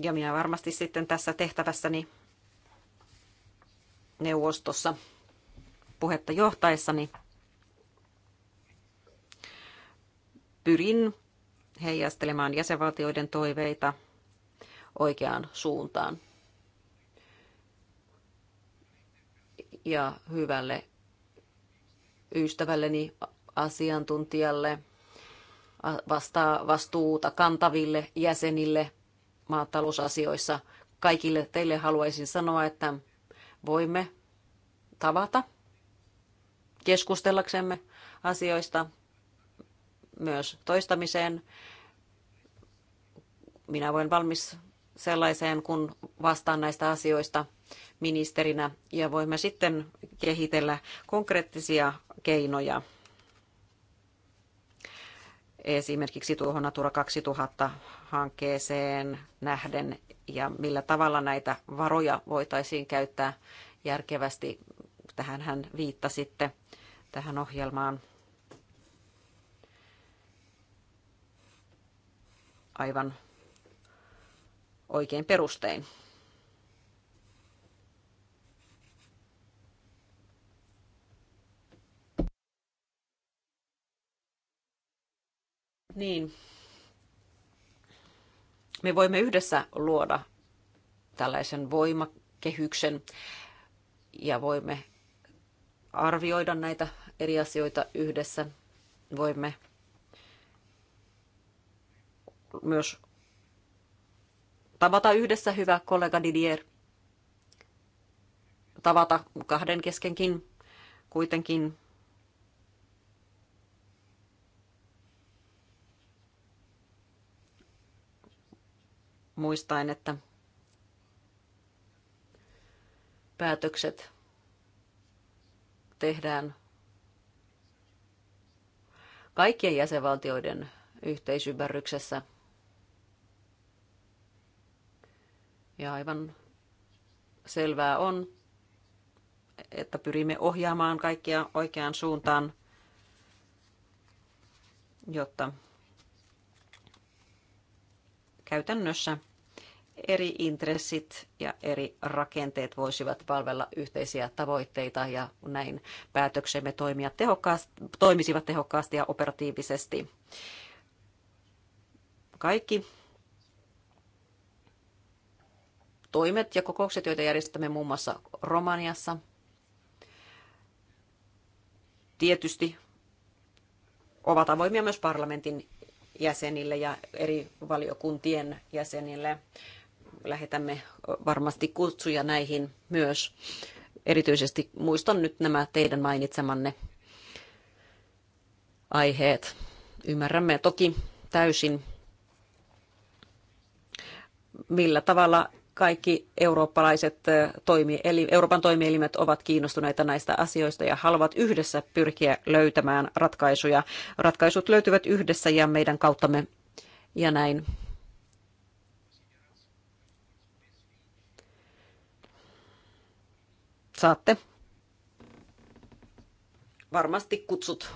Ja minä varmasti sitten tässä tehtävässäni neuvostossa puhetta johtaessani pyrin heijastelemaan jäsenvaltioiden toiveita oikeaan suuntaan ja hyvälle ystävälleni asiantuntijalle, vastaa vastuuta kantaville jäsenille maatalousasioissa. Kaikille teille haluaisin sanoa, että voimme tavata keskustellaksemme asioista myös toistamiseen. Minä voin valmis sellaiseen, kun vastaan näistä asioista ministerinä ja voimme sitten kehitellä konkreettisia keinoja esimerkiksi tuohon Natura 2000-hankkeeseen nähden ja millä tavalla näitä varoja voitaisiin käyttää järkevästi. Tähän hän viittasitte tähän ohjelmaan. Aivan oikein perustein. Niin. Me voimme yhdessä luoda tällaisen voimakehyksen ja voimme arvioida näitä eri asioita yhdessä. Voimme myös tavata yhdessä, hyvä kollega Didier. Tavata kahden keskenkin kuitenkin muistaen, että päätökset tehdään kaikkien jäsenvaltioiden yhteisymmärryksessä. Ja aivan selvää on, että pyrimme ohjaamaan kaikkia oikeaan suuntaan, jotta käytännössä – eri intressit ja eri rakenteet voisivat palvella yhteisiä tavoitteita ja näin päätöksemme toimia tehokkaasti, toimisivat tehokkaasti ja operatiivisesti. Kaikki toimet ja kokoukset, joita järjestämme muun muassa Romaniassa, tietysti ovat avoimia myös parlamentin jäsenille ja eri valiokuntien jäsenille lähetämme varmasti kutsuja näihin myös. Erityisesti muistan nyt nämä teidän mainitsemanne aiheet. Ymmärrämme toki täysin, millä tavalla kaikki eurooppalaiset toimi, eli Euroopan toimielimet ovat kiinnostuneita näistä asioista ja haluavat yhdessä pyrkiä löytämään ratkaisuja. Ratkaisut löytyvät yhdessä ja meidän kauttamme ja näin saatte varmasti kutsut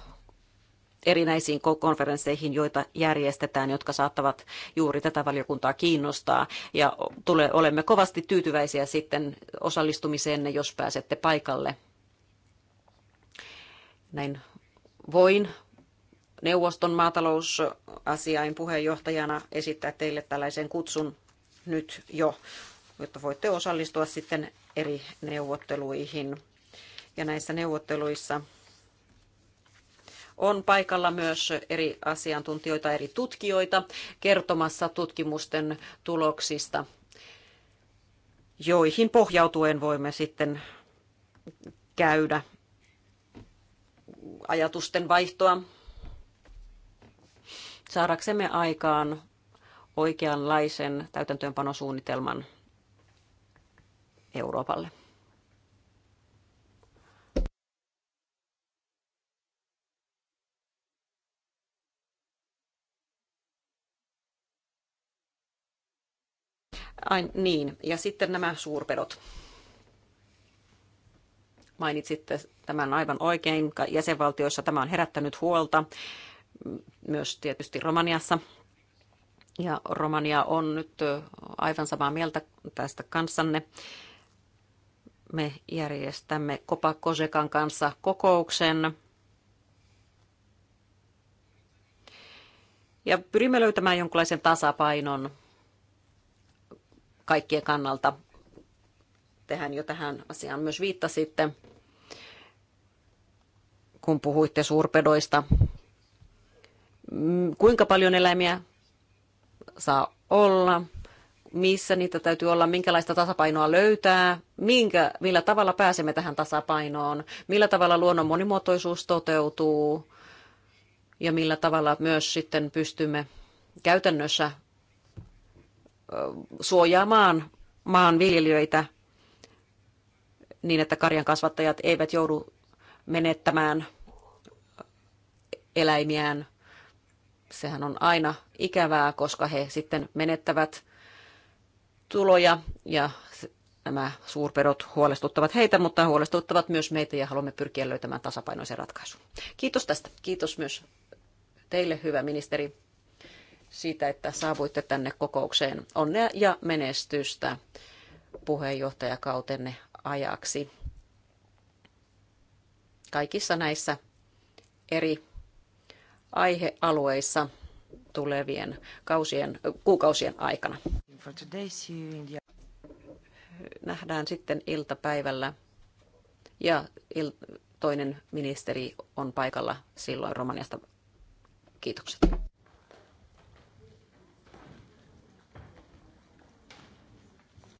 erinäisiin konferensseihin, joita järjestetään, jotka saattavat juuri tätä valiokuntaa kiinnostaa. Ja tule, olemme kovasti tyytyväisiä sitten osallistumiseenne, jos pääsette paikalle. Näin voin neuvoston maatalousasiain puheenjohtajana esittää teille tällaisen kutsun nyt jo, jotta voitte osallistua sitten eri neuvotteluihin. Ja näissä neuvotteluissa on paikalla myös eri asiantuntijoita, eri tutkijoita kertomassa tutkimusten tuloksista, joihin pohjautuen voimme sitten käydä ajatusten vaihtoa saadaksemme aikaan oikeanlaisen täytäntöönpanosuunnitelman Euroopalle. Ai, niin, ja sitten nämä suurpedot. Mainitsitte tämän aivan oikein. Jäsenvaltioissa tämä on herättänyt huolta, myös tietysti Romaniassa. Ja Romania on nyt aivan samaa mieltä tästä kanssanne me järjestämme Kopa Kosekan kanssa kokouksen. Ja pyrimme löytämään jonkinlaisen tasapainon kaikkien kannalta. Tehän jo tähän asiaan myös viittasitte, kun puhuitte suurpedoista. Mm, kuinka paljon eläimiä saa olla? missä niitä täytyy olla, minkälaista tasapainoa löytää, minkä, millä tavalla pääsemme tähän tasapainoon, millä tavalla luonnon monimuotoisuus toteutuu ja millä tavalla myös sitten pystymme käytännössä suojaamaan maanviljelijöitä niin, että karjan kasvattajat eivät joudu menettämään eläimiään. Sehän on aina ikävää, koska he sitten menettävät tuloja ja nämä suurpedot huolestuttavat heitä, mutta huolestuttavat myös meitä ja haluamme pyrkiä löytämään tasapainoisen ratkaisun. Kiitos tästä. Kiitos myös teille, hyvä ministeri, siitä, että saavuitte tänne kokoukseen. Onnea ja menestystä puheenjohtajakautenne ajaksi kaikissa näissä eri aihealueissa tulevien kausien, kuukausien aikana for today. See you in the... Nähdään sitten iltapäivällä. Ja il- toinen ministeri on paikalla silloin Romaniasta. Kiitokset.